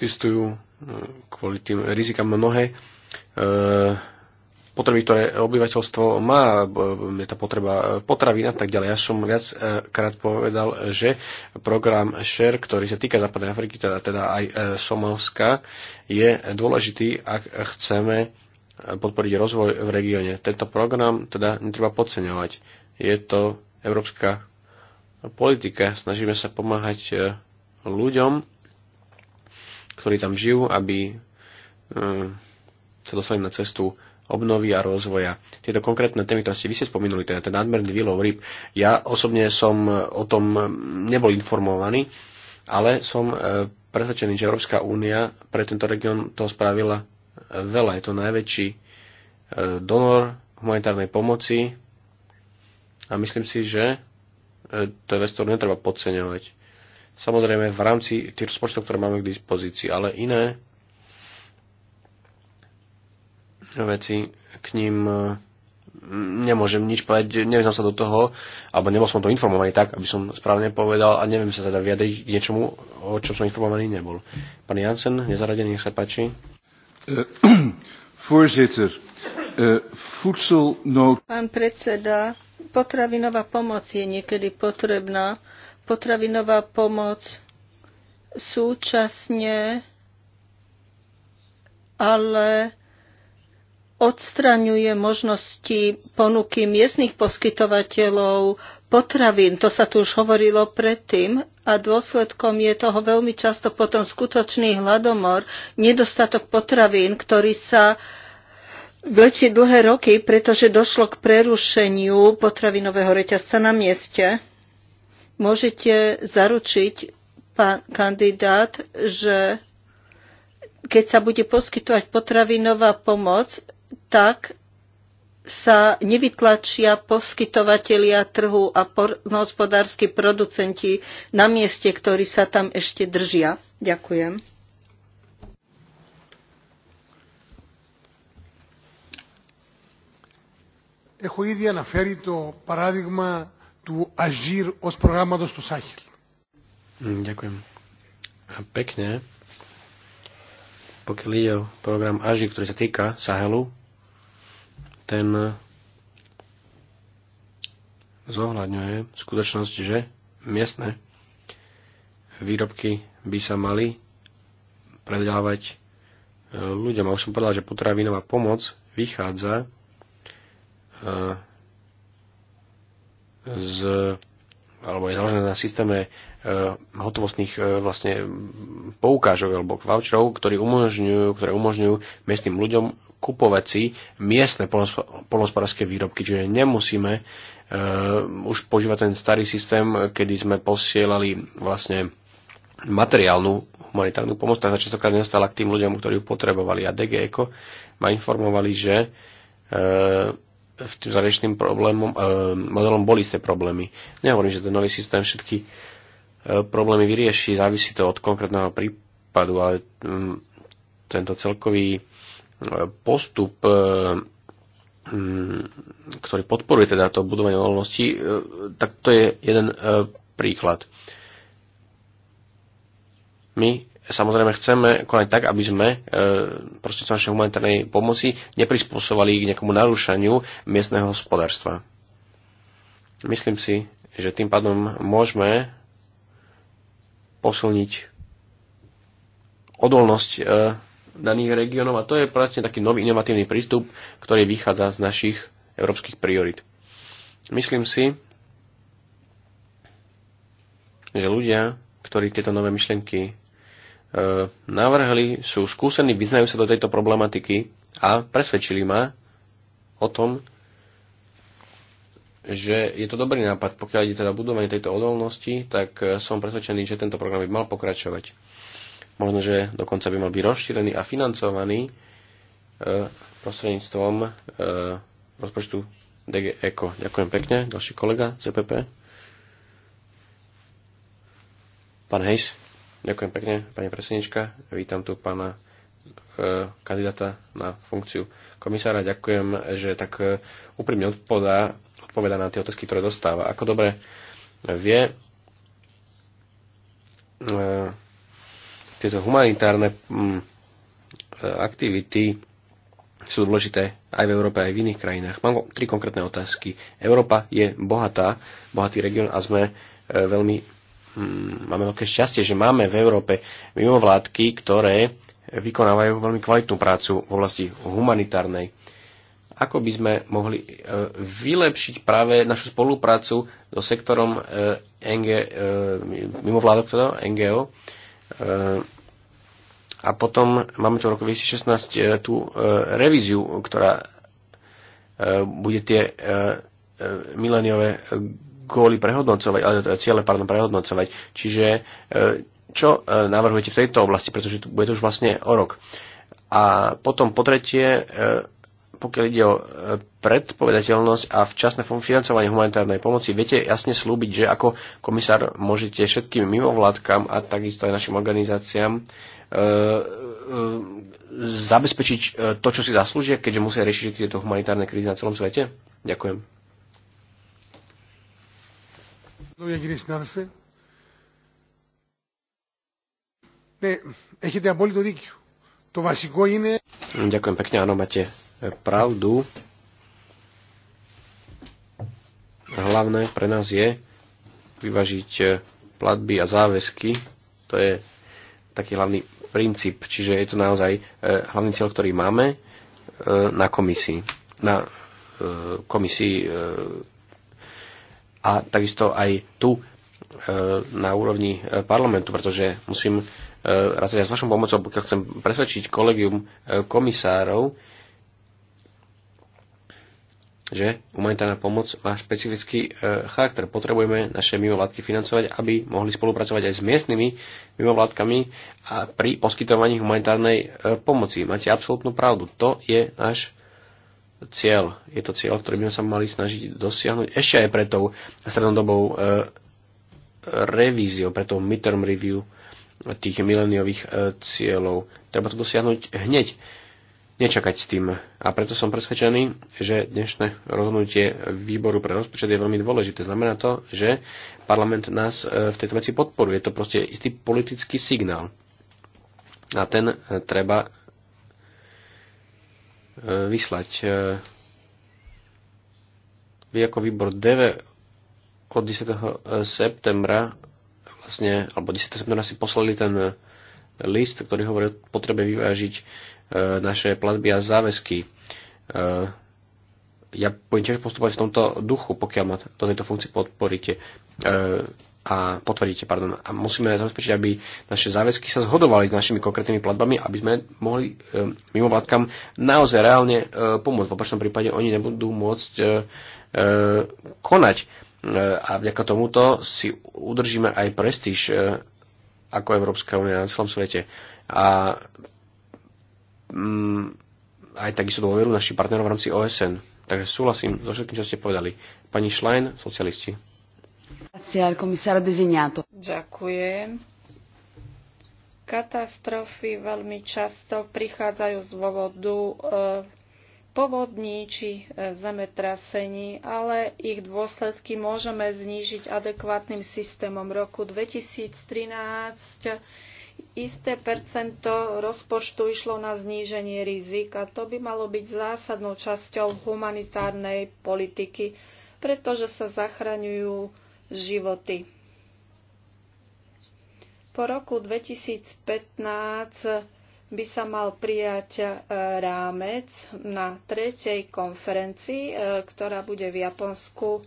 existujú e, kvôli tým rizikám mnohé e, potreby, ktoré obyvateľstvo má, je tá potreba potravín a tak ďalej. Ja som viackrát e, povedal, že program SHARE, ktorý sa týka Západnej Afriky, teda, teda aj e, Somalska, je dôležitý, ak chceme podporiť rozvoj v regióne. Tento program teda netreba podceňovať. Je to európska politika. Snažíme sa pomáhať e, ľuďom, ktorí tam žijú, aby sa dostali na cestu obnovy a rozvoja. Tieto konkrétne témy, ktoré ste vy ste spomínali, teda ten nadmerný výlov ryb, ja osobne som e, o tom nebol informovaný, ale som e, presvedčený, že Európska únia pre tento región to spravila e, veľa. Je to najväčší donor humanitárnej pomoci a myslím si, že to je vec, ktorú netreba podceňovať. Samozrejme v rámci tých rozpočtov, ktoré máme k dispozícii, ale iné veci, k ním e, nemôžem nič povedať, nevyznam sa do toho, alebo nebol som to informovaný tak, aby som správne povedal a neviem sa teda vyjadriť k niečomu, o čom som informovaný nebol. Pán Jansen, nezaradený, nech sa páči. E, voorzitter, e, Pán predseda, potravinová pomoc je niekedy potrebná. Potravinová pomoc súčasne ale odstraňuje možnosti ponuky miestnych poskytovateľov potravín. To sa tu už hovorilo predtým a dôsledkom je toho veľmi často potom skutočný hladomor, nedostatok potravín, ktorý sa vlečie dlhé roky, pretože došlo k prerušeniu potravinového reťazca na mieste. Môžete zaručiť, pán kandidát, že keď sa bude poskytovať potravinová pomoc, tak sa nevytlačia poskytovatelia trhu a hospodársky producenti na mieste, ktorí sa tam ešte držia. Ďakujem. Έχω ήδη αναφέρει το παράδειγμα του Αζίρ ως προγράμματος του Σάχελ. Ďakujem. A pekne, pokiaľ ide o program Aži, ktorý sa týka Sahelu, ten zohľadňuje skutočnosť, že miestne výrobky by sa mali predávať e, ľuďom. A už som povedal, že potravinová pomoc vychádza e, z, alebo je založená na systéme Eh, hotovostných eh, vlastne poukážok alebo voucherov, ktoré umožňujú, ktoré umožňujú miestnym ľuďom kupovať si miestne polospodárske výrobky. Čiže nemusíme eh, už používať ten starý systém, kedy sme posielali vlastne materiálnu humanitárnu pomoc, tak sa častokrát nedostala k tým ľuďom, ktorí ju potrebovali. A DG Eko ma informovali, že v tým zarečným problémom, e, modelom boli ste problémy. Nehovorím, že ten nový systém všetky problémy vyrieši, závisí to od konkrétneho prípadu, ale mm, tento celkový e, postup, e, mm, ktorý podporuje teda to budovanie voľnosti, e, tak to je jeden príklad. My samozrejme chceme konať tak, aby sme proste prostredstvom našej humanitárnej pomoci neprispôsobovali k nejakomu narušaniu miestneho hospodárstva. Myslím si, že tým pádom môžeme posilniť odolnosť e, daných regiónov a to je práve vlastne taký nový inovatívny prístup, ktorý vychádza z našich európskych priorit. Myslím si, že ľudia, ktorí tieto nové myšlienky e, navrhli, sú skúsení, vyznajú sa do tejto problematiky a presvedčili ma o tom, že je to dobrý nápad. Pokiaľ ide teda budovanie tejto odolnosti, tak eh, som presvedčený, že tento program by mal pokračovať. Možno, že dokonca by mal byť rozšírený a financovaný eh, prostredníctvom eh, rozpočtu DG Eko. Ďakujem pekne. Ďalší kolega CPP. E Pán Hejs. Ďakujem pekne, pani presenička. Vítam tu pána kandidáta na funkciu komisára. Ďakujem, že tak úprimne odpovedá odpoveda na tie otázky, ktoré dostáva. Ako dobre vie, e, tieto humanitárne mm, e, aktivity sú dôležité aj v Európe, aj v iných krajinách. Mám tri konkrétne otázky. Európa je bohatá, bohatý región a sme e, veľmi, mm, máme veľké šťastie, že máme v Európe mimovládky, ktoré vykonávajú veľmi kvalitnú prácu v oblasti humanitárnej ako by sme mohli e, vylepšiť práve našu spoluprácu so sektorom mimo e, e, mimovládok teda, NGO. A potom máme tu v roku 2016 tú revíziu, ktorá bude tie mileniové góly prehodnocovať, ale teda cieľe pardon, prehodnocovať. Čiže čo navrhujete v tejto oblasti, pretože tu bude to už vlastne o rok. A potom po tretie, pokiaľ ide o e, predpovedateľnosť a včasné financovanie humanitárnej pomoci, viete jasne slúbiť, že ako komisár môžete všetkým mimovládkam a takisto aj našim organizáciám e, e, zabezpečiť to, čo si zaslúžia, keďže musia riešiť tieto humanitárne krízy na celom svete? Ďakujem. Ďakujem pekne, áno, máte pravdu. Hlavné pre nás je vyvažiť eh, platby a záväzky. To je taký hlavný princíp, čiže je to naozaj eh, hlavný cieľ, ktorý máme eh, na komisii. Na komisii a takisto aj tu na úrovni parlamentu, pretože musím rátať aj s vašou pomocou, pokiaľ chcem presvedčiť kolegium komisárov, že humanitárna pomoc má špecifický e, charakter. Potrebujeme naše mimovládky financovať, aby mohli spolupracovať aj s miestnymi mimovládkami a pri poskytovaní humanitárnej e, pomoci. Máte absolútnu pravdu. To je náš cieľ. Je to cieľ, ktorý by sme sa mali snažiť dosiahnuť ešte aj pred tou strednodobou e, revíziou, pre tou midterm review tých mileniových e, cieľov. Treba to dosiahnuť hneď nečakať s tým. A preto som presvedčený, že dnešné rozhodnutie výboru pre rozpočet je veľmi dôležité. Znamená to, že parlament nás e, v tejto veci podporuje. Je to proste istý politický signál. A ten e, treba e, vyslať. Vy ako výbor DV od 10. septembra vlastne, alebo 10. septembra si poslali ten list, ktorý hovorí o potrebe vyvážiť E, naše platby a záväzky. E, ja budem tiež postupovať v tomto duchu, pokiaľ ma do tejto funkcie podporíte e, a potvrdíte, pardon. A musíme zabezpečiť, aby naše záväzky sa zhodovali s našimi konkrétnymi platbami, aby sme mohli e, mimo vládkam naozaj reálne e, pomôcť. V opačnom prípade oni nebudú môcť e, e, konať. E, a vďaka tomuto si udržíme aj prestíž e, ako Európska únia na celom svete. A Mm, aj takisto dôveru našich partnerov v rámci OSN. Takže súhlasím so všetkým, čo ste povedali. Pani Schlein, socialisti. Ďakujem. Katastrofy veľmi často prichádzajú z dôvodu eh, povodní či eh, zemetrasení, ale ich dôsledky môžeme znížiť adekvátnym systémom. Roku 2013 isté percento rozpočtu išlo na zníženie rizik a to by malo byť zásadnou časťou humanitárnej politiky, pretože sa zachraňujú životy. Po roku 2015 by sa mal prijať e, rámec na tretej konferencii, e, ktorá bude v Japonsku.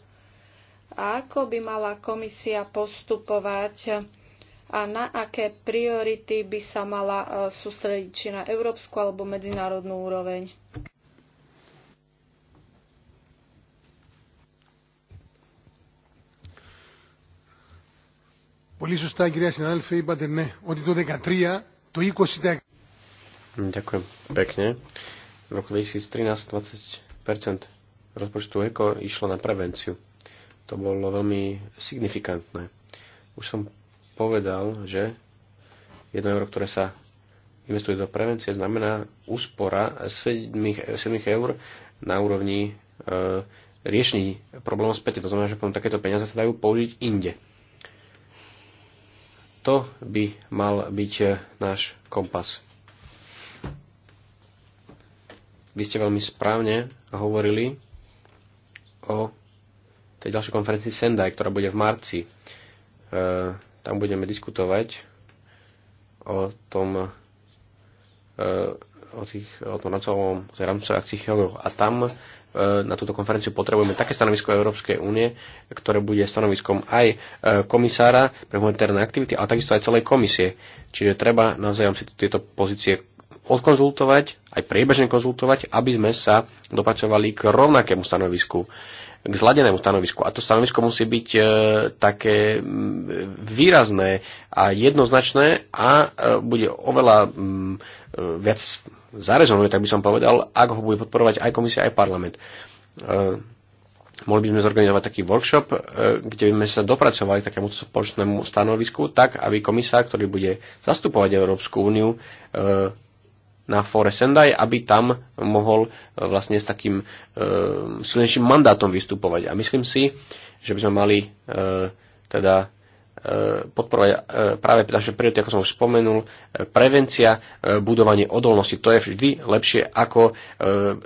A ako by mala komisia postupovať a na aké priority by sa mala e, sústrediť či na európsku alebo medzinárodnú úroveň. Πολύ σωστά κυρία συνάδελφε είπατε ναι ότι το 2013 το 20% Ďakujem pekne. V roku 2013 20% rozpočtu ECO išlo na prevenciu. To bolo veľmi signifikantné. Už som povedal, že jedno euro, ktoré sa investuje do prevencie, znamená úspora 7, 7 eur na úrovni e, riešení problémov späť. To znamená, že potom takéto peniaze sa dajú použiť inde. To by mal byť e, náš kompas. Vy ste veľmi správne hovorili o tej ďalšej konferencii Sendai, ktorá bude v marci. E, tam budeme diskutovať o tom, e, o, tých, o tom rámcovom, akcii A tam e, na túto konferenciu potrebujeme také stanovisko Európskej únie, ktoré bude stanoviskom aj e, komisára pre humanitárne aktivity, ale takisto aj celej komisie. Čiže treba naozaj si tieto pozície odkonzultovať, aj priebežne konzultovať, aby sme sa dopracovali k rovnakému stanovisku k zladenému stanovisku. A to stanovisko musí byť e, také výrazné a jednoznačné a e, bude oveľa m, e, viac zarezonuje, tak by som povedal, ak ho bude podporovať aj komisia, aj parlament. E, mohli by sme zorganizovať taký workshop, e, kde by sme sa dopracovali k takému spoločnému stanovisku, tak aby komisár, ktorý bude zastupovať Európsku úniu, e, na fore Sendai, aby tam mohol e, vlastne s takým e, silnejším mandátom vystupovať. A myslím si, že by sme mali e, teda e, podporovať e, práve naše priority, ako som už spomenul, e, prevencia, e, budovanie odolnosti. To je vždy lepšie ako e,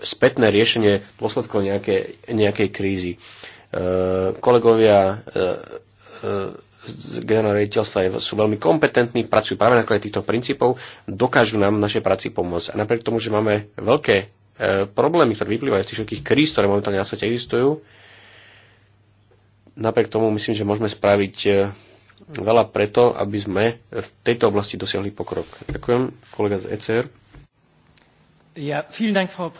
spätné riešenie dôsledkov nejakej, nejakej krízy. E, kolegovia e, e generálne riaditeľstva sú veľmi kompetentní, pracujú práve na základe týchto princípov, dokážu nám v našej práci pomôcť. A napriek tomu, že máme veľké e, problémy, ktoré vyplývajú z tých všetkých kríz, ktoré momentálne na svete existujú, napriek tomu myslím, že môžeme spraviť e, veľa preto, aby sme v tejto oblasti dosiahli pokrok. Ďakujem, kolega z ECR. Ja, Dank, Frau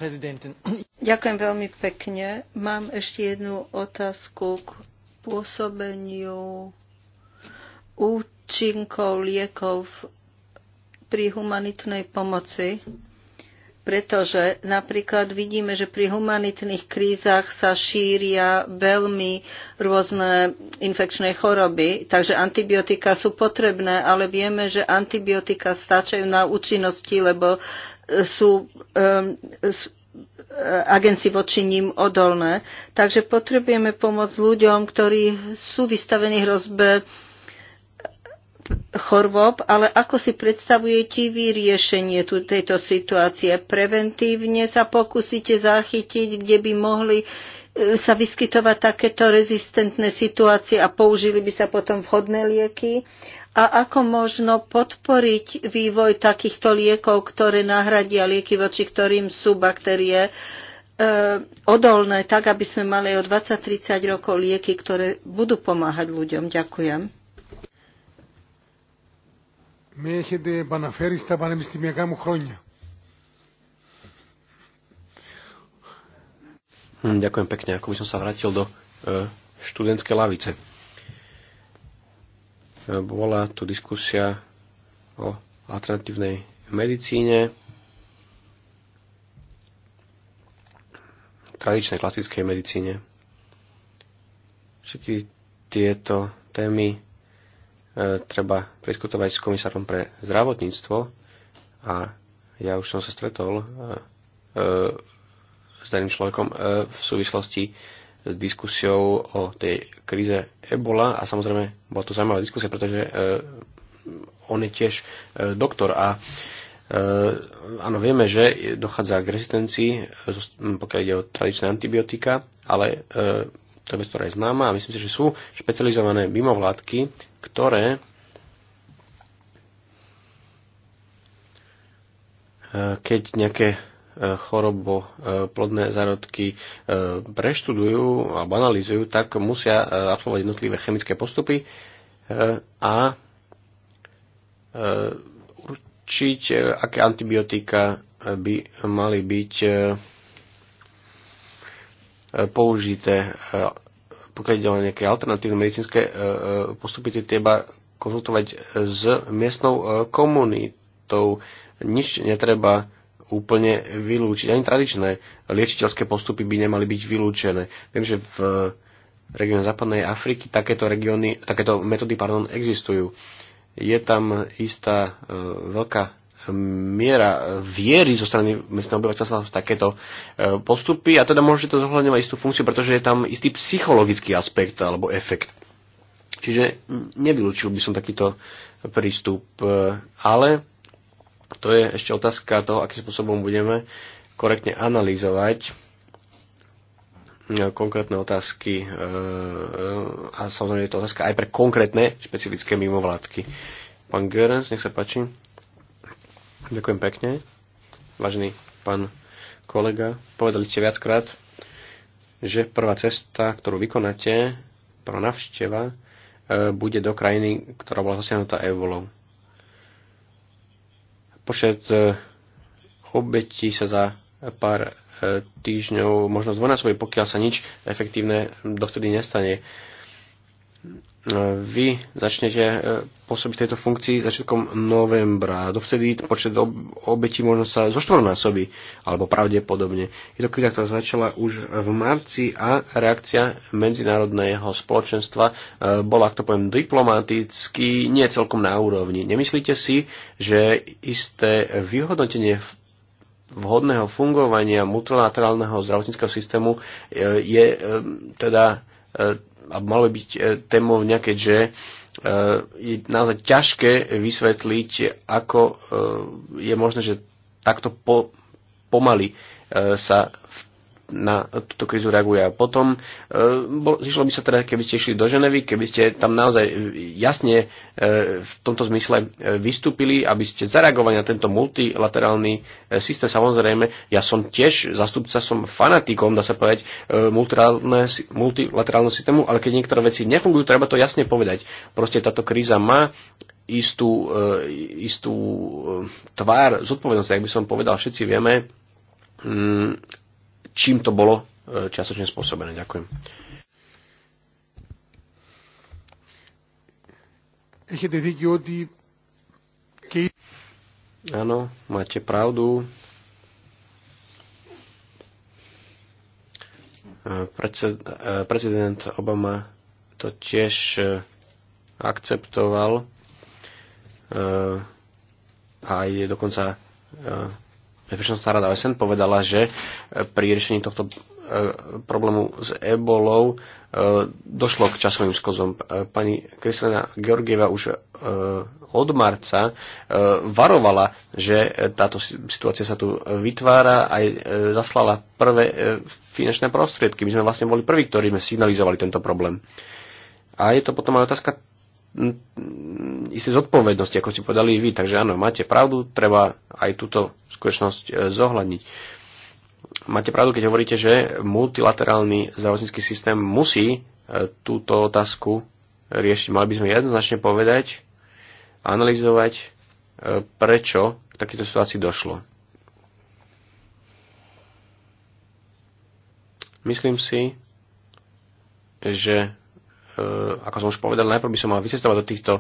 Ďakujem veľmi pekne. Mám ešte jednu otázku k pôsobeniu účinkov liekov pri humanitnej pomoci, pretože napríklad vidíme, že pri humanitných krízach sa šíria veľmi rôzne infekčné choroby, takže antibiotika sú potrebné, ale vieme, že antibiotika stačajú na účinnosti, lebo sú um, agenci voči ním odolné. Takže potrebujeme pomoc ľuďom, ktorí sú vystavení hrozbe chorôb, ale ako si predstavujete vy riešenie tu, tejto situácie? Preventívne sa pokúsite zachytiť, kde by mohli e, sa vyskytovať takéto rezistentné situácie a použili by sa potom vhodné lieky? A ako možno podporiť vývoj takýchto liekov, ktoré nahradia lieky, voči ktorým sú baktérie e, odolné, tak aby sme mali o 20-30 rokov lieky, ktoré budú pomáhať ľuďom? Ďakujem με έχετε επαναφέρει στα πανεπιστημιακά μου χρόνια. Hm, ďakujem pekne, ako by som sa vrátil do e, študentskej lavice. E, bola tu diskusia o alternatívnej medicíne, tradičnej klasickej medicíne. Všetky tieto témy E, treba preskutovať s komisárom pre zdravotníctvo a ja už som sa stretol e, e, s daným človekom v súvislosti s diskusiou o tej kríze Ebola a samozrejme bola to zaujímavá diskusia, pretože on je tiež doktor a áno, vieme, že dochádza k rezistencii, pokiaľ ide o tradičné antibiotika, ale to je vec, ktorá je známa a myslím si, že sú špecializované mimovládky, ktoré e, keď nejaké e, chorobo e, plodné zárodky preštudujú alebo analýzujú, tak musia absolvovať jednotlivé chemické postupy a určiť, aké antibiotika by mali byť použité. E, pokiaľ ide o nejaké alternatívne medicínske e, e, postupy, tie treba konzultovať s miestnou komunitou. Nič netreba úplne vylúčiť. Ani tradičné liečiteľské postupy by nemali byť vylúčené. Viem, že v regióne západnej Afriky takéto, regióny, takéto metódy pardon, existujú. Je tam istá veľká miera viery zo strany mestného obyvateľstva v takéto e, postupy a teda môže to zohľadňovať istú funkciu, pretože je tam istý psychologický aspekt alebo efekt. Čiže nevylúčil by som takýto prístup, e, ale to je ešte otázka toho, akým spôsobom budeme korektne analyzovať e, konkrétne otázky a samozrejme je to otázka aj pre konkrétne špecifické mimovládky. Pán Görens, nech sa páči. Ďakujem pekne. Vážený pán kolega, povedali ste viackrát, že prvá cesta, ktorú vykonáte, prvá navšteva, e, bude do krajiny, ktorá bola zasiahnutá evolou. Počet e, obetí sa za pár e, týždňov možno zvonásobí, pokiaľ sa nič efektívne dovtedy nestane vy začnete e, pôsobiť tejto funkcii začiatkom novembra. Dovtedy počet obetí možno sa zoštvornásobí, alebo pravdepodobne. Je to kríza, ktorá začala už v marci a reakcia medzinárodného spoločenstva e, bola, ak to poviem, diplomaticky nie celkom na úrovni. Nemyslíte si, že isté vyhodnotenie vhodného fungovania multilaterálneho zdravotníckého systému e, je teda a malo by byť e, témou nejaké, že e, je naozaj ťažké vysvetliť, ako e, je možné, že takto po, pomaly sa v na túto krízu reaguje. A potom e, zišlo by sa teda, keby ste išli do Ženevy, keby ste tam naozaj jasne e, v tomto zmysle e, vystúpili, aby ste zareagovali na tento multilaterálny systém. Samozrejme, ja som tiež zastupca, som fanatikom, dá sa povedať, multilaterálneho systému, ale keď niektoré veci nefungujú, treba to jasne povedať. Proste táto kríza má istú, istú tvár zodpovednosti, ak by som povedal, všetci vieme, mm, čím to bolo e, čiastočne spôsobené. Ďakujem. Áno, máte pravdu. E, e, prezident Obama to tiež akceptoval a aj dokonca Bezpečnostná rada OSN povedala, že e, pri riešení tohto e, problému s ebolou e, došlo k časovým skozom. Pani Kristina Georgieva už od marca varovala, že táto situácia sa tu vytvára a zaslala prvé finančné prostriedky. My sme vlastne boli prví, ktorí sme signalizovali tento problém. A je to potom aj otázka isté zodpovednosti, ako ste povedali vy. Takže áno, máte pravdu, treba aj túto skutočnosť e, zohľadniť. Máte pravdu, keď hovoríte, že multilaterálny zdravotnícky systém musí e, túto otázku riešiť. Mali by sme jednoznačne povedať, analyzovať, e, prečo v takéto situácii došlo. Myslím si, že E, ako som už povedal, najprv by som mal vycestovať do týchto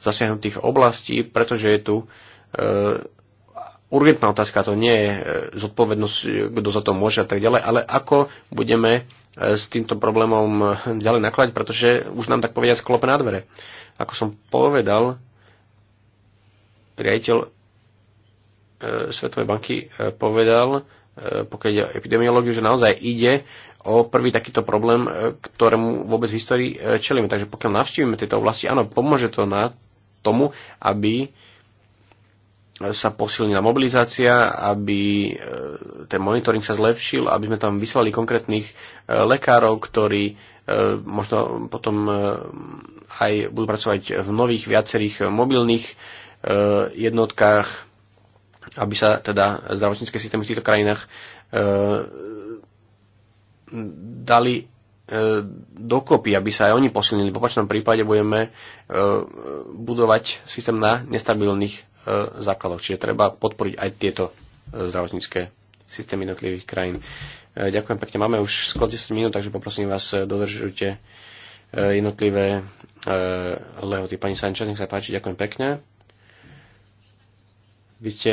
zasiahnutých oblastí, pretože je tu e, urgentná otázka, to nie je e, zodpovednosť, kto za to môže a tak ďalej, ale ako budeme s týmto problémom ďalej nakladať, pretože už nám tak povedať sklope na dvere. Ako som povedal, riaditeľ Svetovej banky povedal, pokiaľ ide o epidemiológiu, že naozaj ide o prvý takýto problém, e, ktorému vôbec v histórii e, čelíme. Takže pokiaľ navštívime tieto oblasti, áno, pomôže to na tomu, aby sa posilnila mobilizácia, aby e, ten monitoring sa zlepšil, aby sme tam vyslali konkrétnych lekárov, ktorí možno potom aj budú pracovať v nových viacerých mobilných jednotkách, aby sa teda zdravotnícke systémy v týchto krajinách dali e, dokopy, aby sa aj oni posilnili. V opačnom prípade budeme e, budovať systém na nestabilných e, základoch. Čiže treba podporiť aj tieto zdravotnícke systémy jednotlivých krajín. Ďakujem pekne. Máme už skôr 10 minút, takže poprosím vás, dodržujte jednotlivé lehoty. Pani Sanchez, nech sa páči, ďakujem pekne. Vy ste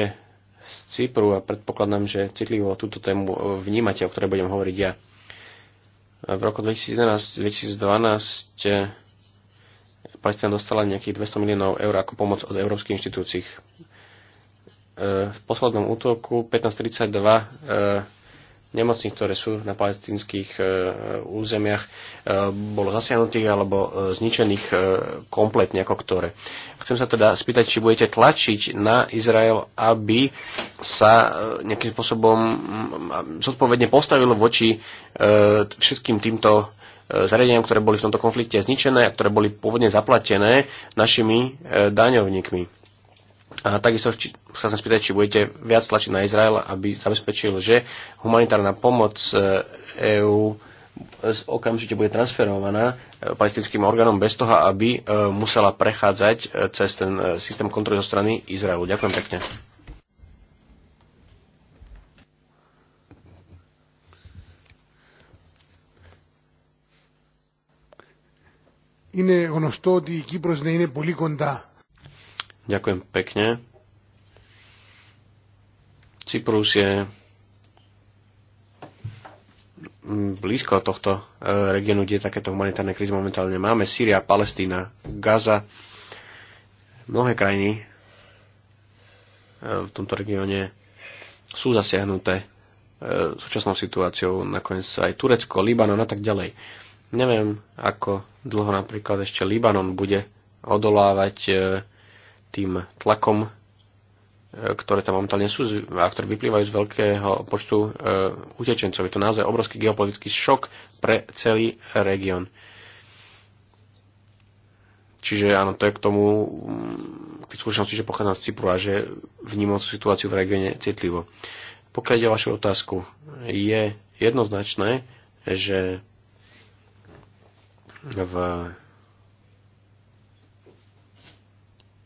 z Cypru a predpokladám, že citlivo túto tému vnímate, o ktorej budem hovoriť ja. V roku 2011-2012 eh, Palestina dostala nejakých 200 miliónov eur ako pomoc od európskych inštitúcií. Eh, v poslednom útoku 1532 nemocných, ktoré sú na palestinských e, územiach, e, bolo zasiahnutých alebo e, zničených kompletne ako ktoré. Chcem sa teda spýtať, či budete tlačiť na Izrael, aby sa nejakým spôsobom mm, zodpovedne postavilo voči všetkým týmto zariadeniam, ktoré boli v tomto konflikte zničené a ktoré boli pôvodne zaplatené našimi daňovníkmi. A takisto či, sa chcem spýtať, či budete viac tlačiť na Izrael, aby zabezpečil, že humanitárna pomoc EÚ e e, okamžite bude transferovaná e, palestinským orgánom bez toho, aby musela prechádzať cez ten systém kontroly zo strany Izraelu. Ďakujem pekne. Είναι γνωστό ότι η Κύπρος δεν είναι πολύ κοντά Ďakujem pekne. Cyprus je blízko tohto e, regiónu, kde takéto humanitárne krízy momentálne máme. Sýria, Palestína, Gaza, mnohé krajiny e, v tomto regióne sú zasiahnuté e, súčasnou situáciou, nakoniec aj Turecko, Libanon a tak ďalej. Neviem, ako dlho napríklad ešte Libanon bude odolávať tým tlakom, e, ktoré tam momentálne sú a ktoré vyplývajú z veľkého počtu e, utečencov. Je to naozaj obrovský geopolitický šok pre celý región. Čiže áno, to je k tomu, mm, k tej skutočnosti, že pochádzam z Cypru a že vnímam tú situáciu v regióne citlivo. Pokiaľ ide o vašu otázku, je jednoznačné, že v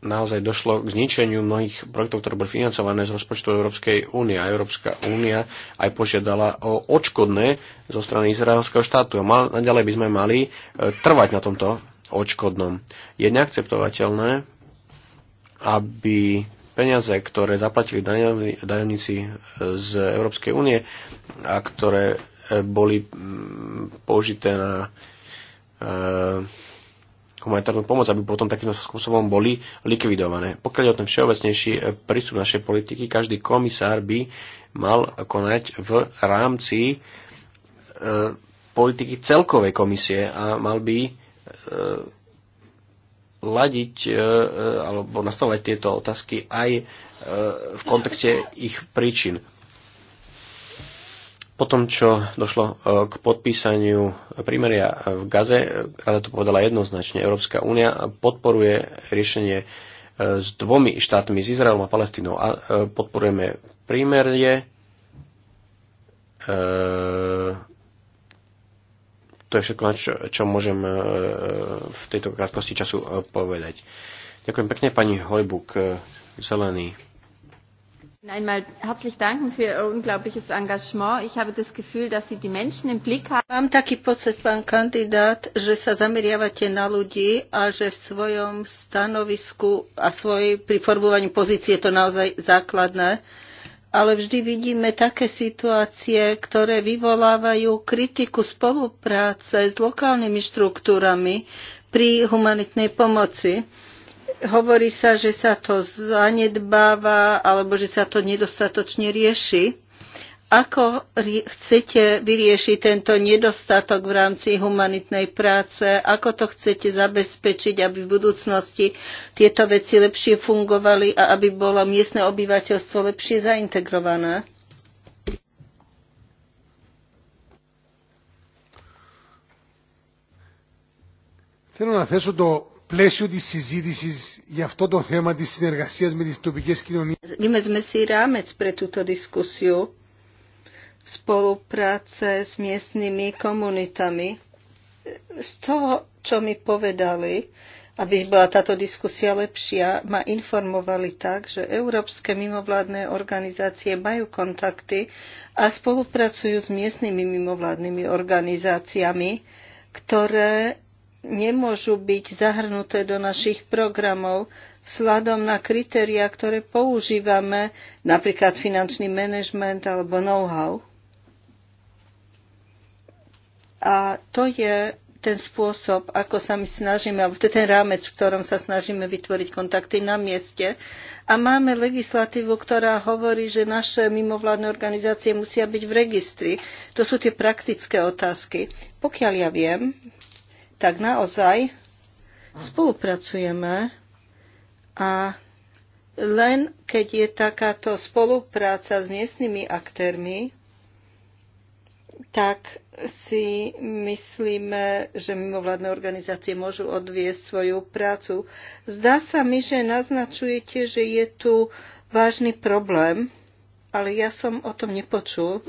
naozaj došlo k zničeniu mnohých projektov, ktoré boli financované z rozpočtu Európskej únie. A Európska únia aj požiadala o odškodné zo strany izraelského štátu. A mal, naďalej by sme mali e, trvať na tomto odškodnom. Je neakceptovateľné, aby peniaze, ktoré zaplatili daňovníci e, z Európskej únie a ktoré e, boli použité na e, humanitárnu pomoc, aby potom takýmto spôsobom boli likvidované. Pokiaľ je o ten všeobecnejší eh, prístup našej politiky, každý komisár by mal konať v rámci e, politiky celkovej komisie a mal by e, ladiť e, alebo nastavovať tieto otázky aj e, v kontexte ich príčin. Potom, čo došlo e, k podpísaniu prímeria v Gaze, rada to povedala jednoznačne, Európska únia podporuje riešenie e, s dvomi štátmi, s Izraelom a Palestínou. A e, podporujeme prímerie, to je všetko, čo, čo môžem v tejto krátkosti času povedať. Ďakujem pekne, pani Hojbuk, zelený. Einmal herzlich danken für Ihr unglaubliches Engagement. Ich habe das Gefühl, dass Sie die Menschen im Blick haben. Mám taký pocit, pán kandidát, že sa zameriavate na ľudí a že v svojom stanovisku a svoj, pri formulovaní pozície je to naozaj základné. Ale vždy vidíme také situácie, ktoré vyvolávajú kritiku spolupráce s lokálnymi štruktúrami pri humanitnej pomoci hovorí sa, že sa to zanedbáva alebo že sa to nedostatočne rieši. Ako chcete vyriešiť tento nedostatok v rámci humanitnej práce? Ako to chcete zabezpečiť, aby v budúcnosti tieto veci lepšie fungovali a aby bolo miestne obyvateľstvo lepšie zaintegrované? Chcem να θέσω πλαίσιο της συζήτησης για αυτό το θέμα της συνεργασίας με τις τοπικές κοινωνίες. Είμαι με σειρά με τις πρέτου το δισκουσιο, s με komunitami. Z Στο τσο μη povedali, aby bola táto diskusia lepšia, ma informovali tak, že európske mimovládne organizácie majú kontakty a spolupracujú s miestnymi mimovládnymi organizáciami, ktoré nemôžu byť zahrnuté do našich programov vzhľadom na kritéria, ktoré používame, napríklad finančný manažment alebo know-how. A to je ten spôsob, ako sa my snažíme, alebo to je ten rámec, v ktorom sa snažíme vytvoriť kontakty na mieste. A máme legislatívu, ktorá hovorí, že naše mimovládne organizácie musia byť v registri. To sú tie praktické otázky. Pokiaľ ja viem, tak naozaj spolupracujeme a len keď je takáto spolupráca s miestnymi aktérmi, tak si myslíme, že mimovládne organizácie môžu odviesť svoju prácu. Zdá sa mi, že naznačujete, že je tu vážny problém, ale ja som o tom nepočul.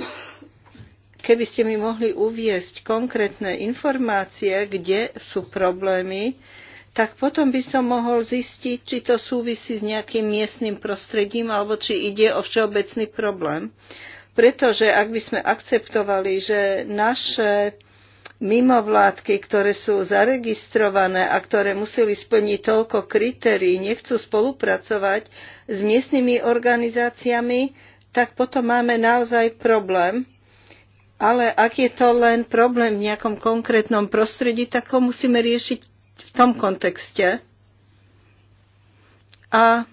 Keby ste mi mohli uviesť konkrétne informácie, kde sú problémy, tak potom by som mohol zistiť, či to súvisí s nejakým miestnym prostredím alebo či ide o všeobecný problém. Pretože ak by sme akceptovali, že naše mimovládky, ktoré sú zaregistrované a ktoré museli splniť toľko kritérií, nechcú spolupracovať s miestnymi organizáciami, tak potom máme naozaj problém. Ale ak je to len problém v nejakom konkrétnom prostredí, tak ho musíme riešiť v tom kontexte. A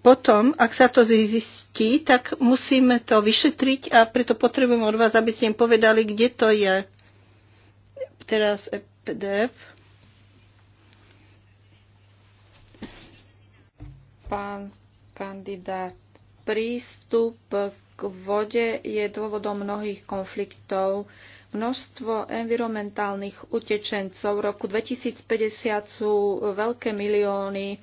potom, ak sa to zistí, tak musíme to vyšetriť a preto potrebujem od vás, aby ste im povedali, kde to je. Teraz e PDF. Pán kandidát prístup k vode je dôvodom mnohých konfliktov. Množstvo environmentálnych utečencov v roku 2050 sú veľké milióny.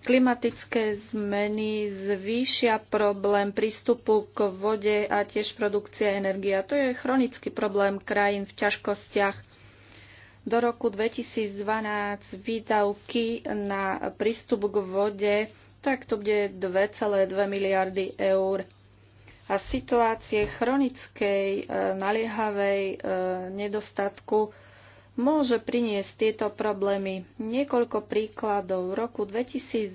Klimatické zmeny zvýšia problém prístupu k vode a tiež produkcia energia. To je chronický problém krajín v ťažkostiach. Do roku 2012 výdavky na prístup k vode tak to bude 2,2 miliardy eur. A situácie chronickej, e, naliehavej e, nedostatku môže priniesť tieto problémy. Niekoľko príkladov. V roku 2012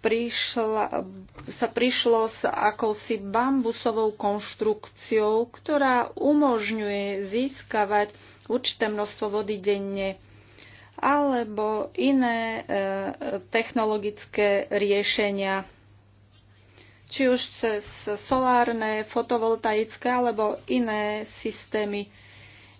prišla, sa prišlo s akousi bambusovou konštrukciou, ktorá umožňuje získavať určité množstvo vody denne alebo iné e, technologické riešenia, či už cez solárne, fotovoltaické alebo iné systémy.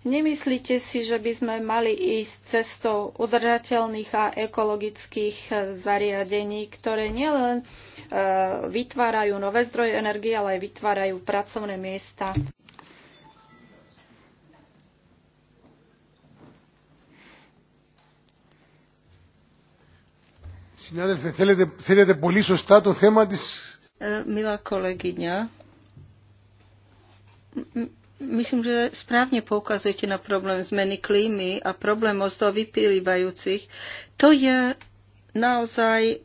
Nemyslíte si, že by sme mali ísť cestou udržateľných a ekologických e, zariadení, ktoré nielen e, vytvárajú nové zdroje energie, ale aj vytvárajú pracovné miesta? Milá kolegyňa, myslím, že správne poukazujete na problém zmeny klímy a problém mozdov vypilývajúcich, To je naozaj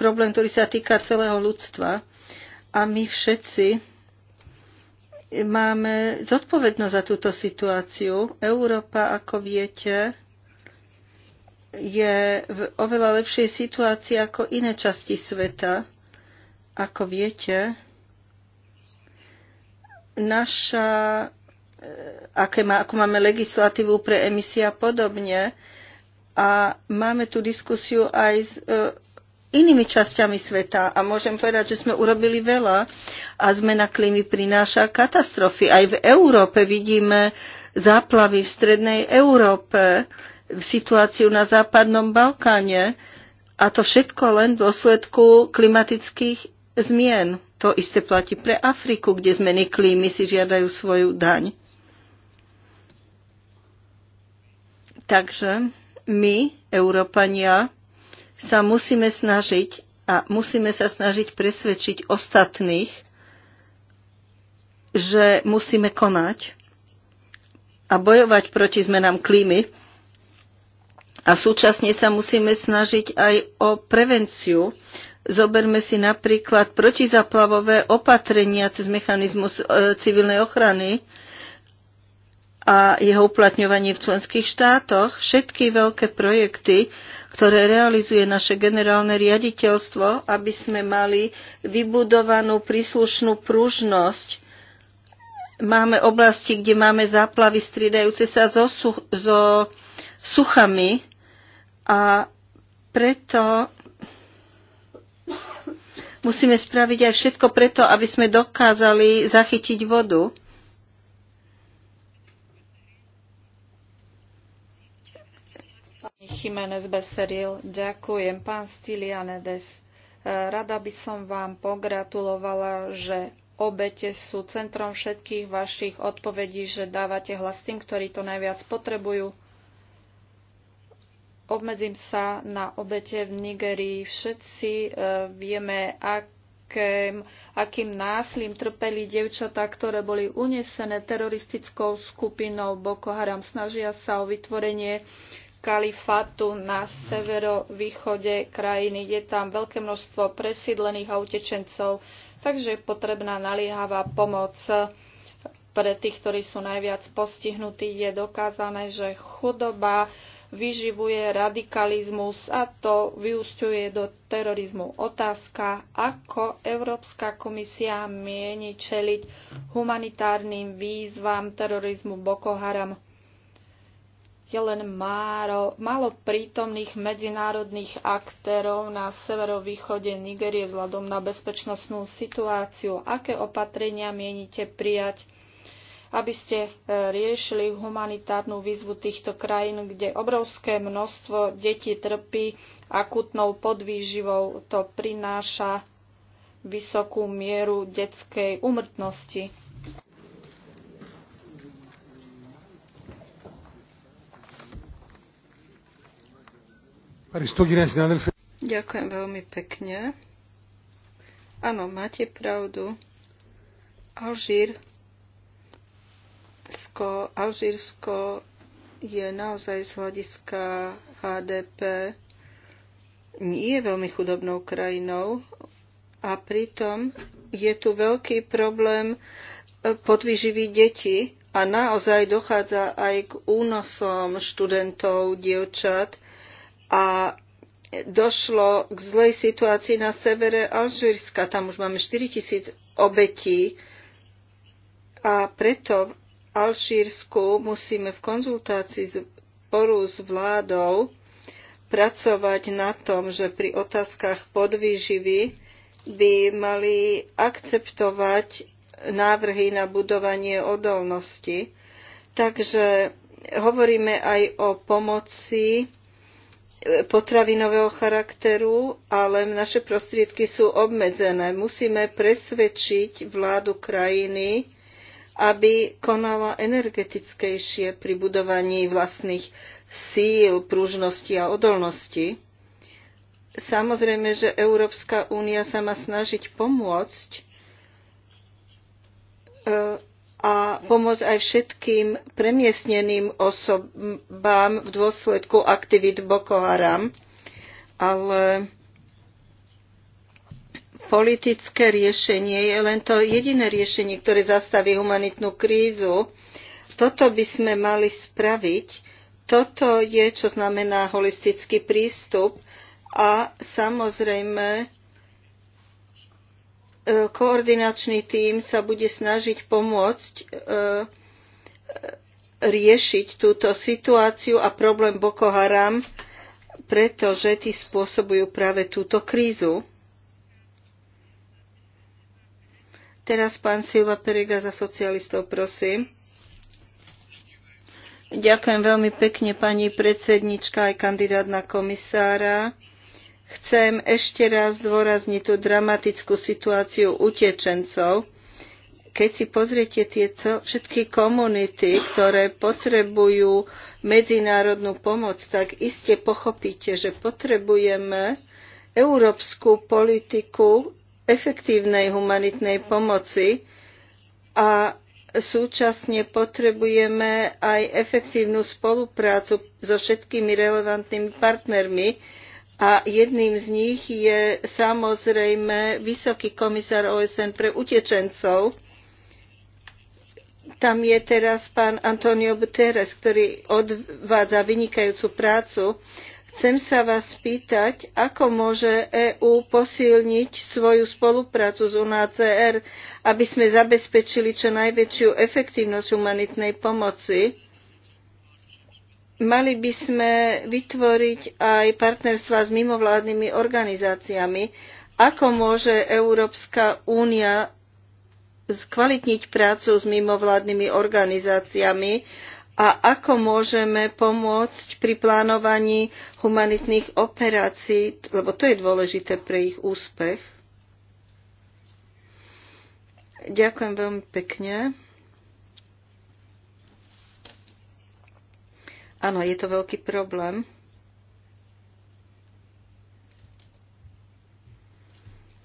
problém, ktorý sa týka celého ľudstva a my všetci máme zodpovednosť za túto situáciu. Európa, ako viete, je v oveľa lepšej situácii ako iné časti sveta. Ako viete, naša, e, aké má, ako máme legislatívu pre emisie a podobne. A máme tu diskusiu aj s e, inými časťami sveta. A môžem povedať, že sme urobili veľa a zmena klímy prináša katastrofy. Aj v Európe vidíme záplavy v strednej Európe. E, situáciu na Západnom Balkáne. A to všetko len v dôsledku klimatických zmien. To isté platí pre Afriku, kde zmeny klímy si žiadajú svoju daň. Takže my, Európania, sa musíme snažiť a musíme sa snažiť presvedčiť ostatných, že musíme konať a bojovať proti zmenám klímy a súčasne sa musíme snažiť aj o prevenciu. Zoberme si napríklad protizaplavové opatrenia cez mechanizmus e, civilnej ochrany a jeho uplatňovanie v členských štátoch. Všetky veľké projekty, ktoré realizuje naše generálne riaditeľstvo, aby sme mali vybudovanú príslušnú pružnosť máme oblasti, kde máme záplavy striedajúce sa so, so suchami a preto musíme spraviť aj všetko preto, aby sme dokázali zachytiť vodu. Jiménez Beseril, ďakujem. Pán Stylianedes, eh, rada by som vám pogratulovala, že obete sú centrom všetkých vašich odpovedí, že dávate hlas tým, ktorí to najviac potrebujú. Obmedzím sa na obete v Nigerii. Všetci e, vieme, akým, akým násilím trpeli devčatá, ktoré boli unesené teroristickou skupinou Boko Haram. Snažia sa o vytvorenie kalifátu na severovýchode krajiny. Je tam veľké množstvo presídlených a utečencov, takže je potrebná naliehavá pomoc pre tých, ktorí sú najviac postihnutí. Je dokázané, že chudoba, vyživuje radikalizmus a to vyústiuje do terorizmu. Otázka, ako Európska komisia mieni čeliť humanitárnym výzvam terorizmu Boko Haram. Je len málo, málo prítomných medzinárodných aktérov na severovýchode Nigerie vzhľadom na bezpečnostnú situáciu. Aké opatrenia mienite prijať aby ste e, riešili humanitárnu výzvu týchto krajín, kde obrovské množstvo detí trpí akutnou podvýživou. To prináša vysokú mieru detskej umrtnosti. Ďakujem veľmi pekne. Áno, máte pravdu. Alžír Sko, Alžírsko je naozaj z hľadiska HDP nie je veľmi chudobnou krajinou a pritom je tu veľký problém e, podvyživí deti a naozaj dochádza aj k únosom študentov, dievčat a došlo k zlej situácii na severe Alžírska. Tam už máme 4 tisíc obetí a preto Alžírsku musíme v konzultácii s sporu s vládou pracovať na tom, že pri otázkach podvýživy by mali akceptovať návrhy na budovanie odolnosti. Takže hovoríme aj o pomoci e, potravinového charakteru, ale naše prostriedky sú obmedzené. Musíme presvedčiť vládu krajiny, aby konala energetickejšie pri budovaní vlastných síl, pružnosti a odolnosti. Samozrejme, že Európska únia sa má snažiť pomôcť e, a pomôcť aj všetkým premiestneným osobám v dôsledku aktivít Boko Haram. Ale Politické riešenie je len to jediné riešenie, ktoré zastaví humanitnú krízu. Toto by sme mali spraviť. Toto je, čo znamená holistický prístup a samozrejme e, koordinačný tím sa bude snažiť pomôcť e, e, riešiť túto situáciu a problém Boko Haram, pretože tí spôsobujú práve túto krízu. Teraz pán Silva Perega za socialistov, prosím. Ďakujem veľmi pekne, pani predsednička aj kandidát na komisára. Chcem ešte raz zdôrazniť tú dramatickú situáciu utečencov. Keď si pozriete tie všetky komunity, ktoré potrebujú medzinárodnú pomoc, tak iste pochopíte, že potrebujeme európsku politiku efektívnej humanitnej pomoci a súčasne potrebujeme aj efektívnu spoluprácu so všetkými relevantnými partnermi a jedným z nich je samozrejme vysoký komisár OSN pre utečencov. Tam je teraz pán Antonio Guterres, ktorý odvádza vynikajúcu prácu Chcem sa vás spýtať, ako môže EÚ posilniť svoju spoluprácu s UNHCR, aby sme zabezpečili čo najväčšiu efektívnosť humanitnej pomoci. Mali by sme vytvoriť aj partnerstva s mimovládnymi organizáciami. Ako môže Európska únia skvalitniť prácu s mimovládnymi organizáciami, a ako môžeme pomôcť pri plánovaní humanitných operácií, lebo to je dôležité pre ich úspech. Ďakujem veľmi pekne. Áno, je to veľký problém.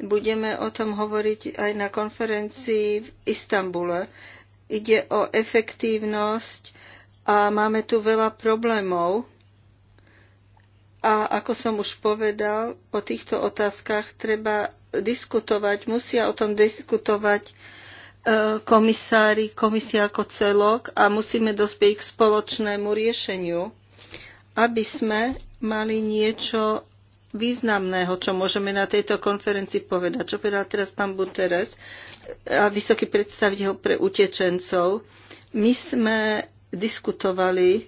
Budeme o tom hovoriť aj na konferencii v Istambule. Ide o efektívnosť a máme tu veľa problémov. A ako som už povedal, o týchto otázkach treba diskutovať, musia o tom diskutovať e, komisári, komisia ako celok a musíme dospieť k spoločnému riešeniu, aby sme mali niečo významného, čo môžeme na tejto konferencii povedať, čo povedal teraz pán Buteres a vysoký predstaviteľ pre utečencov. My sme diskutovali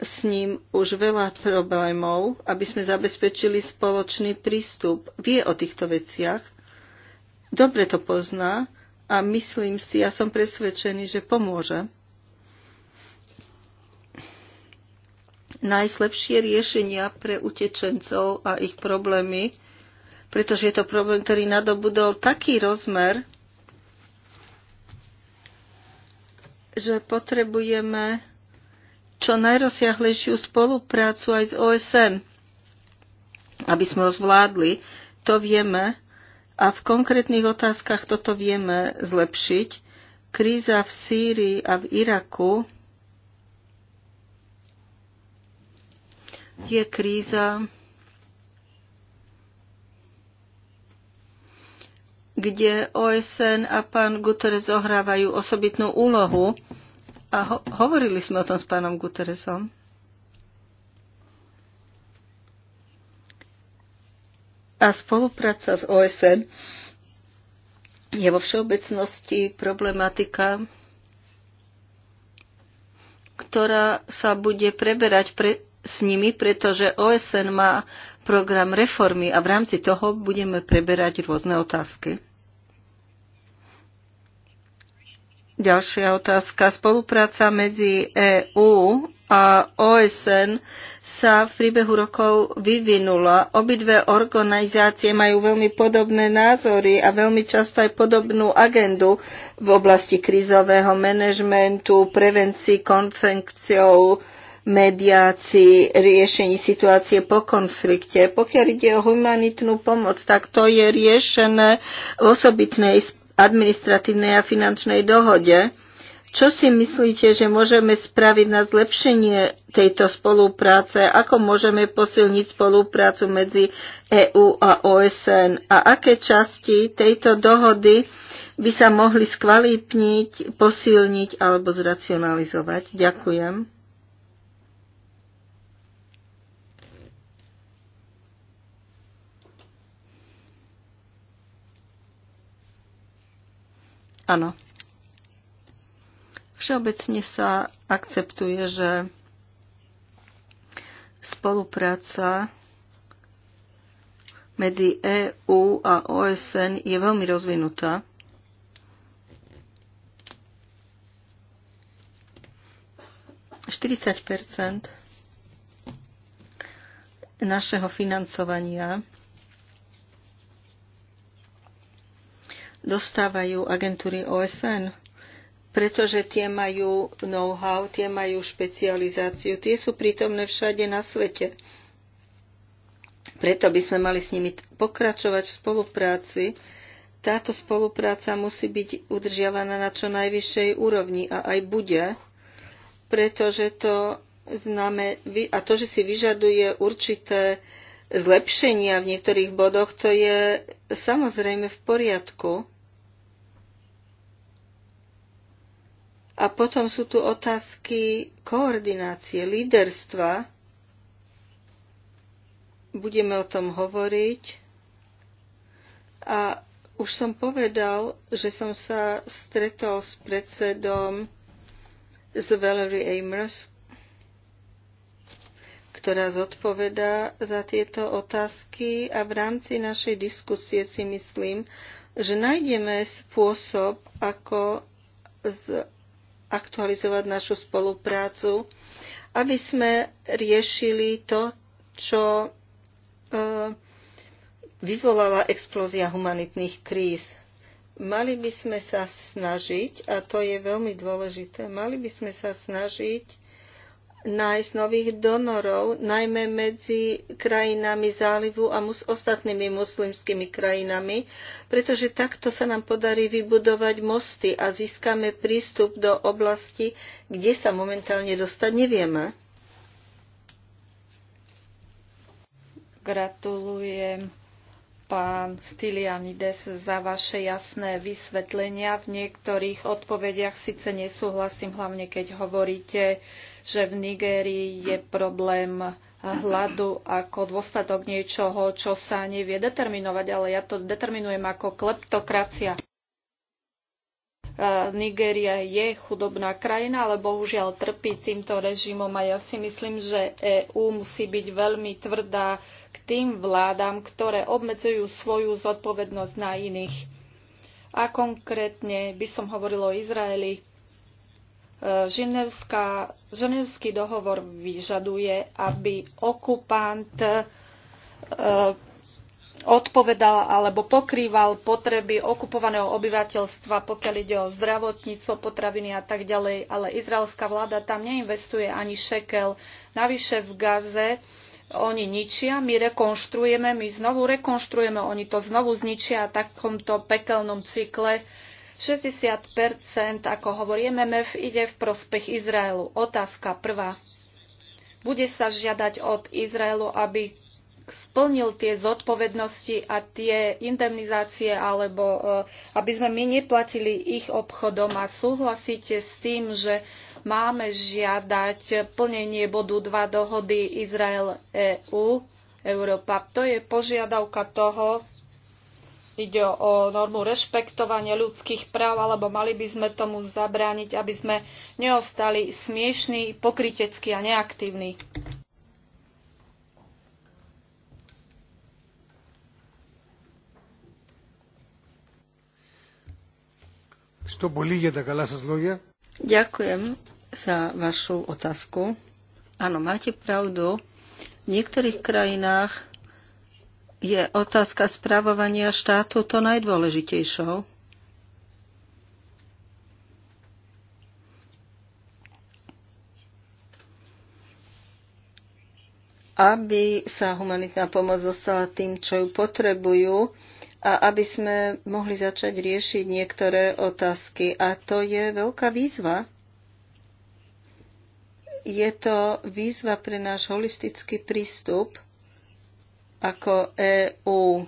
s ním už veľa problémov, aby sme zabezpečili spoločný prístup. Vie o týchto veciach, dobre to pozná a myslím si, ja som presvedčený, že pomôže. Najslepšie riešenia pre utečencov a ich problémy, pretože je to problém, ktorý nadobudol taký rozmer, že potrebujeme čo najrozsiahlejšiu spoluprácu aj s OSN, aby sme ho zvládli. To vieme a v konkrétnych otázkach toto vieme zlepšiť. Kríza v Sýrii a v Iraku je kríza, kde OSN a pán Guterres zohrávajú osobitnú úlohu. A ho- hovorili sme o tom s pánom Guterresom. A spolupráca s OSN je vo všeobecnosti problematika, ktorá sa bude preberať pre, s nimi, pretože OSN má program reformy a v rámci toho budeme preberať rôzne otázky. Ďalšia otázka. Spolupráca medzi EÚ a OSN sa v priebehu rokov vyvinula. Obidve organizácie majú veľmi podobné názory a veľmi často aj podobnú agendu v oblasti krízového manažmentu, prevencii konfekciou, mediácii, riešení situácie po konflikte. Pokiaľ ide o humanitnú pomoc, tak to je riešené v osobitnej spoločnosti administratívnej a finančnej dohode. Čo si myslíte, že môžeme spraviť na zlepšenie tejto spolupráce? Ako môžeme posilniť spoluprácu medzi EÚ a OSN? A aké časti tejto dohody by sa mohli skvalípniť, posilniť alebo zracionalizovať? Ďakujem. Áno. Všeobecne sa akceptuje, že spolupráca medzi EÚ a OSN je veľmi rozvinutá. Štyridsať percent našeho financovania dostávajú agentúry OSN, pretože tie majú know-how, tie majú špecializáciu, tie sú prítomné všade na svete. Preto by sme mali s nimi pokračovať v spolupráci. Táto spolupráca musí byť udržiavaná na čo najvyššej úrovni a aj bude, pretože to známe, a to, že si vyžaduje určité zlepšenia v niektorých bodoch, to je samozrejme v poriadku. A potom sú tu otázky koordinácie, líderstva. Budeme o tom hovoriť. A už som povedal, že som sa stretol s predsedom z Valerie Amers, ktorá zodpovedá za tieto otázky a v rámci našej diskusie si myslím, že nájdeme spôsob, ako z aktualizovať našu spoluprácu, aby sme riešili to, čo e, vyvolala explózia humanitných kríz. Mali by sme sa snažiť, a to je veľmi dôležité, mali by sme sa snažiť nájsť nových donorov, najmä medzi krajinami zálivu a mus, ostatnými muslimskými krajinami, pretože takto sa nám podarí vybudovať mosty a získame prístup do oblasti, kde sa momentálne dostať nevieme. Gratulujem pán Stylianides za vaše jasné vysvetlenia. V niektorých odpovediach síce nesúhlasím, hlavne keď hovoríte, že v Nigérii je problém hladu ako dôsledok niečoho, čo sa nevie determinovať, ale ja to determinujem ako kleptokracia. E, Nigéria je chudobná krajina, ale bohužiaľ trpí týmto režimom a ja si myslím, že EÚ musí byť veľmi tvrdá k tým vládam, ktoré obmedzujú svoju zodpovednosť na iných. A konkrétne by som hovorila o Izraeli. Ženevská, Ženevský dohovor vyžaduje, aby okupant e, odpovedal alebo pokrýval potreby okupovaného obyvateľstva, pokiaľ ide o zdravotníctvo, potraviny a tak ďalej, ale izraelská vláda tam neinvestuje ani šekel. Navyše v Gaze oni ničia, my rekonštruujeme, my znovu rekonštruujeme, oni to znovu zničia v takomto pekelnom cykle 60 ako hovorí MMF, ide v prospech Izraelu. Otázka prvá. Bude sa žiadať od Izraelu, aby splnil tie zodpovednosti a tie indemnizácie, alebo e, aby sme my neplatili ich obchodom a súhlasíte s tým, že máme žiadať plnenie bodu 2 dohody Izrael-EU, Európa. To je požiadavka toho, ide o normu rešpektovania ľudských práv, alebo mali by sme tomu zabrániť, aby sme neostali smiešní, pokriteckí a neaktívni. Ďakujem za vašu otázku. Áno, máte pravdu. V niektorých krajinách je otázka spravovania štátu to najdôležitejšou. aby sa humanitná pomoc dostala tým, čo ju potrebujú a aby sme mohli začať riešiť niektoré otázky. A to je veľká výzva. Je to výzva pre náš holistický prístup ako EÚ.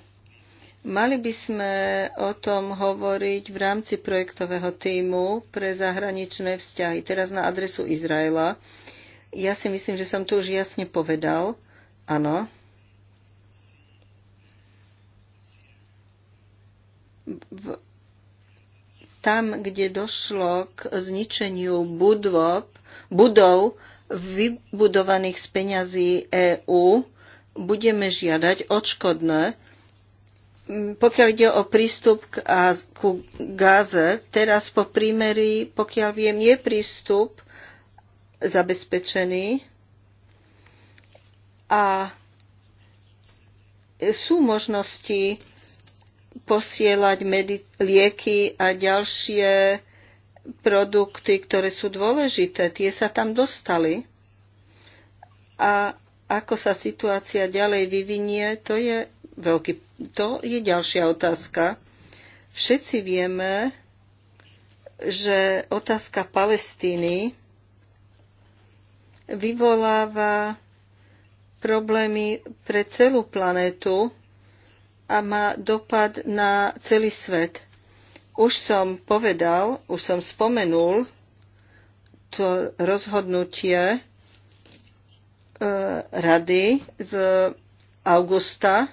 Mali by sme o tom hovoriť v rámci projektového týmu pre zahraničné vzťahy. Teraz na adresu Izraela. Ja si myslím, že som to už jasne povedal. Áno. V, tam, kde došlo k zničeniu budov, budov vybudovaných z peňazí EÚ, budeme žiadať odškodné. Pokiaľ ide o prístup k, a, ku gáze, teraz po prímeri, pokiaľ viem, je prístup zabezpečený a sú možnosti posielať medi- lieky a ďalšie produkty, ktoré sú dôležité, tie sa tam dostali. A ako sa situácia ďalej vyvinie, to je, veľký, to je ďalšia otázka. Všetci vieme, že otázka Palestíny vyvoláva problémy pre celú planetu a má dopad na celý svet. Už som povedal, už som spomenul to rozhodnutie E, rady z augusta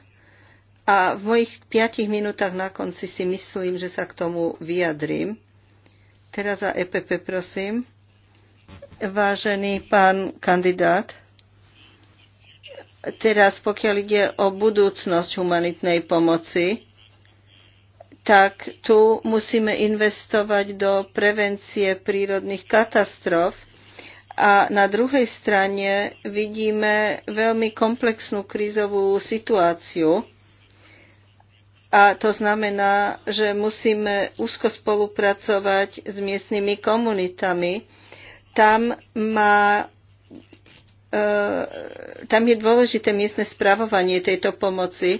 a v mojich piatich minútach na konci si myslím, že sa k tomu vyjadrím. Teraz za EPP prosím. Vážený pán kandidát, teraz pokiaľ ide o budúcnosť humanitnej pomoci, tak tu musíme investovať do prevencie prírodných katastrof, a na druhej strane vidíme veľmi komplexnú krízovú situáciu. A to znamená, že musíme úzko spolupracovať s miestnymi komunitami. Tam, má, e, tam je dôležité miestne správovanie tejto pomoci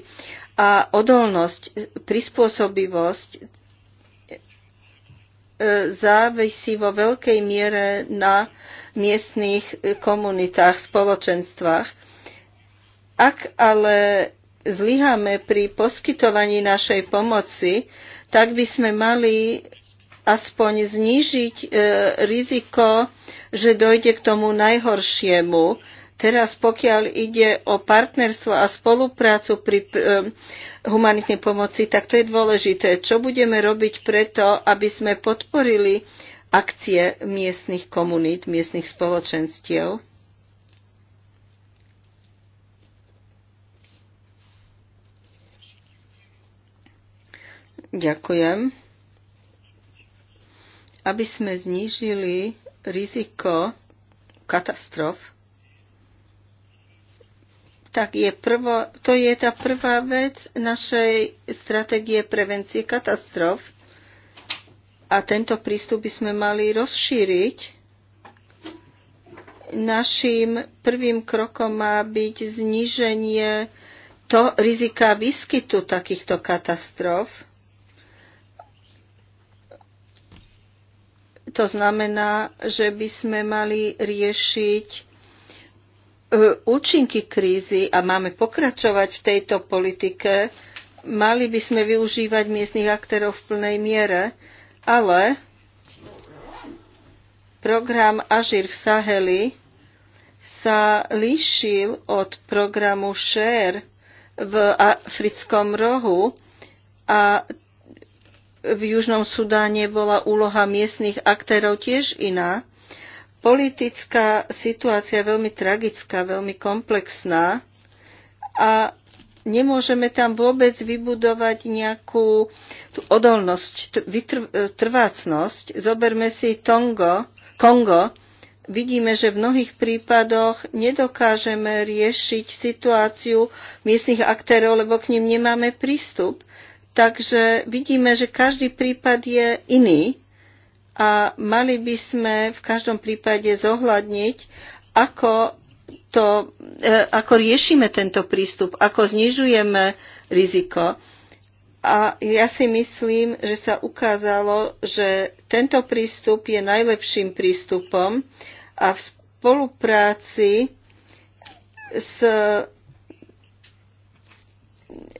a odolnosť, prispôsobivosť e, závisí vo veľkej miere na miestných e, komunitách, spoločenstvách. Ak ale zlyháme pri poskytovaní našej pomoci, tak by sme mali aspoň znížiť e, riziko, že dojde k tomu najhoršiemu. Teraz pokiaľ ide o partnerstvo a spoluprácu pri e, humanitnej pomoci, tak to je dôležité. Čo budeme robiť preto, aby sme podporili e, akcie miestnych komunít, miestnych spoločenstiev. Ďakujem. Aby sme znížili riziko katastrof, tak je prvo, to je tá prvá vec našej stratégie prevencie katastrof – a tento prístup by sme mali rozšíriť. Naším prvým krokom má byť zníženie to rizika výskytu takýchto katastrof. To znamená, že by sme mali riešiť e, účinky krízy a máme pokračovať v tejto politike, mali by sme využívať miestnych aktérov v plnej miere ale program Ažir v Saheli sa líšil od programu Share v africkom rohu a v Južnom Sudáne bola úloha miestnych aktérov tiež iná. Politická situácia je veľmi tragická, veľmi komplexná a Nemôžeme tam vôbec vybudovať nejakú tú odolnosť, e, trvácnosť. Zoberme si Tongo, Kongo. Vidíme, že v mnohých prípadoch nedokážeme riešiť situáciu miestnych aktérov, lebo k ním nemáme prístup. Takže vidíme, že každý prípad je iný a mali by sme v každom prípade zohľadniť, ako to, e, ako riešime tento prístup, ako znižujeme riziko. A ja si myslím, že sa ukázalo, že tento prístup je najlepším prístupom a v spolupráci s,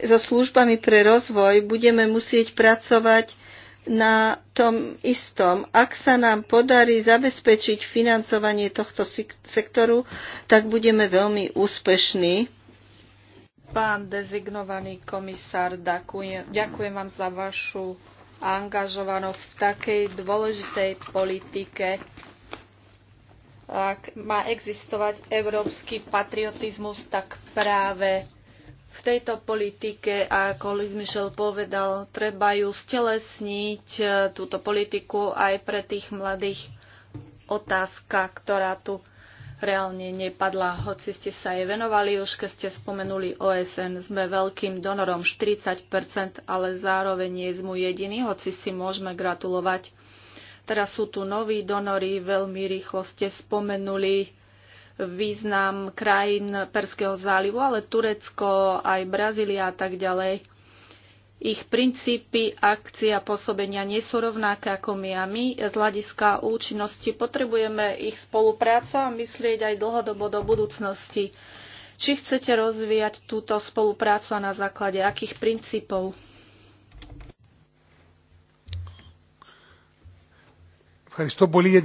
so službami pre rozvoj budeme musieť pracovať na tom istom. Ak sa nám podarí zabezpečiť financovanie tohto sektoru, tak budeme veľmi úspešní. Pán dezignovaný komisár, ďakujem, ďakujem vám za vašu angažovanosť v takej dôležitej politike. Ak má existovať európsky patriotizmus, tak práve v tejto politike, ako Louis Michel povedal, treba ju stelesniť, e, túto politiku aj pre tých mladých otázka, ktorá tu reálne nepadla, hoci ste sa jej venovali, už keď ste spomenuli OSN, sme veľkým donorom 40%, ale zároveň nie sme jediní, hoci si môžeme gratulovať. Teraz sú tu noví donory, veľmi rýchlo ste spomenuli význam krajín Perského zálivu, ale Turecko, aj Brazília a tak ďalej. Ich princípy, akcia, pôsobenia nie sú rovnaké ako my a my z hľadiska účinnosti potrebujeme ich spoluprácu a myslieť aj dlhodobo do budúcnosti. Či chcete rozvíjať túto spoluprácu a na základe akých princípov? Ďakujem πολύ για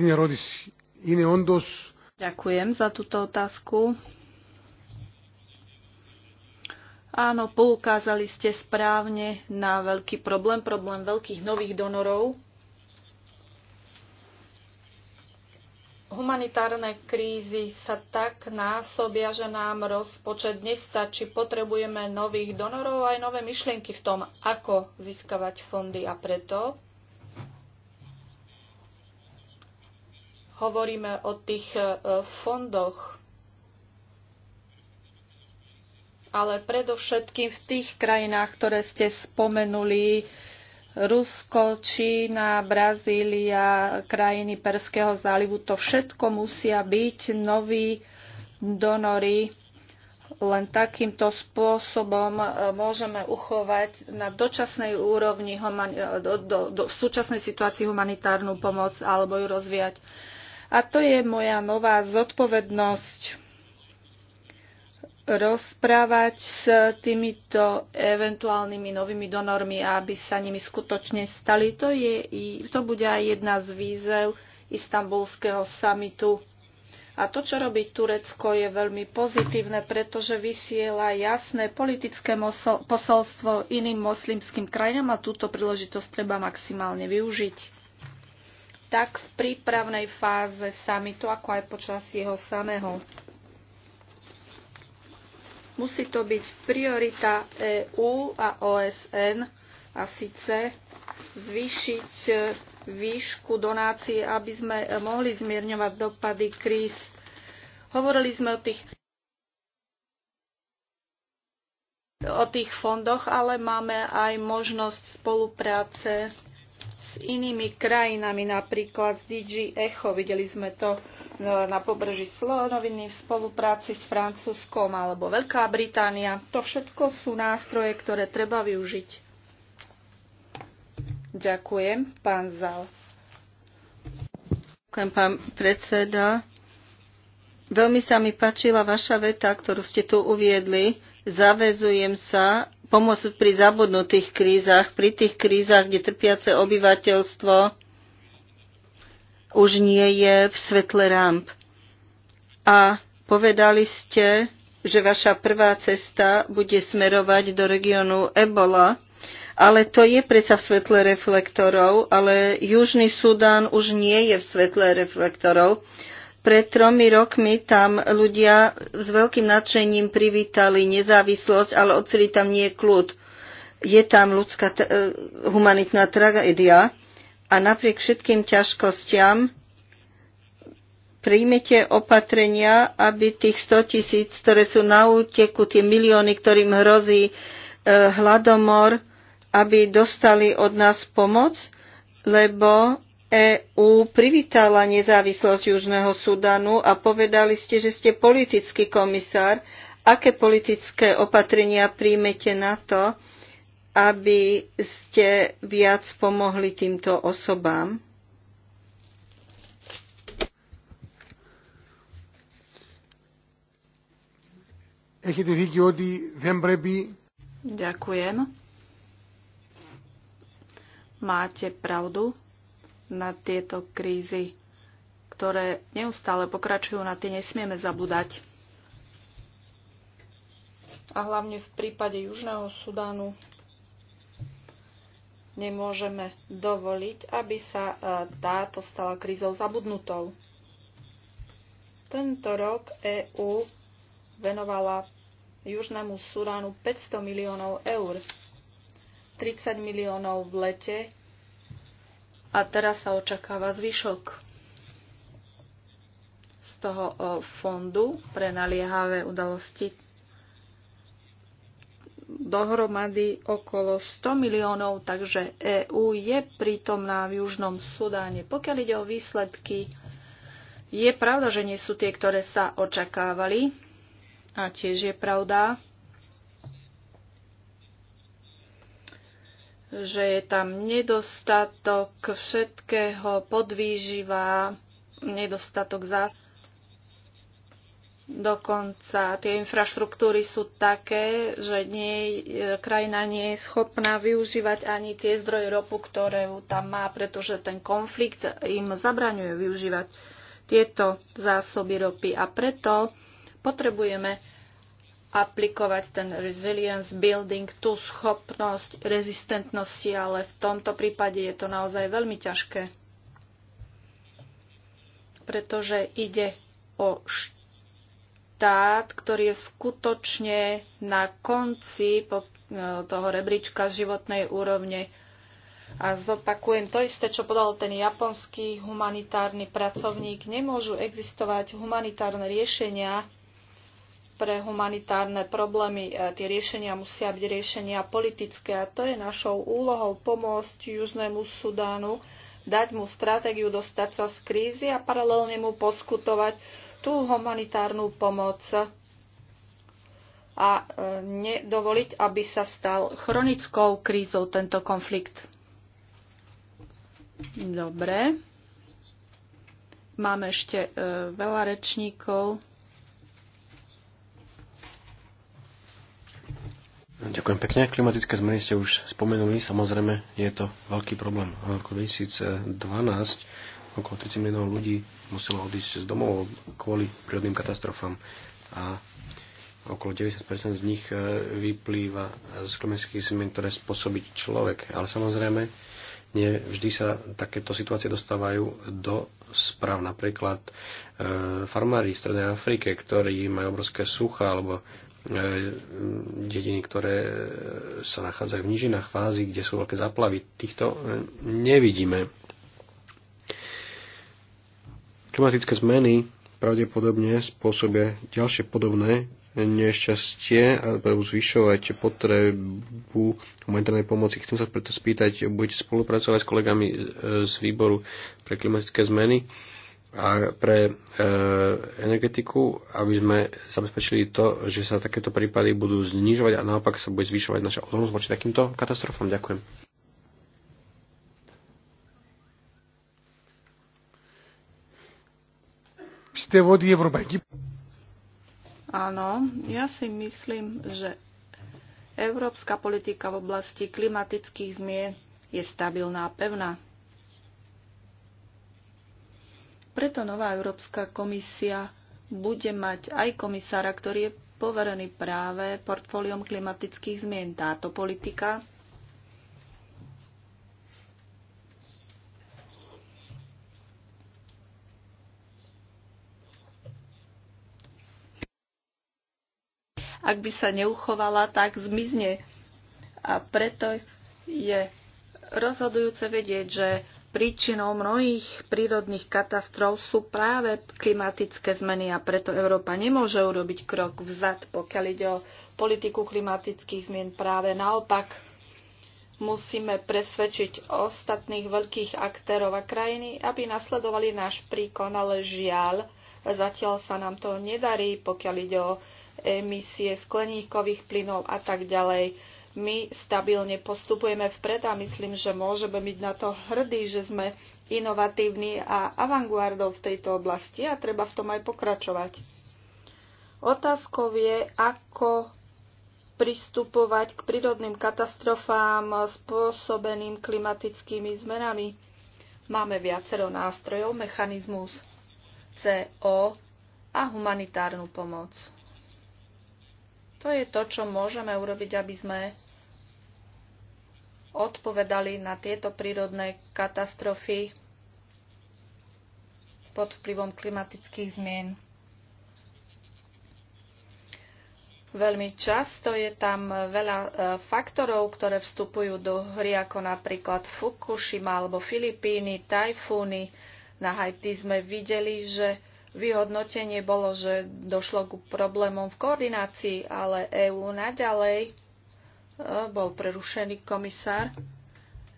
Ďakujem za túto otázku. Áno, poukázali ste správne na veľký problém, problém veľkých nových donorov. Humanitárne krízy sa tak násobia, že nám rozpočet nestačí. Potrebujeme nových donorov aj nové myšlienky v tom, ako získavať fondy a preto hovoríme o tých e, fondoch, ale predovšetkým v tých krajinách, ktoré ste spomenuli, Rusko, Čína, Brazília, krajiny Perského zálivu, to všetko musia byť noví donory. Len takýmto spôsobom e, môžeme uchovať na dočasnej úrovni e, do, do, do, v súčasnej situácii humanitárnu pomoc alebo ju rozvíjať. A to je moja nová zodpovednosť rozprávať s týmito eventuálnymi novými donormi, aby sa nimi skutočne stali. To, je, to bude aj jedna z výzev istambulského samitu. A to, čo robí Turecko, je veľmi pozitívne, pretože vysiela jasné politické posolstvo iným moslimským krajinám a túto príležitosť treba maximálne využiť tak v prípravnej fáze samitu, ako aj počas jeho samého. Musí to byť priorita EÚ a OSN a síce zvýšiť výšku donácie, aby sme mohli zmierňovať dopady kríz. Hovorili sme o tých o tých fondoch, ale máme aj možnosť spolupráce s inými krajinami, napríklad s DG Echo. Videli sme to e, na pobreží Slonoviny v spolupráci s Francúzskom alebo Veľká Británia. To všetko sú nástroje, ktoré treba využiť. Ďakujem, pán Zal. Ďakujem, pán predseda. Veľmi sa mi páčila vaša veta, ktorú ste tu uviedli. Zavezujem sa, pomôcť pri zabudnutých krízach, pri tých krízach, kde trpiace obyvateľstvo už nie je v svetle ramp. A povedali ste, že vaša prvá cesta bude smerovať do regiónu Ebola, ale to je predsa v svetle reflektorov, ale Južný Sudán už nie je v svetle reflektorov pred tromi rokmi tam ľudia s veľkým nadšením privítali nezávislosť, ale odsedy tam nie je kľud. Je tam ľudská e, humanitná tragédia a napriek všetkým ťažkostiam príjmete opatrenia, aby tých 100 tisíc, ktoré sú na úteku, tie milióny, ktorým hrozí e, hladomor, aby dostali od nás pomoc, lebo EÚ privítala nezávislosť Južného Sudanu a povedali ste, že ste politický komisár. Aké politické opatrenia príjmete na to, aby ste viac pomohli týmto osobám? Ďakujem. Máte pravdu na tieto krízy, ktoré neustále pokračujú, na tie nesmieme zabúdať. A hlavne v prípade Južného Sudánu nemôžeme dovoliť, aby sa e, táto stala krízou zabudnutou. Tento rok EÚ venovala Južnému Sudánu 500 miliónov eur, 30 miliónov v lete a teraz sa očakáva zvyšok z toho fondu pre naliehavé udalosti dohromady okolo 100 miliónov, takže EÚ je prítomná v Južnom Sudáne. Pokiaľ ide o výsledky, je pravda, že nie sú tie, ktoré sa očakávali. A tiež je pravda, že je tam nedostatok všetkého, podvýživa, nedostatok za Dokonca tie infraštruktúry sú také, že nie, krajina nie je schopná využívať ani tie zdroje ropu, ktoré tam má, pretože ten konflikt im zabraňuje využívať tieto zásoby ropy. A preto potrebujeme aplikovať ten resilience building, tú schopnosť rezistentnosti, ale v tomto prípade je to naozaj veľmi ťažké, pretože ide o štát, ktorý je skutočne na konci e, toho rebríčka životnej úrovne. A zopakujem to isté, čo podal ten japonský humanitárny pracovník. Nemôžu existovať humanitárne riešenia, pre humanitárne problémy. E, tie riešenia musia byť riešenia politické a to je našou úlohou pomôcť Južnému Sudánu, dať mu stratégiu dostať sa z krízy a paralelne mu poskutovať tú humanitárnu pomoc a e, nedovoliť, aby sa stal chronickou krízou tento konflikt. Dobre. Máme ešte e, veľa rečníkov. Ďakujem pekne. Klimatické zmeny ste už spomenuli. Samozrejme, je to veľký problém. V roku 2012 okolo 30 miliónov ľudí muselo odísť z domov kvôli prírodným katastrofám a okolo 90% z nich e, vyplýva z klimatických zmen, ktoré spôsobí človek. Ale samozrejme, nie vždy sa takéto situácie dostávajú do správ. Napríklad e, farmári v Strednej Afrike, ktorí majú obrovské sucha alebo E, dediny, ktoré sa nachádzajú v nížinách fázy, kde sú veľké zaplavy. Týchto e, nevidíme. Klimatické zmeny pravdepodobne spôsobia ďalšie podobné nešťastie a budú zvyšovať potrebu humanitárnej pomoci. Chcem sa preto spýtať, budete spolupracovať s kolegami z výboru pre klimatické zmeny a pre e, energetiku, aby sme zabezpečili to, že sa takéto prípady budú znižovať a naopak sa bude zvyšovať naša odolnosť voči takýmto katastrofám. Ďakujem. Áno, ja si myslím, že európska politika v oblasti klimatických zmien je stabilná a pevná. Preto nová Európska komisia bude mať aj komisára, ktorý je poverený práve portfóliom klimatických zmien. Táto politika ak by sa neuchovala, tak zmizne. A preto je rozhodujúce vedieť, že Príčinou mnohých prírodných katastrof sú práve klimatické zmeny a preto Európa nemôže urobiť krok vzad, pokiaľ ide o politiku klimatických zmien. Práve naopak musíme presvedčiť ostatných veľkých aktérov a krajiny, aby nasledovali náš príkon, ale žiaľ, zatiaľ sa nám to nedarí, pokiaľ ide o emisie skleníkových plynov a tak ďalej my stabilne postupujeme vpred a myslím, že môžeme byť na to hrdí, že sme inovatívni a avantgardou v tejto oblasti a treba v tom aj pokračovať. Otázkou je, ako pristupovať k prírodným katastrofám spôsobeným klimatickými zmenami. Máme viacero nástrojov, mechanizmus CO a humanitárnu pomoc. To je to, čo môžeme urobiť, aby sme odpovedali na tieto prírodné katastrofy pod vplyvom klimatických zmien. Veľmi často je tam veľa e, faktorov, ktoré vstupujú do hry, ako napríklad Fukushima alebo Filipíny, tajfúny. Na Haiti sme videli, že vyhodnotenie bolo, že došlo k problémom v koordinácii, ale EÚ naďalej bol prerušený komisár.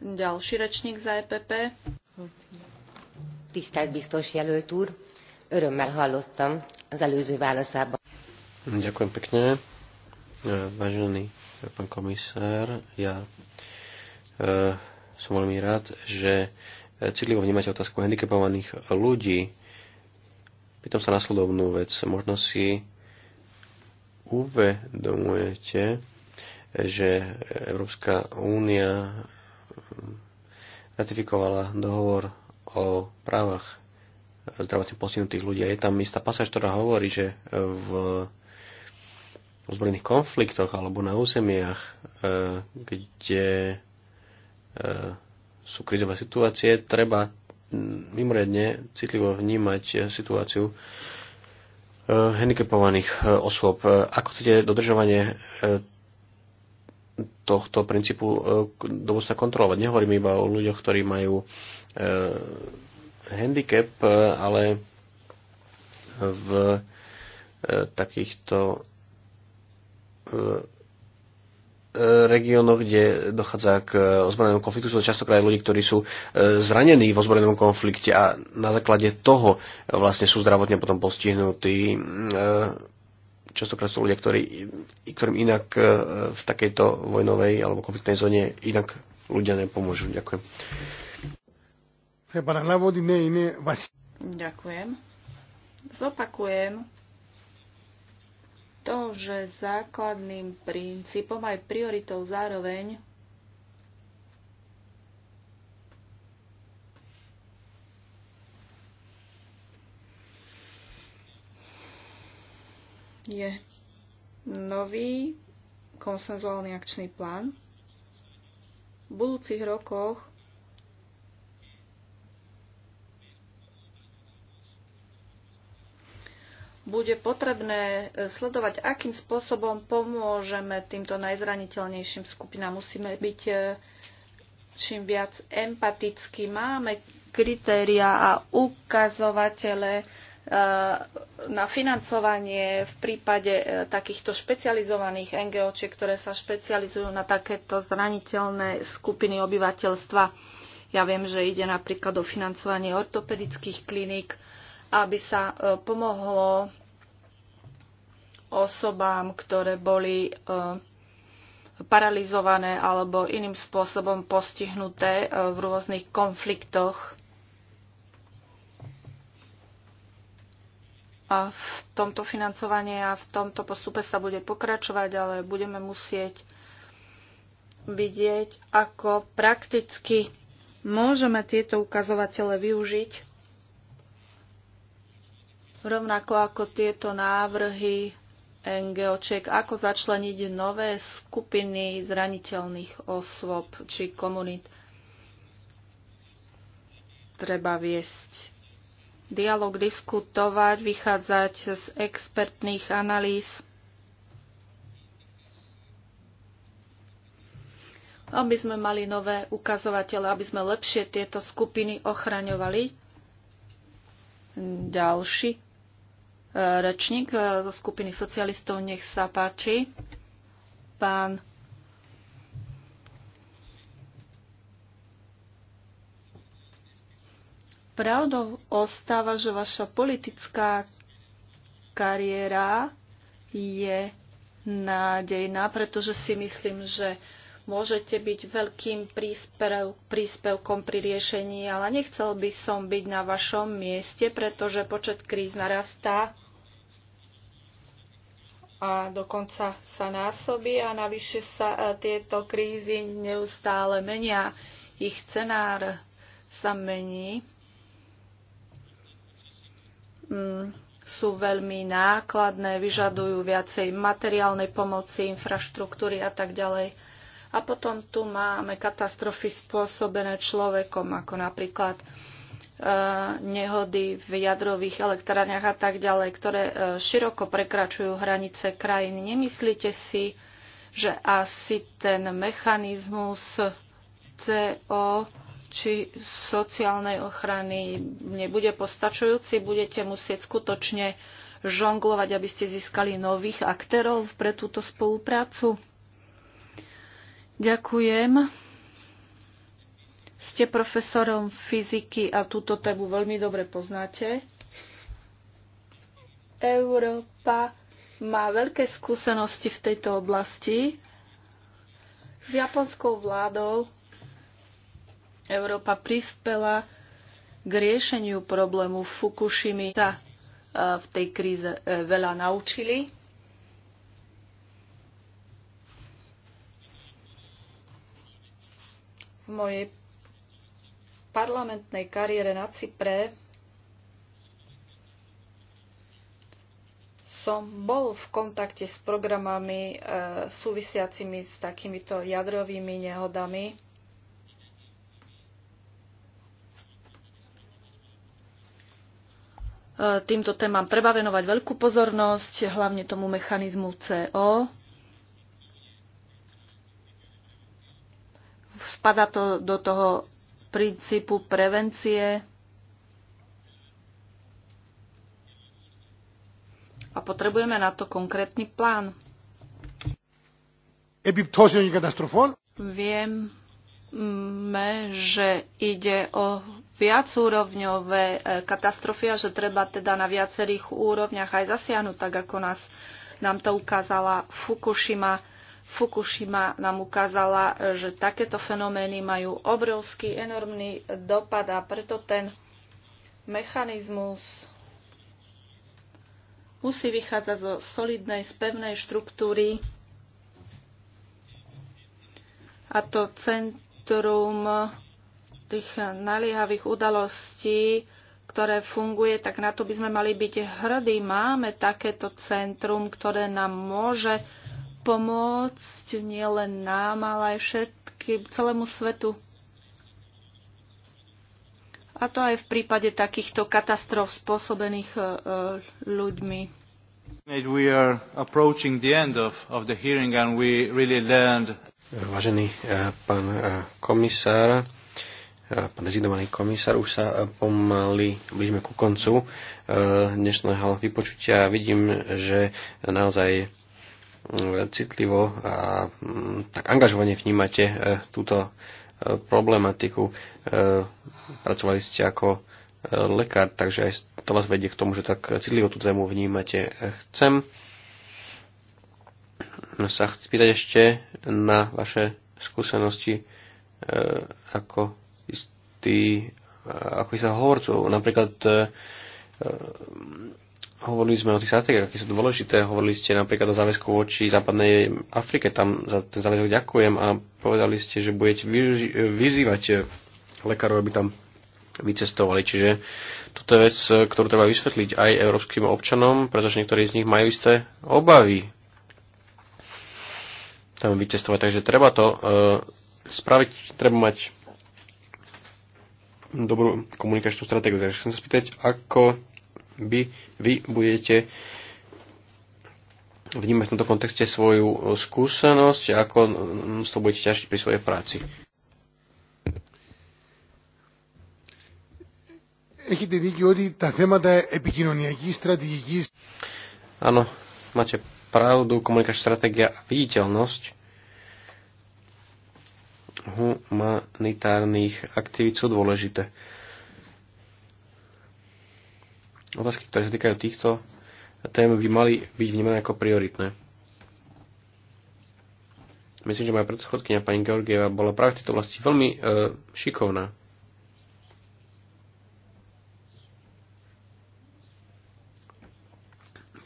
Ďalší rečník za EPP. Tisztelt biztos jelölt úr, örömmel hallottam az előző válaszában. Ďakujem pekne. E, Vážený pán komisár, ja e, som veľmi rád, že e, citlivo vnímate otázku handicapovaných ľudí. Pýtam sa nasledovnú vec. Možno si uvedomujete, že Európska únia ratifikovala dohovor o právach zdravotne postihnutých ľudí. A je tam istá pasáž, ktorá hovorí, že v ozbrojených konfliktoch alebo na územiach, e, kde e, sú krizové situácie, treba mimoriadne citlivo vnímať situáciu e, handicapovaných osôb. Ako chcete dodržovanie tohto princípu e, do sa kontrolovať. Nehovorím iba o ľuďoch, ktorí majú e, handicap, e, ale v e, takýchto e, e regiónoch, kde dochádza k ozbrojenému konfliktu, sú častokrát ľudí, ktorí sú zranení v ozbrojenom konflikte a na základe toho vlastne sú zdravotne potom postihnutí. E, častokrát sú ľudia, ktorí, ktorým inak e, v takejto vojnovej alebo konfliktnej zóne inak ľudia nepomôžu. Ďakujem. Ďakujem. Zopakujem to, že základným princípom aj prioritou zároveň je nový konsenzuálny akčný plán. V budúcich rokoch bude potrebné e, sledovať, akým spôsobom pomôžeme týmto najzraniteľnejším skupinám. Musíme byť e, čím viac empatickí. Máme kritéria a ukazovatele, na financovanie v prípade e, takýchto špecializovaných NGOčiek, ktoré sa špecializujú na takéto zraniteľné skupiny obyvateľstva. Ja viem, že ide napríklad o financovanie ortopedických kliník, aby sa e, pomohlo osobám, ktoré boli e, paralizované alebo iným spôsobom postihnuté v rôznych konfliktoch a v tomto financovaní a v tomto postupe sa bude pokračovať, ale budeme musieť vidieť, ako prakticky môžeme tieto ukazovatele využiť, rovnako ako tieto návrhy NGOčiek, ako začleniť nové skupiny zraniteľných osôb či komunít. Treba viesť dialog diskutovať, vychádzať z expertných analýz. aby sme mali nové ukazovatele, aby sme lepšie tieto skupiny ochraňovali. Ďalší e, rečník e, zo skupiny socialistov, nech sa páči. Pán Pravdou ostáva, že vaša politická kariéra je nádejná, pretože si myslím, že môžete byť veľkým príspev, príspevkom pri riešení, ale nechcel by som byť na vašom mieste, pretože počet kríz narastá a dokonca sa násobí a navyše sa e, tieto krízy neustále menia. Ich cenár sa mení Mm, sú veľmi nákladné, vyžadujú viacej materiálnej pomoci, infraštruktúry a tak ďalej. A potom tu máme katastrofy spôsobené človekom, ako napríklad e, nehody v jadrových elektrárniach a tak ďalej, ktoré e, široko prekračujú hranice krajiny. Nemyslíte si, že asi ten mechanizmus CO či sociálnej ochrany nebude postačujúci, budete musieť skutočne žonglovať, aby ste získali nových aktérov pre túto spoluprácu. Ďakujem. Ste profesorom fyziky a túto tému veľmi dobre poznáte. Európa má veľké skúsenosti v tejto oblasti. S japonskou vládou Európa prispela k riešeniu problému Fukushimi Sa e, v tej kríze e, veľa naučili. V mojej parlamentnej kariére na Cypre som bol v kontakte s programami e, súvisiacimi s takýmito jadrovými nehodami. Týmto témam treba venovať veľkú pozornosť, hlavne tomu mechanizmu CO. Spada to do toho princípu prevencie a potrebujeme na to konkrétny plán. Viem, že ide o viacúrovňové e, katastrofy a že treba teda na viacerých úrovniach aj zasiahnuť, tak ako nás, nám to ukázala Fukushima. Fukushima nám ukázala, e, že takéto fenomény majú obrovský, enormný dopad a preto ten mechanizmus musí vychádzať zo solidnej, spevnej štruktúry a to centrum tých naliehavých udalostí, ktoré funguje, tak na to by sme mali byť hrdí. Máme takéto centrum, ktoré nám môže pomôcť nielen nám, ale aj všetkým, celému svetu. A to aj v prípade takýchto katastrof spôsobených e, e, ľuďmi. We are approaching the end of, of the hearing and we really learned... Vážený e, pán komisár, prezidovaný komisár, už sa pomaly blížime ku koncu e, dnešného vypočutia. Vidím, že naozaj e, citlivo a mm, tak angažovane vnímate e, túto problematiku. Pracovali ste ako lekár, takže aj to vás vedie k tomu, že tak citlivo tú tému vnímate. Chcem sa spýtať ešte na vaše skúsenosti ako istý eh, ako sa hovorcov. Napríklad e, hovorili sme o tých stratégiách, aké sú dôležité. Hovorili ste napríklad o záväzku voči západnej Afrike. Tam za ten záväzok ďakujem a povedali ste, že budete vyži- vyzývať lekárov, aby tam vycestovali. Čiže toto je vec, ktorú treba vysvetliť aj európskym občanom, pretože niektorí z nich majú isté obavy tam vycestovať. Takže treba to e, spraviť, treba mať dobrú komunikačnú stratégiu. Takže chcem sa spýtať, ako by vy budete vnímať v tomto kontexte svoju skúsenosť a ako s to budete ťažiť pri svojej práci. Áno, máte pravdu, komunikačná stratégia a viditeľnosť humanitárnych aktivít sú dôležité. Otázky, ktoré sa týkajú týchto tém, by mali byť vnímané ako prioritné. Myslím, že moja predchodkynia pani Georgieva bola práve v tejto oblasti veľmi e, šikovná.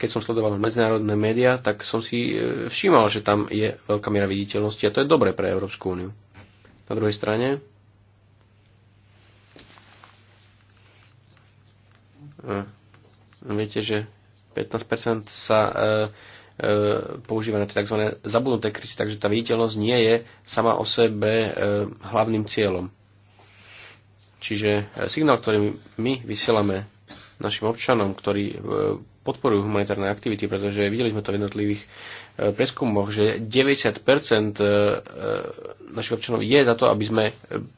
Keď som sledoval medzinárodné médiá, tak som si e, všímal, že tam je veľká miera viditeľnosti a to je dobre pre Európsku úniu na druhej strane e, viete, že 15% sa e, e, používa na tzv. zabudnuté kryty, takže tá viditeľnosť nie je sama o sebe e, hlavným cieľom. Čiže e, signál, ktorý my vysielame našim občanom, ktorý e, podporujú humanitárne aktivity, pretože videli sme to v jednotlivých e, preskumoch, že 90% e, e, našich občanov je za to, aby sme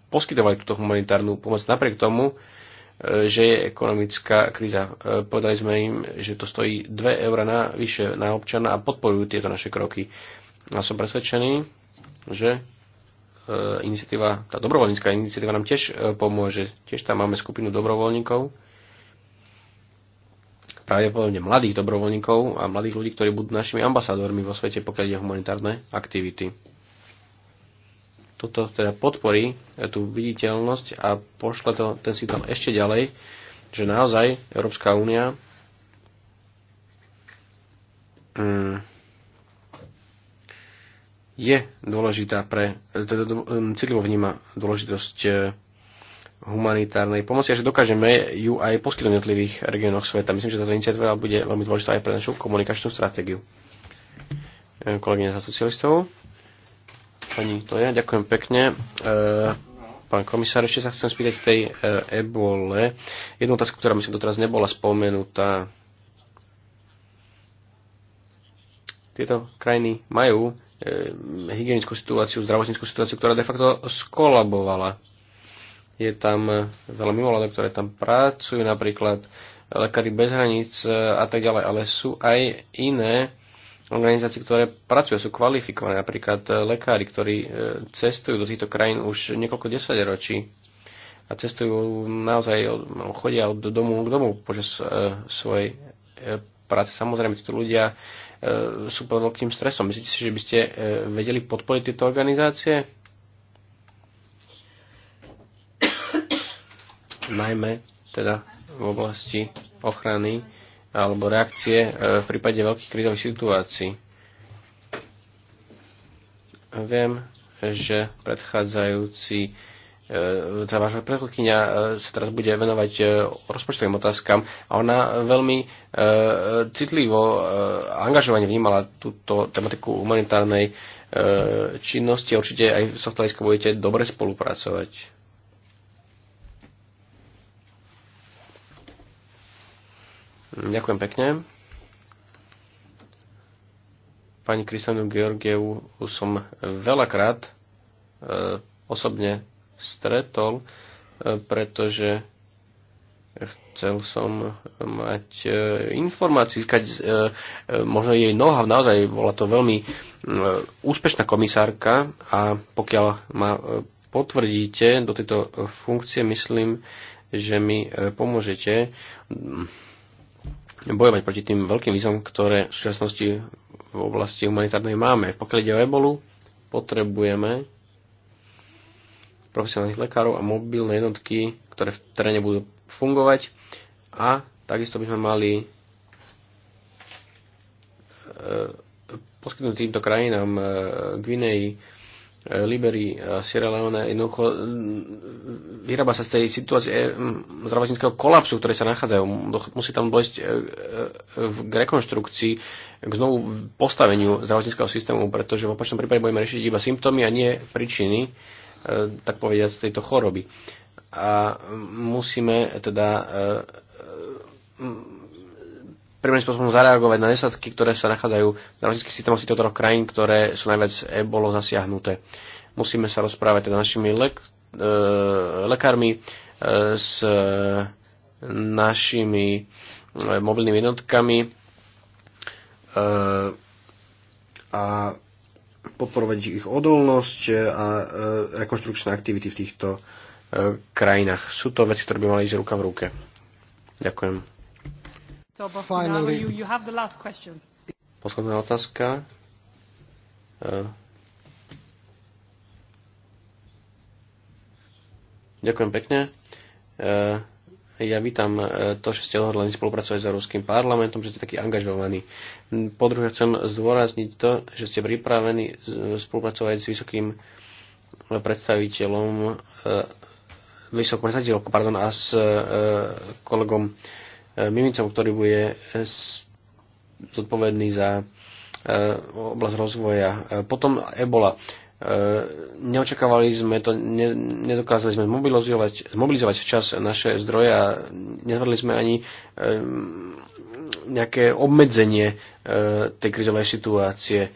poskytovali túto humanitárnu pomoc napriek tomu, že je ekonomická kríza. Povedali sme im, že to stojí 2 eur na, vyše na občana a podporujú tieto naše kroky. A som presvedčený, že iniciatíva, tá dobrovoľnícká iniciatíva nám tiež pomôže. Tiež tam máme skupinu dobrovoľníkov, pravdepodobne mladých dobrovoľníkov a mladých ľudí, ktorí budú našimi ambasádormi vo svete, pokiaľ ide humanitárne aktivity. Toto teda podporí tú viditeľnosť a pošle to, ten signál ešte ďalej, že naozaj Európska únia mm, je dôležitá pre, teda teda, teda dôležitosť e, humanitárnej pomoci a že dokážeme ju aj poskytnúť v jednotlivých regiónoch sveta. Myslím, že táto iniciatíva bude veľmi dôležitá aj pre našu komunikačnú stratégiu. E, kolegyňa za socialistov. Pani je, ďakujem pekne. E, pán komisár, ešte sa chcem spýtať k tej e, ebole. Jednu otázku, ktorá myslím doteraz nebola spomenutá. Tieto krajiny majú hygienickú situáciu, zdravotnickú situáciu, ktorá de facto skolabovala je tam e, veľa mimovládok, ktoré tam pracujú, napríklad e, Lekári bez hraníc e, a tak ďalej, ale sú aj iné organizácie, ktoré pracujú, sú kvalifikované, napríklad lekári, ktorí cestujú do týchto krajín už niekoľko desaťročí a cestujú naozaj, chodia od domu k domu počas svojej práce. Samozrejme, títo ľudia sú pod veľkým stresom. Myslíte si, že by ste vedeli podporiť tieto organizácie? najmä teda v oblasti ochrany alebo reakcie e, v prípade veľkých krizových situácií. Viem, že predchádzajúci e, tá teda vaša predchodkynia e, sa teraz bude venovať rozpočtovým otázkam a ona veľmi citlivo a angažovane vnímala túto tematiku humanitárnej činnosti a určite aj v softalisku budete dobre spolupracovať. Ďakujem pekne. Pani Kristanu Georgievu som veľakrát e, osobne stretol, e, pretože chcel som mať e, informácie, získať možno jej noha, naozaj bola to veľmi úspešná komisárka a pokiaľ ma potvrdíte do tejto funkcie, myslím, že mi pomôžete bojovať proti tým veľkým výzvam, ktoré v súčasnosti v oblasti humanitárnej máme. Pokiaľ ide o ebolu, potrebujeme profesionálnych lekárov a mobilné jednotky, ktoré v teréne budú fungovať a takisto by sme mali e, poskytnúť týmto krajinám e, Gvineji Liberii, Sierra Leone, jednoducho mm, vyrába sa z tej situácie eh, mm, zdravotníckého kolapsu, v sa nachádzajú. Musí tam dojsť eh, eh, k rekonštrukcii, k znovu postaveniu zdravotníckého systému, pretože v opačnom prípade budeme riešiť iba symptómy a nie príčiny, tak povediať, z tejto choroby. A mm, musíme teda Prvým spôsobom zareagovať na nesadky, ktoré sa nachádzajú v zdravotníckých systémoch týchto troch krajín, ktoré sú najviac ebolo zasiahnuté. Musíme sa rozprávať teda našimi lek, e, lekármi, e, s našimi e, mobilnými jednotkami e, a podporovať ich odolnosť a e, rekonstrukčné aktivity v týchto e, krajinách. Sú to veci, ktoré by mali ísť ruka v ruke. Ďakujem. So, Finally, you, you have the last question. Posledná otázka. Uh. Ďakujem pekne. Uh. Ja vítam e, to, že ste odhodlení spolupracovať s Európskym parlamentom, že ste takí angažovaní. Po druhé chcem zdôrazniť to, že ste pripravení spolupracovať s vysokým predstaviteľom vysokým predstaviteľom, pardon, a s kolegom E, Mimicom, ktorý bude e, zodpovedný za e, oblasť rozvoja. Potom ebola. Neočakávali sme to, nedokázali sme zmobilizovať zmobilizovať včas naše zdroje a nezvedli sme ani nejaké obmedzenie tej krizovej situácie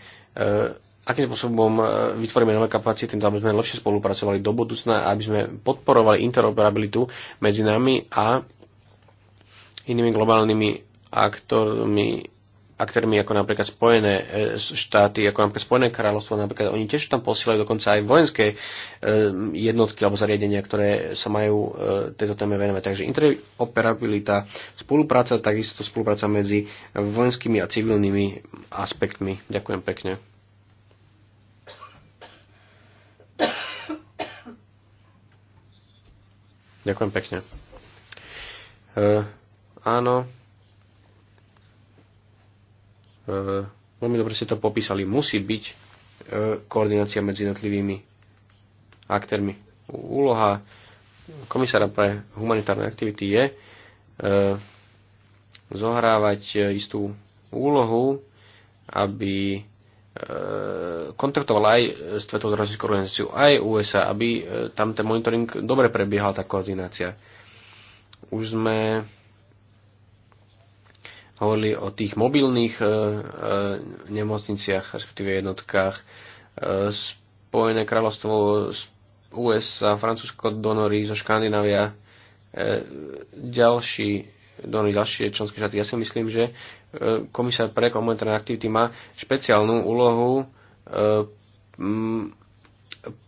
akým spôsobom vytvoríme nové kapacity, tým aby sme lepšie spolupracovali do budúcna, aby sme podporovali interoperabilitu medzi nami a inými globálnymi aktormi, aktormi ako napríklad Spojené e, štáty, ako napríklad Spojené kráľovstvo, napríklad oni tiež tam posielajú dokonca aj vojenské e, jednotky alebo zariadenia, ktoré sa majú e, tejto téme venovať. Takže interoperabilita, spolupráca, takisto spolupráca medzi vojenskými a civilnými aspektmi. Ďakujem pekne. Ďakujem pekne. Áno. E, veľmi dobre ste to popísali. Musí byť e, koordinácia medzi jednotlivými aktérmi. Úloha komisára pre humanitárne aktivity je e, zohrávať istú úlohu, aby kontaktoval aj Svetovú zdravotníckú organizáciu, aj USA, aby tam ten monitoring dobre prebiehal, tá koordinácia. Už sme hovorili o tých mobilných e, e, nemocniciach, respektíve jednotkách. E, Spojené kráľovstvo USA, Francúzsko, donory zo Škandinávia, ďalší donory, ďalšie členské štáty. Ja si myslím, že komisár pre komunitárne aktivity má špeciálnu úlohu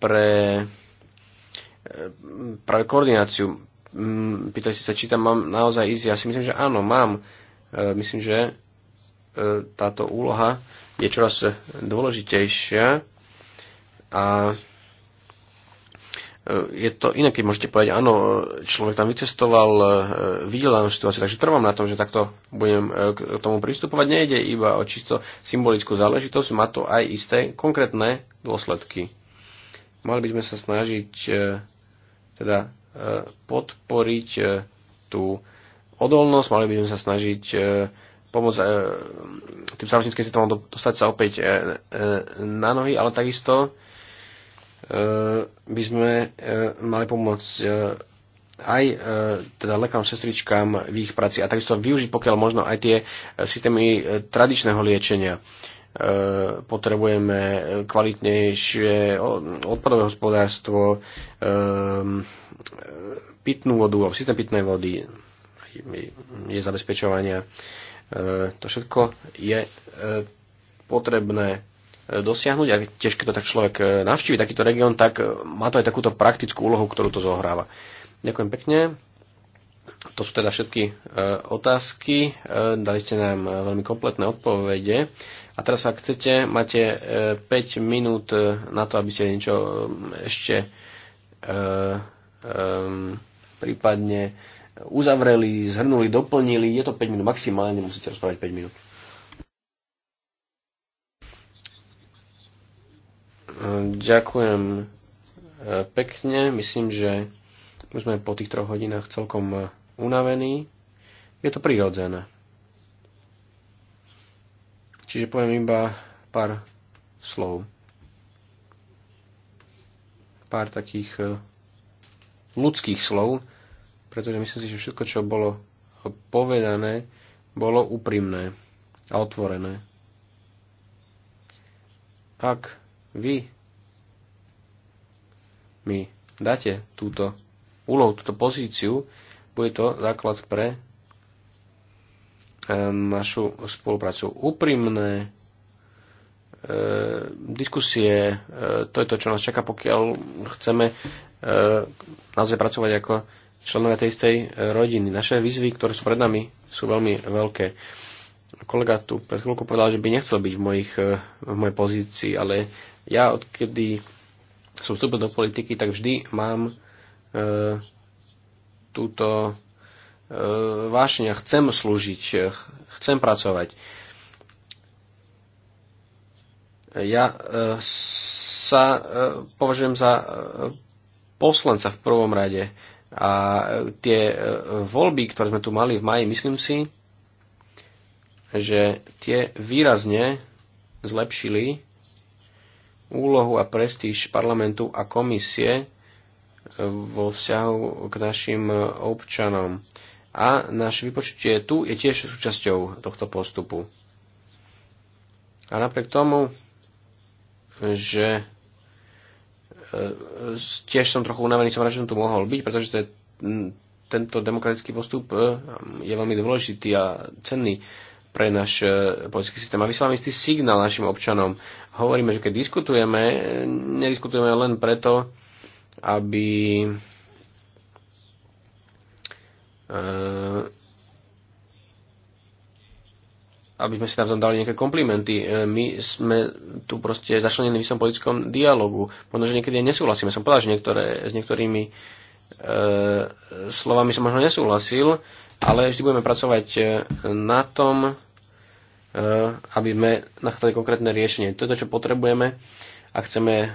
pre práve koordináciu. Pýtali si sa, či tam mám naozaj ísť. Ja si myslím, že áno, mám E, myslím, že e, táto úloha je čoraz dôležitejšia a e, je to iné, keď môžete povedať, áno, človek tam vycestoval, videl danú situáciu, takže trvám na tom, že takto budem k tomu pristupovať. Nejde iba o čisto symbolickú záležitosť, má to aj isté konkrétne dôsledky. Mali by sme sa snažiť teda podporiť tú odolnosť, mali by sme sa snažiť e, pomôcť e, tým zdravotníckým systémom dostať sa opäť e, na nohy, ale takisto by sme mali pomôcť aj teda lekárom, sestričkám v ich práci a takisto využiť pokiaľ možno aj tie systémy tradičného liečenia. Potrebujeme kvalitnejšie odpadové hospodárstvo, pitnú vodu, systém pitnej vody, je zabezpečovania. E, to všetko je e, potrebné e, dosiahnuť a tiež keď to tak človek navštívi takýto región, tak má to aj takúto praktickú úlohu, ktorú to zohráva. Ďakujem pekne. To sú teda všetky otázky. Dali ste nám veľmi kompletné odpovede. A teraz, ak chcete, máte 5 minút na to, aby ste niečo ešte prípadne uzavreli, zhrnuli, doplnili. Je to 5 minút maximálne, musíte rozprávať 5 minút. Ďakujem e, pekne. Myslím, že už sme po tých troch hodinách celkom e, unavení. Je to prirodzené. Čiže poviem iba pár slov. Pár takých e, ľudských slov, pretože myslím si, že všetko, čo bolo povedané, bolo úprimné a otvorené. Ak vy mi dáte túto úlohu, túto pozíciu, bude to základ pre eh, našu spoluprácu. Úprimné e, diskusie, e, to je to, čo nás čaká, pokiaľ chceme e, naozaj pracovať ako členovia tej istej e, rodiny. Naše výzvy, ktoré sú pred nami, sú veľmi veľké. Kolega tu pred chvíľkou povedal, že by nechcel byť v, mojich, e, v mojej pozícii, ale ja odkedy som vstúpil do politiky, tak vždy mám e, túto e, vášňa, chcem slúžiť, e, chcem pracovať. Ja e, sa e, považujem za e, poslanca v prvom rade. E, a e, tie e, voľby, ktoré sme tu mali v maji, myslím si, že tie výrazne zlepšili úlohu a prestíž parlamentu a komisie e, vo vzťahu k našim občanom. A naše vypočutie tu je tiež súčasťou tohto postupu. A napriek tomu, že tiež som trochu unavený, som rád, že som tu mohol byť, pretože to je, tento demokratický postup e, je veľmi dôležitý a cenný pre náš e, politický systém. A vysielame istý signál našim občanom. Hovoríme, že keď diskutujeme, nediskutujeme len preto, aby e, aby sme si navzájom dali nejaké komplimenty. E, my sme tu proste začlenení v istom politickom dialogu. Možno, že niekedy nesúhlasíme. Som povedal, že niektoré, s niektorými e, slovami som možno nesúhlasil, ale vždy budeme pracovať e, na tom, e, aby sme nachádzali konkrétne riešenie. To je to, čo potrebujeme a chceme e,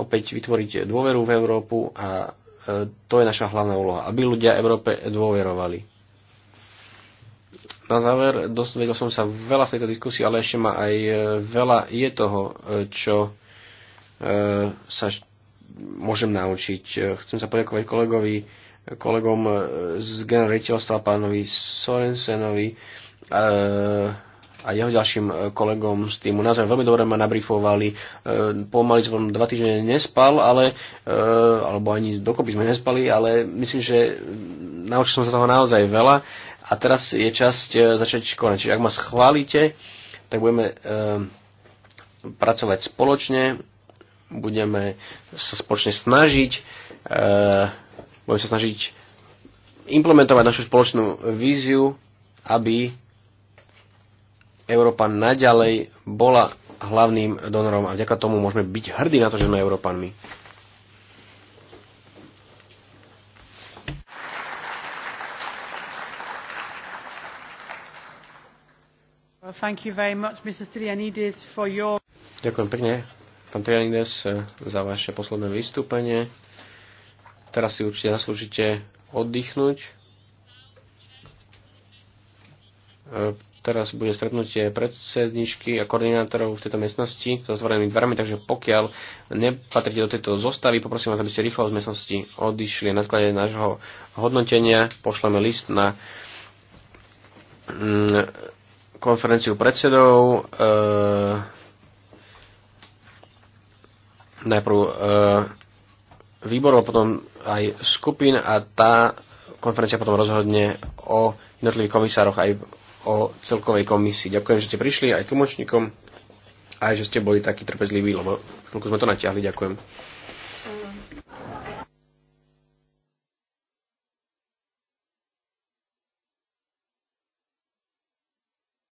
opäť vytvoriť dôveru v Európu a e, to je naša hlavná úloha, aby ľudia Európe dôverovali na záver, dozvedel som sa veľa z tejto diskusie, ale ešte ma aj e, veľa je toho, e, čo e, sa môžem naučiť. Chcem sa poďakovať kolegovi, kolegom z generaliteľstva, pánovi Sorensenovi a jeho ďalším kolegom z týmu. Naozaj veľmi dobre ma nabrifovali. Pomaly som dva týždne nespal, ale, alebo ani dokopy sme nespali, ale myslím, že naučil som sa toho naozaj veľa a teraz je časť e, začať konať. Čiže ak ma schválite, tak budeme e, pracovať spoločne, budeme sa spoločne snažiť, e, budeme sa snažiť implementovať našu spoločnú víziu, aby Európa naďalej bola hlavným donorom a vďaka tomu môžeme byť hrdí na to, že sme Európanmi. Ďakujem pekne, pán Trianides, eh, za vaše posledné vystúpenie. Teraz si určite zaslúžite oddychnúť. Eh, teraz bude stretnutie predsedničky a koordinátorov v tejto miestnosti so zatvorenými dverami, takže pokiaľ nepatrite do tejto zostavy, poprosím vás, aby ste rýchlo z miestnosti odišli. Na sklade nášho hodnotenia pošleme list na mm, konferenciu predsedov. E, najprv e, výborov, potom aj skupín a tá konferencia potom rozhodne o jednotlivých komisároch aj o celkovej komisii. Ďakujem, že ste prišli aj tlmočníkom, aj že ste boli takí trpezliví, lebo chvíľku sme to natiahli. Ďakujem.